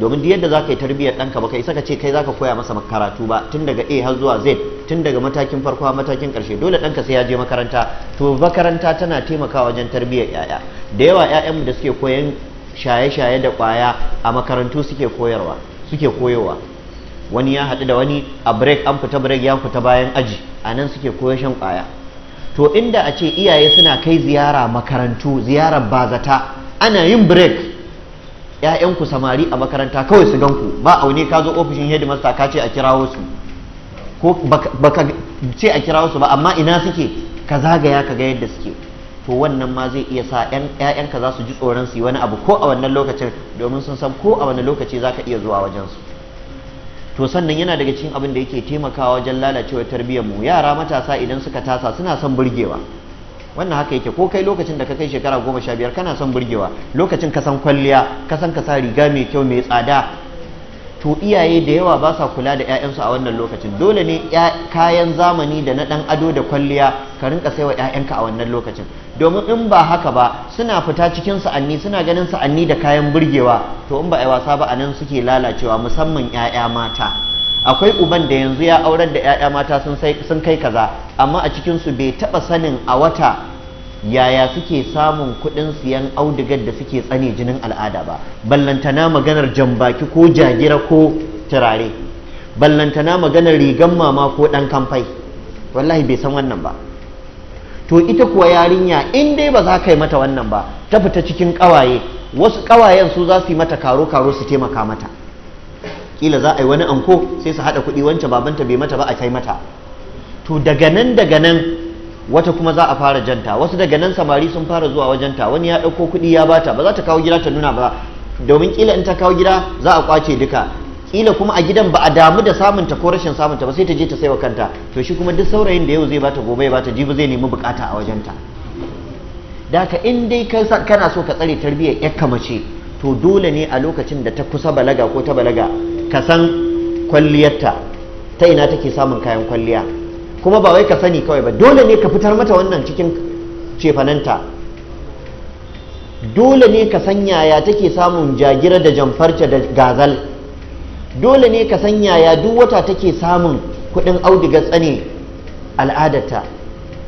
domin duk yadda zaka yi tarbiyar ɗanka ba kai isa ka ce kai zaka koya masa karatu ba tun daga A har zuwa Z tun daga matakin farko har matakin ƙarshe dole ɗanka sai ya je makaranta to makaranta tana taimakawa wajen tarbiyyar 'ya'ya da yawa mu da suke koyan shaye-shaye da ƙwaya a makarantu suke koyarwa suke koyowa wani ya haɗu da wani a break an fita break ya fita bayan aji a nan suke koyashen ƙwaya to inda a ce iyaye suna kai ziyara makarantu ziyarar bazata ana yin break ‘ya'yanku samari a makaranta kawai su ganku ba aune ka zo ofishin headmaster ka ce a kirawo su ko baka ce a kirawo su ba amma ina suke ka zagaya ka ga yadda suke to wannan ma zai iya sa ‘ya'yanka za su ji tsoron su yi wani abu ko a wannan lokacin domin sun san ko a wani lokaci za ka iya zuwa wajensu to sannan yana daga cikin abin da yake taimakawa wajen lalacewar tarbiyyar mu yara matasa idan suka tasa suna son burgewa wannan haka yake ko kai lokacin da ka kai shekara goma sha biyar kana son burgewa lokacin ka san kwalliya ka san ka sa riga mai kyau mai tsada to iyaye da yawa ba sa kula da 'ya'yansu a wannan lokacin dole ne kayan zamani da na ɗan ado da kwalliya ka rinka saiwa 'ya'yanka a wannan lokacin domin in ba haka ba suna fita cikin sa'anni suna ganin sa'anni da kayan burgewa to in ba a wasa ba a nan suke lalacewa musamman 'ya'ya mata akwai uban da yanzu ya aurar da 'ya'ya mata sun kai kaza amma a cikin su bai taɓa sanin a wata yaya suke samun kuɗin siyan audigar da suke tsane jinin al'ada ba ballantana maganar jambaki ko jagira ko turare ballantana maganar rigan mama ko ɗan kamfai wallahi bai san wannan ba to ita kuwa yarinya in dai ba za ka yi mata wannan ba ta fita cikin ƙawaye wasu ƙawayen su za su yi mata karo-karo su taimaka mata kila za a yi wani anko sai su haɗa kuɗi wancan babanta bai mata ba a kai mata to daga nan daga nan wata kuma za a fara janta wasu daga nan samari sun fara zuwa wajenta wani ya ɗauko kuɗi ya bata ba za ta kawo gida ta nuna ba domin kila in ta kawo gida za a kwace duka ƙila kuma a gidan ba a damu da samunta ko rashin samunta ba sai ta je ta saiwa kanta to shi kuma duk saurayin da yau zai bata gobe ya bata jibi zai nemi bukata a wajenta da ka in dai kana so ka tsare tarbiyyar yar mace to dole ne a lokacin da ta kusa balaga ko ta balaga ka san kwalliyarta ta ina take samun kayan kwalliya kuma ba wai ka sani kawai ba dole ne ka fitar mata wannan cikin cefananta dole ne ka san yaya take samun jagira da jamfarta da gazal dole ne ka san yaya duk wata take samun kudin audiga tsane al'adarta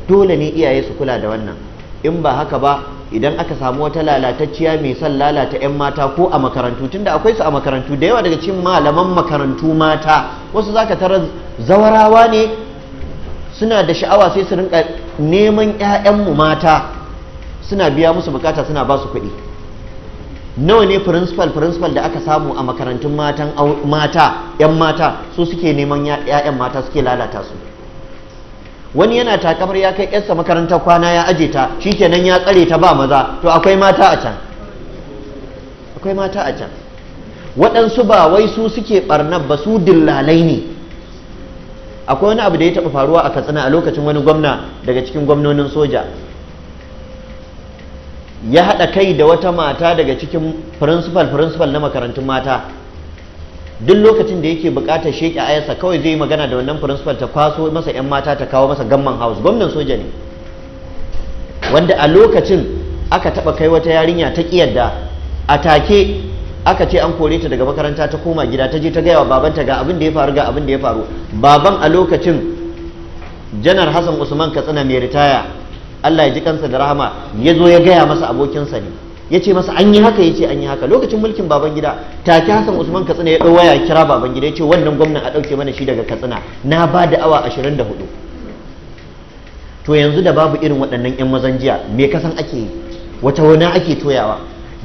dole ne iyaye su kula da wannan in ba haka ba idan aka samu wata lalatacciya mai son lalata 'yan mata ko a makarantu tunda akwai su a makarantu da yawa daga cikin malaman makarantu mata wasu zaka tara zawarawa ne suna da sha'awa sai su rinka neman 'ya'yanmu mata suna biya musu bukata suna ba su kuɗi nawa ne principal principal da aka samu a makarantun matan mata 'yan mata su suke neman 'ya'yan mata suke lalata su wani yana takamar ya kai 'yarsa makarantar kwana ya aje ta shi nan ya tsare ta ba maza to akwai mata a can akwai mata a can waɗansu ba wai su suke ɓarnar ba su dillalai ne akwai wani abu da ya taɓa faruwa a katsina a lokacin wani gwamna daga cikin gwamnonin soja ya haɗa kai da wata mata daga cikin firinsifal-firinsifal na makarantun mata duk lokacin da yake buƙatar sheƙi yarsa kawai zai yi magana da wannan principal ta kwaso masa 'yan mata ta kawo masa gamman house gwamnan soja ne wanda a lokacin aka taɓa kai wata yarinya ta da a take aka ce an kore ta daga makaranta ta koma gida ta je ta gaya wa babanta ga abin da ya faru ga abin da ya faru baban a lokacin janar hassan usman katsina mai ritaya allah ya ji kansa da rahama ya zo ya gaya masa abokinsa ne ya ce masa an yi haka ya ce an yi haka lokacin mulkin baban gida take hassan usman katsina ya ɗau waya kira baban gida ya ce wannan gwamnan a ɗauke mana shi daga katsina na ba da awa ashirin da hudu to yanzu da babu irin waɗannan 'yan mazan jiya me kasan ake yi wata wani ake toyawa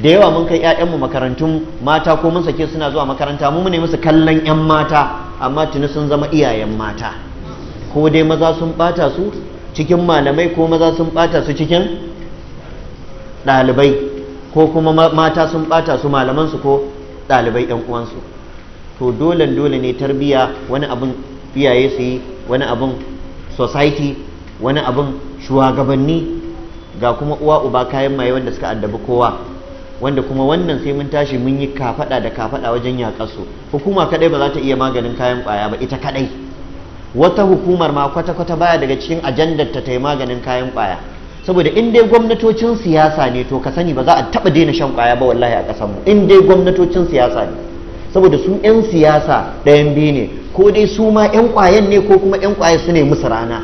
da yawa mun kai 'ya'yanmu makarantun mata ko mun sake suna zuwa makaranta mu ne musu kallon 'yan mata amma tuni sun zama iyayen mata ko dai maza sun bata su cikin malamai ko maza sun bata su cikin ɗalibai ko kuma mata sun bata su malamansu ko ɗalibai yan uwansu to dole dole ne tarbiya wani abin iyaye su yi wani abin society wani abin shugabanni ga kuma uwa uba kayan maye wanda suka addabi kowa wanda kuma wannan sai mun tashi mun yi kafada da kafada wajen yakasu hukuma kadai ba za ta iya maganin kayan kwaya ba ita kadai wata hukumar ma kwata-kwata baya daga cikin ajandar ta yi maganin kayan kwaya saboda in dai gwamnatocin siyasa ne to ka sani ba za a taba daina shan kwaya ba wallahi a kasan mu in dai gwamnatocin siyasa ne saboda su 'yan siyasa ɗayan biyu ne ko dai su ma 'yan ƙwayan ne ko kuma 'yan kwaya su ne musu rana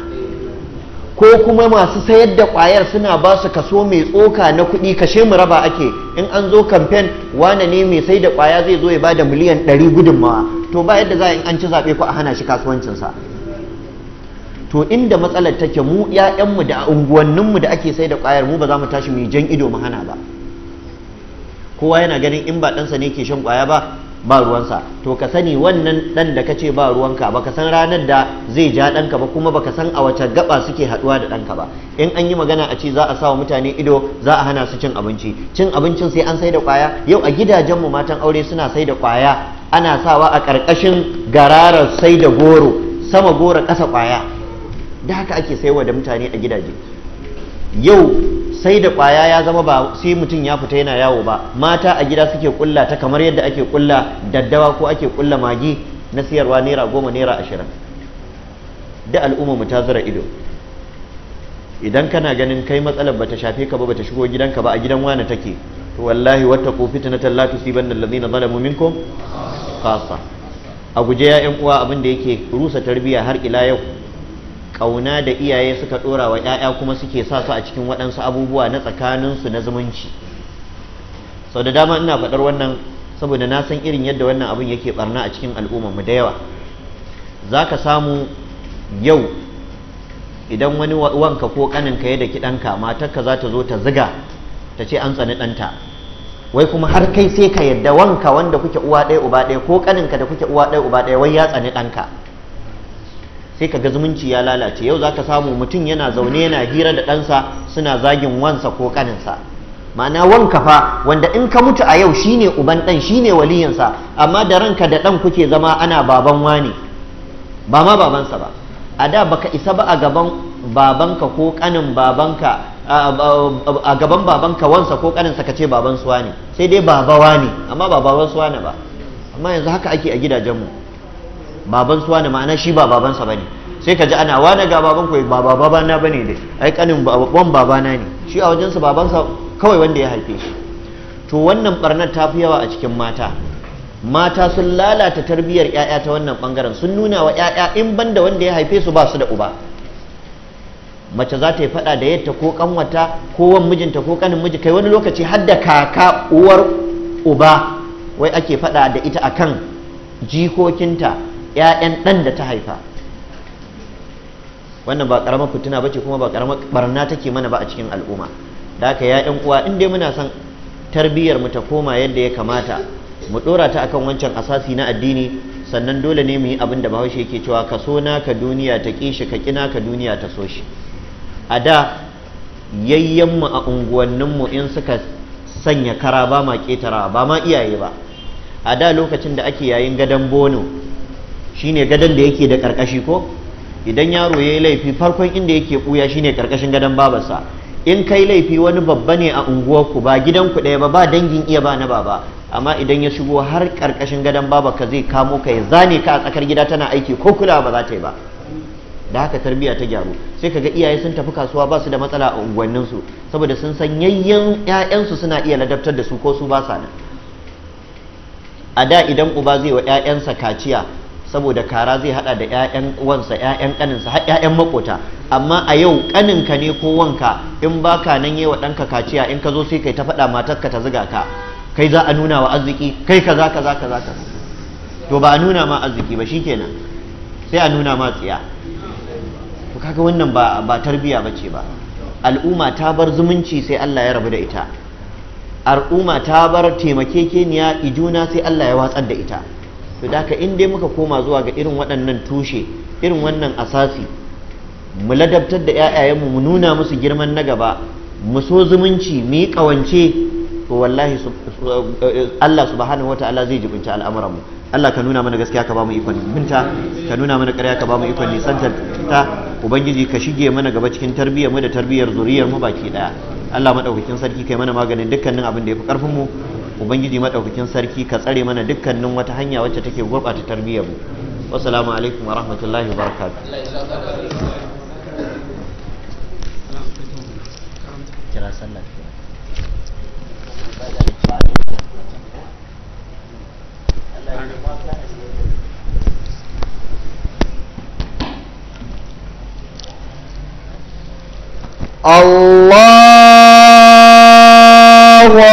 ko kuma masu sayar da kwayar suna ba su kaso mai tsoka na kuɗi kashe mu raba ake in an zo kamfen wane ne mai sai da kwaya zai zo ya ba da miliyan ɗari gudunmawa to ba yadda za a an ci zaɓe ku a hana shi kasuwancinsa to inda matsalar take mu 'ya'yanmu da unguwanninmu da ake sai da kwayar mu ba za mu tashi mu jan ido mu hana ba kowa yana ganin in ba ɗansa ne ke shan kwaya ba ba ruwansa to ka sani wannan dan da kace ba ruwanka baka san ranar da zai ja danka ba kuma baka san a wace gaba suke haduwa da danka ba in an yi magana a ce za a sawa mutane ido za a hana su cin abinci cin abincin sai an sai da kwaya yau a gidajen gidajenmu matan aure suna sai da kwaya ana sawa a karkashin gararar sai da goro sama goro kasa kwaya da haka ake saiwa da mutane a gidaje yau sai da kwaya ya zama ba sai mutum ya fita yana yawo ba mata a gida suke kulla ta kamar yadda ake kulla daddawa ko ake kulla magi na siyarwa naira goma naira ashirin da al'umma mu ta zura ido idan kana ganin kai matsalar bata shafe ka ba bata shigo gidanka ba a gidan wani take to wallahi wattaqu fitnatan la tusibanna alladhina zalamu minkum khassa a guje yayan uwa abin da yake rusa tarbiyya har ila yau ƙauna da iyaye suka ɗora wa 'ya'ya kuma suke sa su a cikin waɗansu abubuwa na tsakaninsu na zumunci sau da dama ina faɗar wannan saboda na san irin yadda wannan abin yake ɓarna a cikin al'ummarmu da yawa za ka samu yau idan wani wanka ko ƙaninka ya daki ɗanka matarka za ta zo ta ziga ta ce an tsani ɗanta wai kuma har kai sai ka yadda wanka wanda kuke uwa ɗaya uba ɗaya ko ƙaninka da kuke uwa ɗaya uba ɗaya wai ya tsani ɗanka sai ka ga zumunci ya lalace yau zaka samu mutum yana zaune yana hira da ɗansa suna zagin wansa ko kaninsa. ma'ana wanka fa wanda in ka mutu a yau shine uban ɗan shine waliyansa amma da ranka da ɗan kuke zama ana baban wani ba ma babansa ba a da baka isa ba a gaban babanka ko babanka wansa ko ƙaninsa ka ce baban ne sai dai babawa ne amma ba baban suwa ne ba amma yanzu haka ake a gidajenmu baban wani ma'ana shi ba babansa ba ne sai ka ji ana wane ga baban ku ba ba babana ne dai ai kanin babban babana ne shi a wajensa babansa kawai wanda ya haife shi to wannan barnar ta fi yawa a cikin mata mata sun lalata tarbiyyar 'ya'ya ta wannan bangaren sun nuna wa 'ya'ya in banda wanda ya haife su ba su da uba mace za ta yi fada da yadda ko kanwata ko wan mijinta ko kanin miji kai wani lokaci har da kaka uwar uba wai ake fada da ita akan jikokinta 'ya'yan ɗan da ta haifa wannan ba ƙaramar fitina ba ce kuma ba ƙaramar barna take mana ba a cikin al'umma da haka ya'yan uwa in dai muna son tarbiyyar mu ta koma yadda ya kamata mu ɗora ta akan wancan asasi na addini sannan dole ne mu yi abin da bahaushe yake cewa ka so ka duniya ta kishi ka ƙi ka duniya ta so shi a da yayyanmu a unguwanninmu in suka sanya kara ba ma ƙetara ba ma iyaye ba a da lokacin da ake yayin gadon bono shine gadon da yake da karkashi ko idan yaro ya yi laifi farkon inda yake buya shine karkashin gadon babarsa in kai laifi wani babba ne a unguwarku ba gidanku ɗaya ba ba dangin iya ba na baba amma idan ya shigo har karkashin gadon baba ka zai kamo ka ya zane ka a tsakar gida tana aiki ko kula ba za ta yi ba da haka tarbiyya ta gyaru sai kaga iyaye sun tafi kasuwa ba su da matsala a unguwanninsu saboda sun san yayyan ƴaƴansu suna iya ladabtar da su ko su ba sa nan a da idan uba zai wa ƴaƴansa kaciya saboda kara zai hada da ƴaƴan uwansa ƴaƴan kaninsa har ƴaƴan makota amma a yau kaninka ne ko wanka in baka nan yi wa ɗanka kaciya in ka zo sai kai ta faɗa matarka ta ziga ka kai za a nuna wa arziki kai kaza kaza kaza kaza to ba a nuna ma arziki ba shikenan sai a nuna ma tsiya to kaga wannan ba ba tarbiya bace ba al'umma ta bar zumunci sai Allah ya rabu da ita al'umma ta bar taimakekeniya ijuna sai Allah ya watsar da ita to da ka in dai muka koma zuwa ga irin waɗannan tushe irin wannan asasi mu ladabtar da 'ya'yayenmu mu nuna musu girman na gaba mu so zumunci mu yi ƙawance to wallahi eh, Allah subhanahu ta'ala zai jibinci al'amuranmu Allah ka nuna mana gaskiya ka ba mu ikon binta ka nuna mana ƙarya ka ba mu ikon nisantar ta ubangiji ka shige mana gaba cikin tarbiyyar mu da tarbiyyar zuriyar mu baki daya Allah madaukakin sarki kai mana maganin dukkanin abin da yafi karfin mu ubangiji madaukakin sarki ka tsare mana dukkanin wata hanya wacce take gurɓata tarbiyyar mu wassalamu alaikum wa rahmatullahi wa الله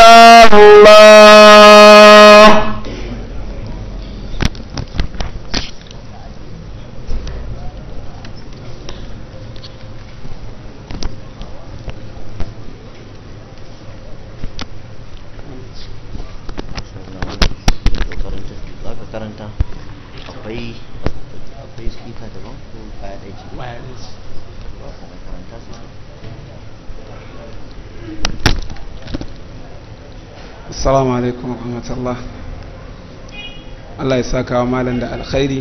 Allah, Allah. assalamu alaikum rahmatullah Allah ya saka wa malam da alkhairi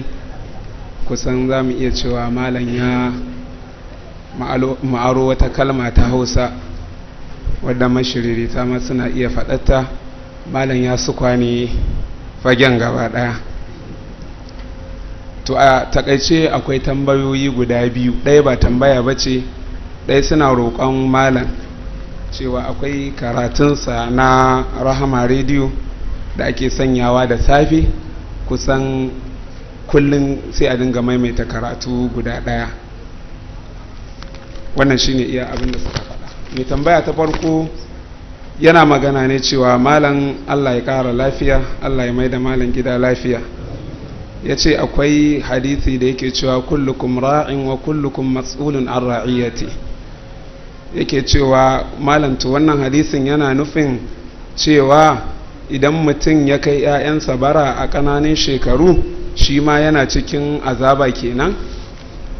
kusan za mu iya cewa malam ya ma'aro wata kalma ta hausa wadda mashiririta ma suna iya faɗatta malam ya sukwa ne fagen gaba ɗaya to a takaice akwai tambayoyi guda biyu ɗaya ba tambaya ba ce ɗaya suna roƙon malam cewa akwai karatunsa na rahama rediyo da ake sanyawa da safe kusan kullum sai a dinga maimaita karatu guda ɗaya wannan shi ne iya abin da suka faɗa mai tambaya ta farko yana magana ne cewa malam allah ya ƙara lafiya allah ya mai da malam gida lafiya ya ce akwai hadithi da yake cewa kullukum ra'in wa kullukum mas'ulun an ra'iyyati yake cewa malamta wannan hadisin yana nufin cewa idan mutum ya kai 'ya'yansa bara a ƙananan shekaru shi ma yana cikin azaba kenan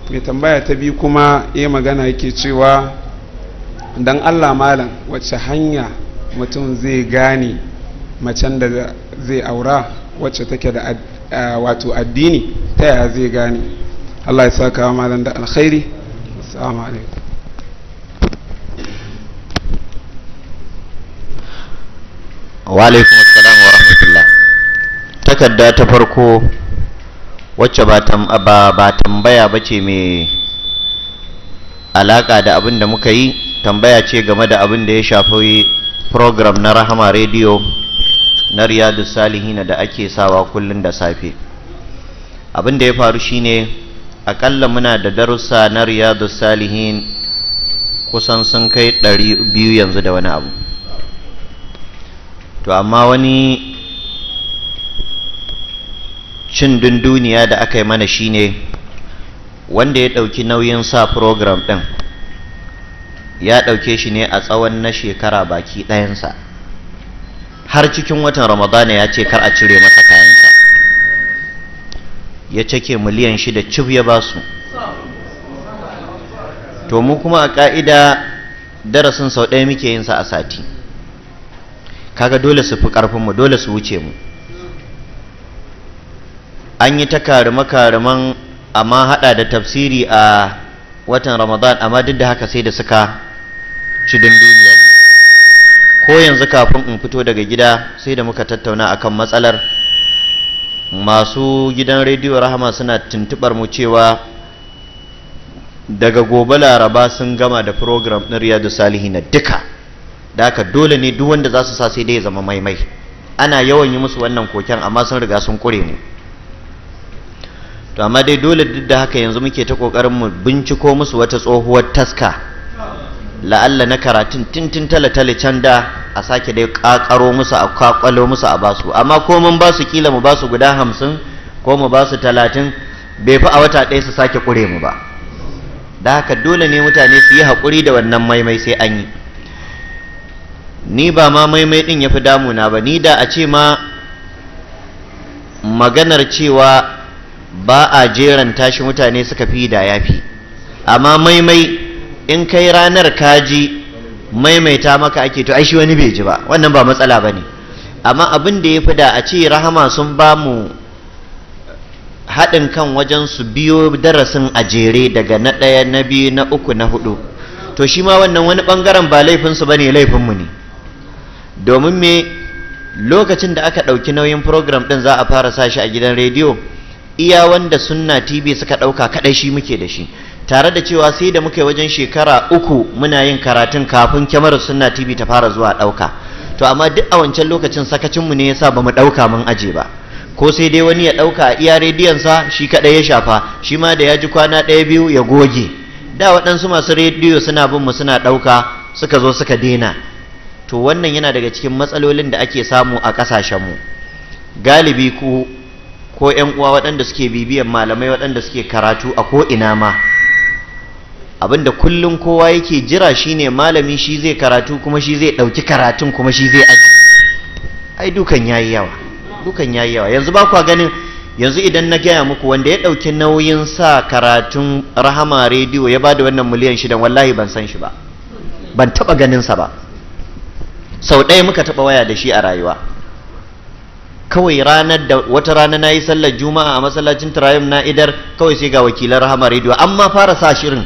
mai tambaya ta bi kuma ya eh, magana yake cewa don allah malam wacce hanya mutum zai gane macen da zai aura wacce take da wato addini ta yaya zai gane allah ya saka malam da alkhairi Wa'alaikum wa rahmatullah takarda ta farko wacce ba tambaya ba ce bace mai alaka da abin da muka yi tambaya ce game da abin da ya shafi program na rahama radio na riyadu salihina da ake sawa kullum da safe abin da ya faru shine akalla muna da darussa na riyadu salihin kusan sun kai biyu yanzu da wani abu to amma wani cin dunduniya da aka yi mana shi ne wanda ya ɗauki nauyin sa program ɗin ya ɗauke shi ne a tsawon na shekara baki ɗayansa har cikin watan ramadana ya ce kar a cire masa kayansa ya cake miliyan shida cif ya ba su to mu kuma a ƙa'ida darasin sau ɗaya muke yinsa a sati kaga dole su fi ƙarfinmu dole su wuce mu an yi ta karima-kariman amma haɗa da tafsiri a watan ramadan amma duk da haka sai da suka ci dunduniyar ko yanzu kafin in fito daga gida sai da muka tattauna akan matsalar masu gidan rediyo rahama suna tuntubar mu cewa daga gobe laraba sun gama da program ɗin riyadu Salihi na duka da haka dole ne duk wanda za su sa sai dai ya zama maimai ana yawan yi musu wannan koken amma sun riga sun kure mu to amma dai dole duk da haka yanzu muke ta kokarin mu binciko musu wata tsohuwar taska la'alla na karatun tintin tale tale can da a sake dai kakaro musu a kwakwalo musu a basu amma ko mun basu kila mu basu guda hamsin ko mu basu talatin bai fi a wata ɗaya su sake kure mu ba da haka dole ne mutane su yi haƙuri da wannan maimai sai an yi ni ba ma maimai din ya fi damuna ba ni da a ce ma maganar cewa ba a jeran tashi mutane suka fi da ya fi amma maimai in kai ranar kaji maimaita maka ake to ai shi wani bai ji ba wannan ba matsala ba ne amma abin da ya fi da a ce rahama sun ba mu haɗin kan wajen su biyo darasin a jere daga na ɗaya na biyu na uku na hudu to shi ma wannan wani ɓangaren ba laifinsu ba ne laifinmu ne domin me lokacin da aka ɗauki nauyin program ɗin za a fara sa a gidan rediyo iya wanda sunna tv suka ɗauka kaɗai shi muke da shi tare da cewa sai da muka yi wajen shekara uku muna yin karatun kafin kyamarar sunna tv ta fara zuwa ɗauka to amma duk a wancan lokacin sakacinmu ne ya sa ba mu ɗauka mun aje ba ko sai dai wani ya ɗauka a iya rediyonsa shi kaɗai ya shafa shi ma da ya ji kwana ɗaya biyu ya goge da waɗansu masu rediyo suna bin mu suna ɗauka suka zo suka daina to wannan yana daga cikin matsalolin da ake samu a mu. galibi ku ko ‘yan uwa waɗanda suke bibiyan malamai waɗanda suke karatu a ko'ina ma abinda kullum kowa yake jira shine malami shi zai karatu kuma shi zai ɗauki karatun kuma shi zai aji ai dukan yayi yawa dukan yayi yawa yanzu ba kwa ganin yanzu idan na gaya muku wanda ya ɗauki nauyin sa karatun rahama rediyo ya ba da wannan miliyan shidan wallahi ban san shi ba ban taɓa ganin sa ba sau ɗaya muka taɓa waya da shi a rayuwa kawai ranar da wata rana na yi sallar juma'a a masallacin turayim na idar kawai sai ga wakilan rahama rediyo amma fara sa shirin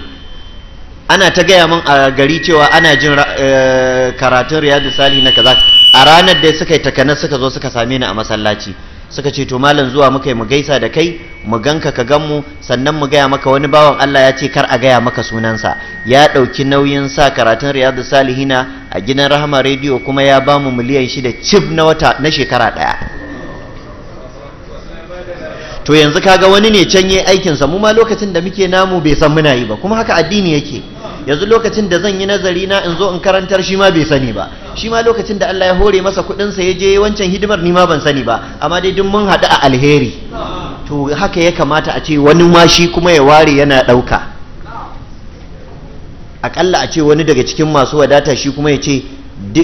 ana ta gaya min a gari cewa ana jin eh, karatun riyadu Sali na kaza a ranar da suka yi takanar suka zo suka same ni a masallaci suka ce to malam zuwa muka yi mu gaisa da kai mu ganka ka gan mu sannan mu gaya maka wani bawan Allah ya ce kar a gaya maka sunansa ya ɗauki nauyin sa karatun riyadu salihina a gidan rahama rediyo kuma ya ba mu miliyan shida cif na wata na shekara ɗaya to yanzu kaga wani ne can yayi aikinsa mu ma lokacin da muke namu bai san muna yi ba kuma haka addini yake yanzu lokacin da zan yi nazari na in zo in karantar shi ma bai sani ba shi ma lokacin da Allah ya hore masa kuɗin sa ya je wancan hidimar nima ban sani ba amma dai duk mun haɗu a alheri to haka ya kamata a ce wani ma shi kuma ya ware yana ɗauka akalla a ce wani daga cikin masu wadata shi kuma ya ce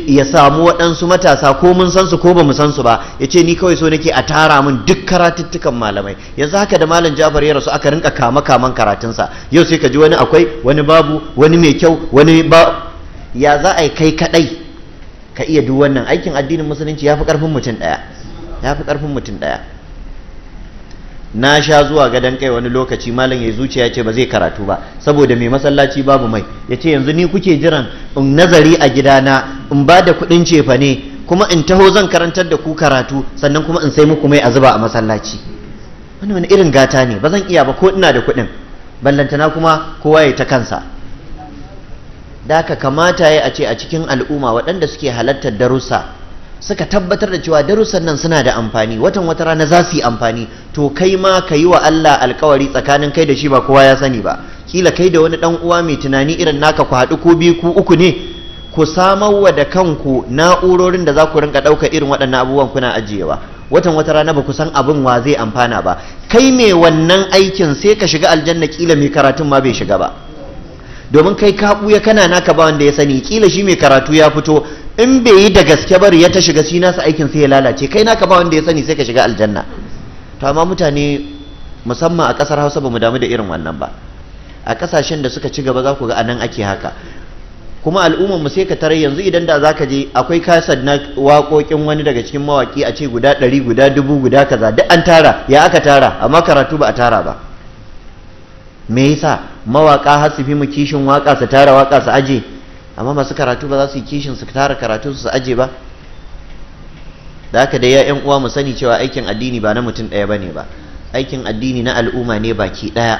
ya samu waɗansu matasa ko mun san su ko ba mu san su ba ya ce ni kawai so nake a tara mun duk karatuttukan malamai yanzu haka da malam jafar ya rasu aka rinka kama kaman karatunsa yau sai ka ji wani akwai wani babu wani mai kyau wani ba ya za a yi kai kaɗai ka iya duk wannan aikin addinin musulunci ya fi ƙarfin mutum ɗaya ya fi karfin mutum daya na sha zuwa gadon kai wani lokaci malam ya zuciya ce ba zai karatu ba saboda mai masallaci babu mai ya ce yanzu ni kuke jiran in nazari a gidana in ba da kuɗin cefa ne kuma in taho zan karantar da ku karatu sannan kuma in sai muku mai a zuba a masallaci wani irin gata ne ba zan iya ba ko ina da kuɗin ballantana kuma kowa ya ta kansa da ka kamata ya ce a cikin al'umma waɗanda suke halartar darussa suka tabbatar da cewa darussan nan suna da amfani watan wata rana za su yi amfani to kai ma ka yi wa Allah alkawari tsakanin kai da shi ba kowa ya sani ba kila kai da wani dan uwa mai tunani irin naka ku haɗu ko biyu ku uku ne ku samar wa da kanku na'urorin da za ku rinka ɗaukar irin waɗannan abubuwan kuna ajiyewa watan wata rana ba ku san abin wa zai amfana ba kai mai wannan aikin sai ka shiga aljanna kila mai karatun ma bai shiga ba domin kai ka ya kana naka ba wanda ya sani kila shi mai karatu ya fito in bai yi da gaske bari ya ta shiga shi nasa aikin sai ya lalace kai naka ba wanda ya sani sai ka shiga aljanna to amma mutane musamman a ƙasar Hausa ba mu damu da irin wannan ba a ƙasashen da suka ci gaba za ku ga anan ake haka kuma al'ummar mu sai ka tarar yanzu idan da za ka je akwai kasar na waƙoƙin wani daga cikin mawaƙi a ce guda ɗari guda dubu guda kaza duk an tara ya aka tara amma karatu ba a tara ba me yasa mawaka har su fi mu kishin waka su tara waka su aje amma masu karatu ba za su yi kishin su tara karatu su aje ba da haka dai ya yan uwa mu sani cewa aikin addini ba na mutum ɗaya bane ba aikin addini na al'umma ne baki ɗaya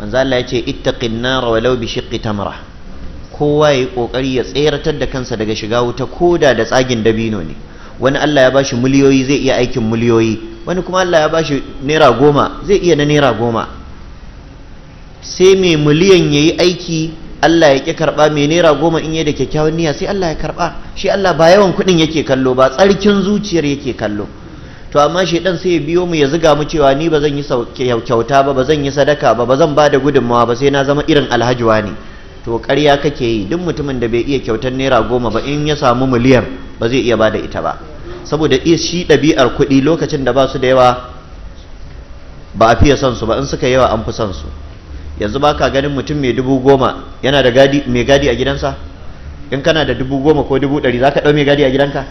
manzo Allah ya ce ittaqin nar walau bi shiqqi tamra kowa yayi kokari ya tsayartar da kansa daga shiga wuta koda da tsagin dabino ne wani Allah ya bashi miliyoyi zai iya aikin miliyoyi wani kuma Allah ya bashi naira goma zai iya na naira goma sai mai miliyan ya yi aiki Allah ya ƙi karɓa mai naira goma in yi da kyakkyawan niyya sai Allah ya karɓa shi Allah ba yawan kuɗin yake kallo ba tsarkin zuciyar yake kallo to amma shi ɗan sai ya biyo mu ya ziga mu cewa ni ba zan yi kyauta ba ba zan yi sadaka ba ba zan ba da gudunmawa ba sai na zama irin alhajiwa ne to ƙarya kake yi duk mutumin da bai iya kyautar naira goma ba in ya samu miliyan ba zai iya ba da ita ba saboda shi ɗabi'ar kuɗi lokacin da ba su da yawa ba a fiye son su ba in suka yawa an fi son su yanzu ba ka ganin mutum mai dubu goma yana da mai gadi a gidansa in kana da dubu goma ko dubu ɗari za ka ɗau mai gadi a gidanka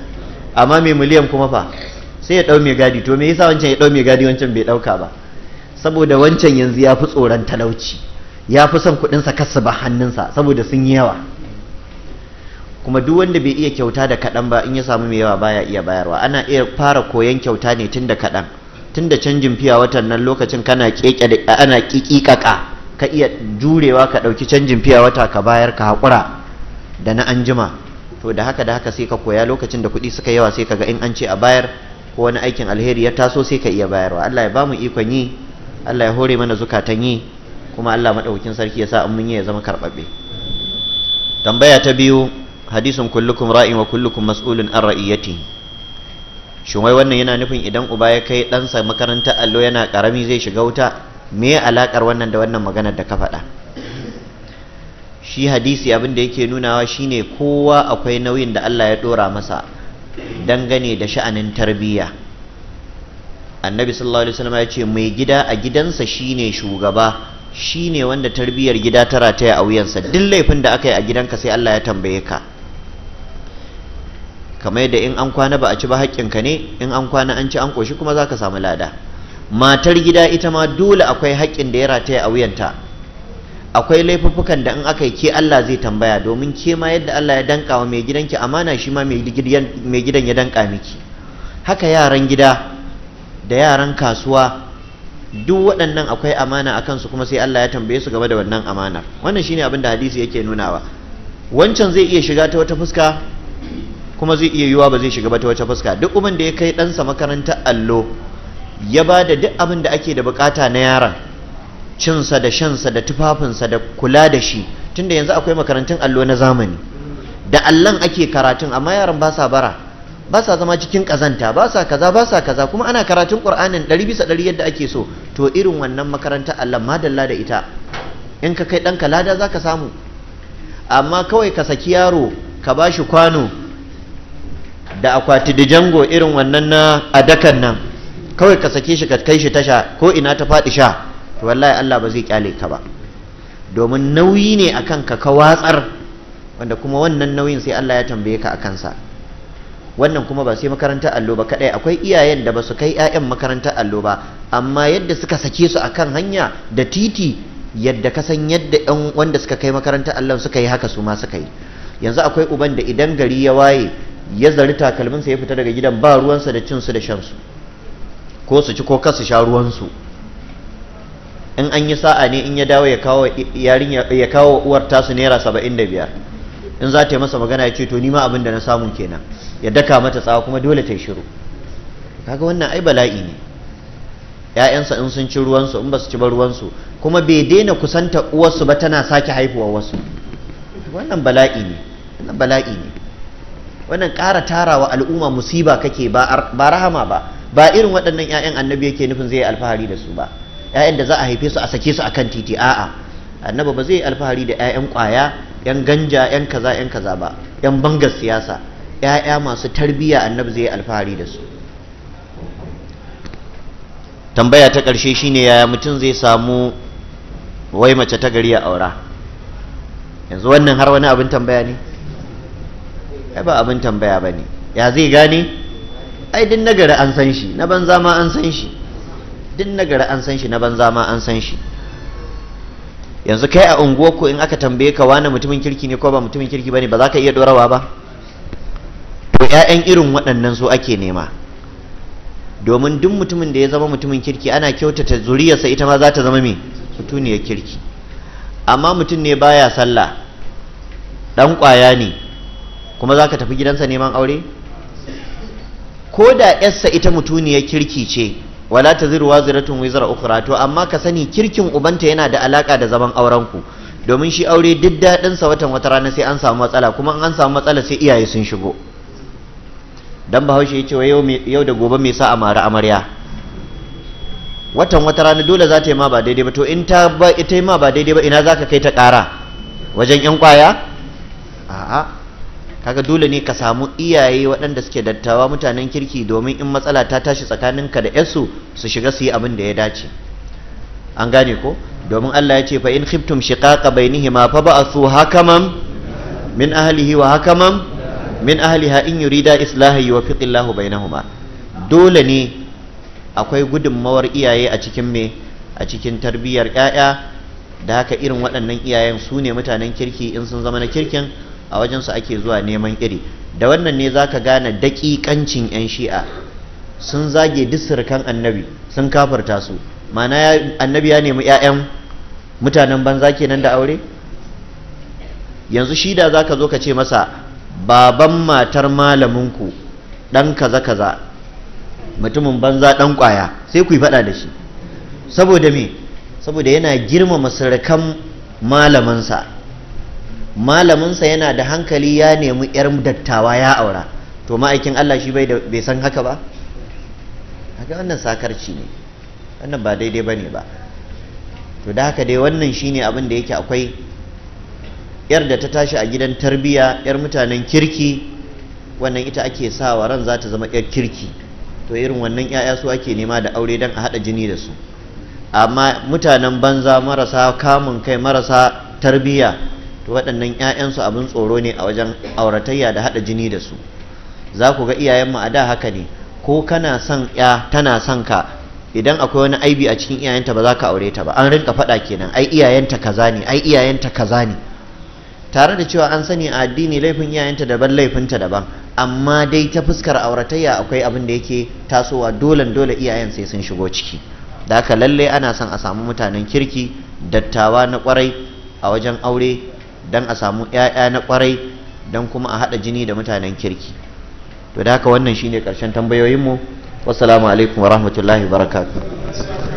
amma mai miliyan kuma fa sai ya ɗau mai gadi to me yasa wancan ya ɗau mai gadi wancan bai ɗauka ba saboda wancan yanzu ya fi tsoron talauci ya fi son kuɗinsa kasa ba hannunsa saboda sun yi yawa kuma duk wanda bai iya kyauta da kaɗan ba in ya samu mai yawa baya iya bayarwa ana iya fara koyon kyauta ne tun da kaɗan tun da canjin fiya watan nan lokacin kana keke ana kikikaka ka iya jurewa ka ɗauki canjin fiya wata ka bayar ka haƙura da na anjima to da haka da haka sai ka koya lokacin da kuɗi suka yawa sai ka ga in an ce a bayar ko wani aikin alheri ya taso sai ka iya bayarwa Allah ya bamu ikon yi Allah ya hore mana zukatan yi kuma Allah maɗaukin sarki ya sa an mun yi ya zama karɓaɓɓe tambaya ta biyu hadisin kullukum ra'in wa kullukum mas'ulun an ra'iyatihi shin wai wannan yana nufin idan uba ya kai ɗansa makarantar allo yana ƙarami zai shiga wuta me ya alakar wannan da wannan maganar da ka faɗa shi hadisi abin da yake nunawa shine kowa akwai nauyin da Allah ya ɗora masa dangane da sha'anin tarbiyya annabi sallallahu alaihi wasallam ya ce mai gida a gidansa shine shugaba shine wanda tarbiyyar gida ta rataya a wuyansa duk laifin da aka yi a gidanka sai Allah ya tambaye ka kamar yadda in an kwana ba a ci ba haƙƙinka ne in an kwana an ci an ƙoshi kuma za ka samu lada matar gida ita ma dole akwai haƙƙin da ya rataya a wuyanta akwai laifuffukan da in aka yi ke Allah zai tambaya domin ke ma yadda Allah ya danka wa mai gidanki amana shi ma mai gidan ya danka miki haka yaran gida da yaran kasuwa duk waɗannan akwai amana a kansu kuma sai Allah ya tambaye su game da wannan amanar wannan shine abin da hadisi yake nunawa wancan zai iya shiga ta wata fuska kuma zai iya yiwa ba zai shiga ba ta wata fuska duk uban da ya kai ɗansa makarantar allo ya ba da duk abin da ake da bukata na yaran, cinsa da shansa da tufafinsa da kula da shi tunda yanzu akwai makarantun allo na zamani da allon ake karatun amma yaran ba sa bara ba sa zama cikin kazanta ba sa kaza ba sa kaza kuma ana karatun qur'anin ɗari bisa ɗari yadda ake so to irin wannan makarantar allon madalla da ita in ka kai ɗanka lada za ka samu amma kawai ka saki yaro ka ba shi kwano da akwati da jango irin wannan na adakan nan kawai ka sake shi ka kai shi tasha ko ina ta faɗi sha to wallahi Allah ba zai kyale ka ba domin nauyi ne akan ka ka watsar wanda kuma wannan nauyin sai Allah ya tambaye ka akan sa wannan kuma ba sai makarantar allo ba kadai akwai iyayen da ba su kai 'ya'yan makarantar allo ba amma yadda suka sake su akan hanya da titi yadda ka san yadda yan wanda suka kai makarantar allon suka yi haka su ma suka yi yanzu akwai uban da idan gari ya waye ya zari takalminsa ya fita daga gidan ba ruwansa da cinsu da shansu ko su ci ko kasu sha ruwansu in an yi sa'a ne in ya dawo ya kawo ya kawo uwar tasu naira saba'in da biyar in za ta yi masa magana ya ce to ni ma abin da na samu kenan ya daka mata tsawa kuma dole ta yi shiru kaga wannan ai bala'i ne ‘ya'yansa in sun ci ruwansu in ba su ci ba ruwansu kuma bai daina kusanta uwarsu ba tana sake haifuwa wasu wannan bala'i ne wannan bala'i ne wannan ƙara tarawa al'umma musiba kake ba rahama ba ba irin waɗannan 'ya'yan annabi yake nufin zai alfahari da su ba 'ya'yan da za a haife su a sake su a kan titi a'a annabi ba zai alfahari da 'ya'yan ƙwaya 'yan ganja 'yan kaza 'yan kaza ba 'yan bangar siyasa 'ya'ya masu tarbiyya annabi zai alfahari da su tambaya ta ƙarshe shine yaya mutum zai samu wai mace ta gari ya aura yanzu wannan har wani abin tambaya ne ba abin tambaya ba ne ya zai gane ai din nagari an san shi na banza ma an san shi din nagari an san shi na banza ma an san shi yanzu kai a unguwar ko in aka tambaye ka wani mutumin kirki ne ko ba mutumin kirki bane ba za ka iya dorawa ba to ƴaƴan irin waɗannan su ake nema domin duk mutumin da ya zama mutumin kirki ana kyautata zuriyarsa ita ma za ta zama me mutuniyar kirki amma mutum ne baya sallah dan ƙwaya ne kuma za ka tafi gidansa neman aure ko da yarsa ita mutuniyar kirki ce wala ta taziru waziratun wizar ukura to amma ka sani kirkin ubanta yana da alaka da zaman aurenku domin shi aure duk daɗinsa watan wata rana sai an samu matsala kuma an samu matsala sai iyaye sun shigo dan bahaushe ya ce yau yau da gobe mai sa mara amarya watan wata rana dole za ta yi ma ba daidai ba to in ta ba ita yi ma ba daidai ba ina za ka kai ta ƙara wajen yan kwaya a'a kaga dole ne ka samu iyaye waɗanda suke dattawa mutanen kirki domin in matsala ta tashi tsakaninka da yarsu su shiga su yi abin da ya dace an gane ko domin Allah ya ce fa in khiftum shiqaqa bainihima fa ba'athu hakaman min ahlihi wa hakaman min ahliha in yurida wa fiqillahu bainahuma dole ne akwai gudunmawar iyaye a cikin me a cikin tarbiyyar 'ya'ya da haka irin waɗannan iyayen su ne mutanen kirki in sun zama na kirkin a wajen su ake zuwa neman iri da wannan ne za ka gane daƙiƙancin 'yan shi'a sun zage disirkan annabi sun kafarta su mana annabi ya nemi 'ya'yan mutanen banza kenan da aure yanzu shi da za ka zo ka ce masa baban matar malaminku ɗan kaza kaza mutumin banza ɗan ƙwaya sai ku yi faɗa da shi saboda me saboda yana girmama sirkan malamansa malaminsa yana da hankali ya nemi yar dattawa ya aura to ma'aikin Allah shi bai san haka ba haka wannan sakarci ne wannan ba daidai ba ne ba to da haka dai wannan shine abin da yake akwai yar da ta tashi a gidan tarbiya yar mutanen kirki wannan ita ake sawa ran za ta zama yar kirki to irin wannan 'ya'ya su ake nema da aure don a haɗa jini da su amma mutanen banza marasa kamun kai marasa tarbiya to waɗannan 'ya'yansu abin tsoro ne a wajen auratayya da haɗa jini da su za ku ga iyayenmu a da haka ne ko kana son ya tana son ka idan akwai wani aibi a cikin iyayenta ba za ka aure ta ba an rinka faɗa kenan ai iyayenta kaza ne ai iyayenta kaza ne tare da cewa an sani a addini laifin iyayenta daban laifinta daban amma dai ta fuskar auratayya akwai abin da yake tasowa dolen dole iyayen sai sun shigo ciki da haka lalle ana son a samu mutanen kirki dattawa na kwarai a wajen aure don a samu 'ya'ya na kwarai don kuma a haɗa jini da mutanen kirki to da haka wannan shine ƙarshen tambayoyinmu wassalamu alaikum wa rahmatullahi barakatuh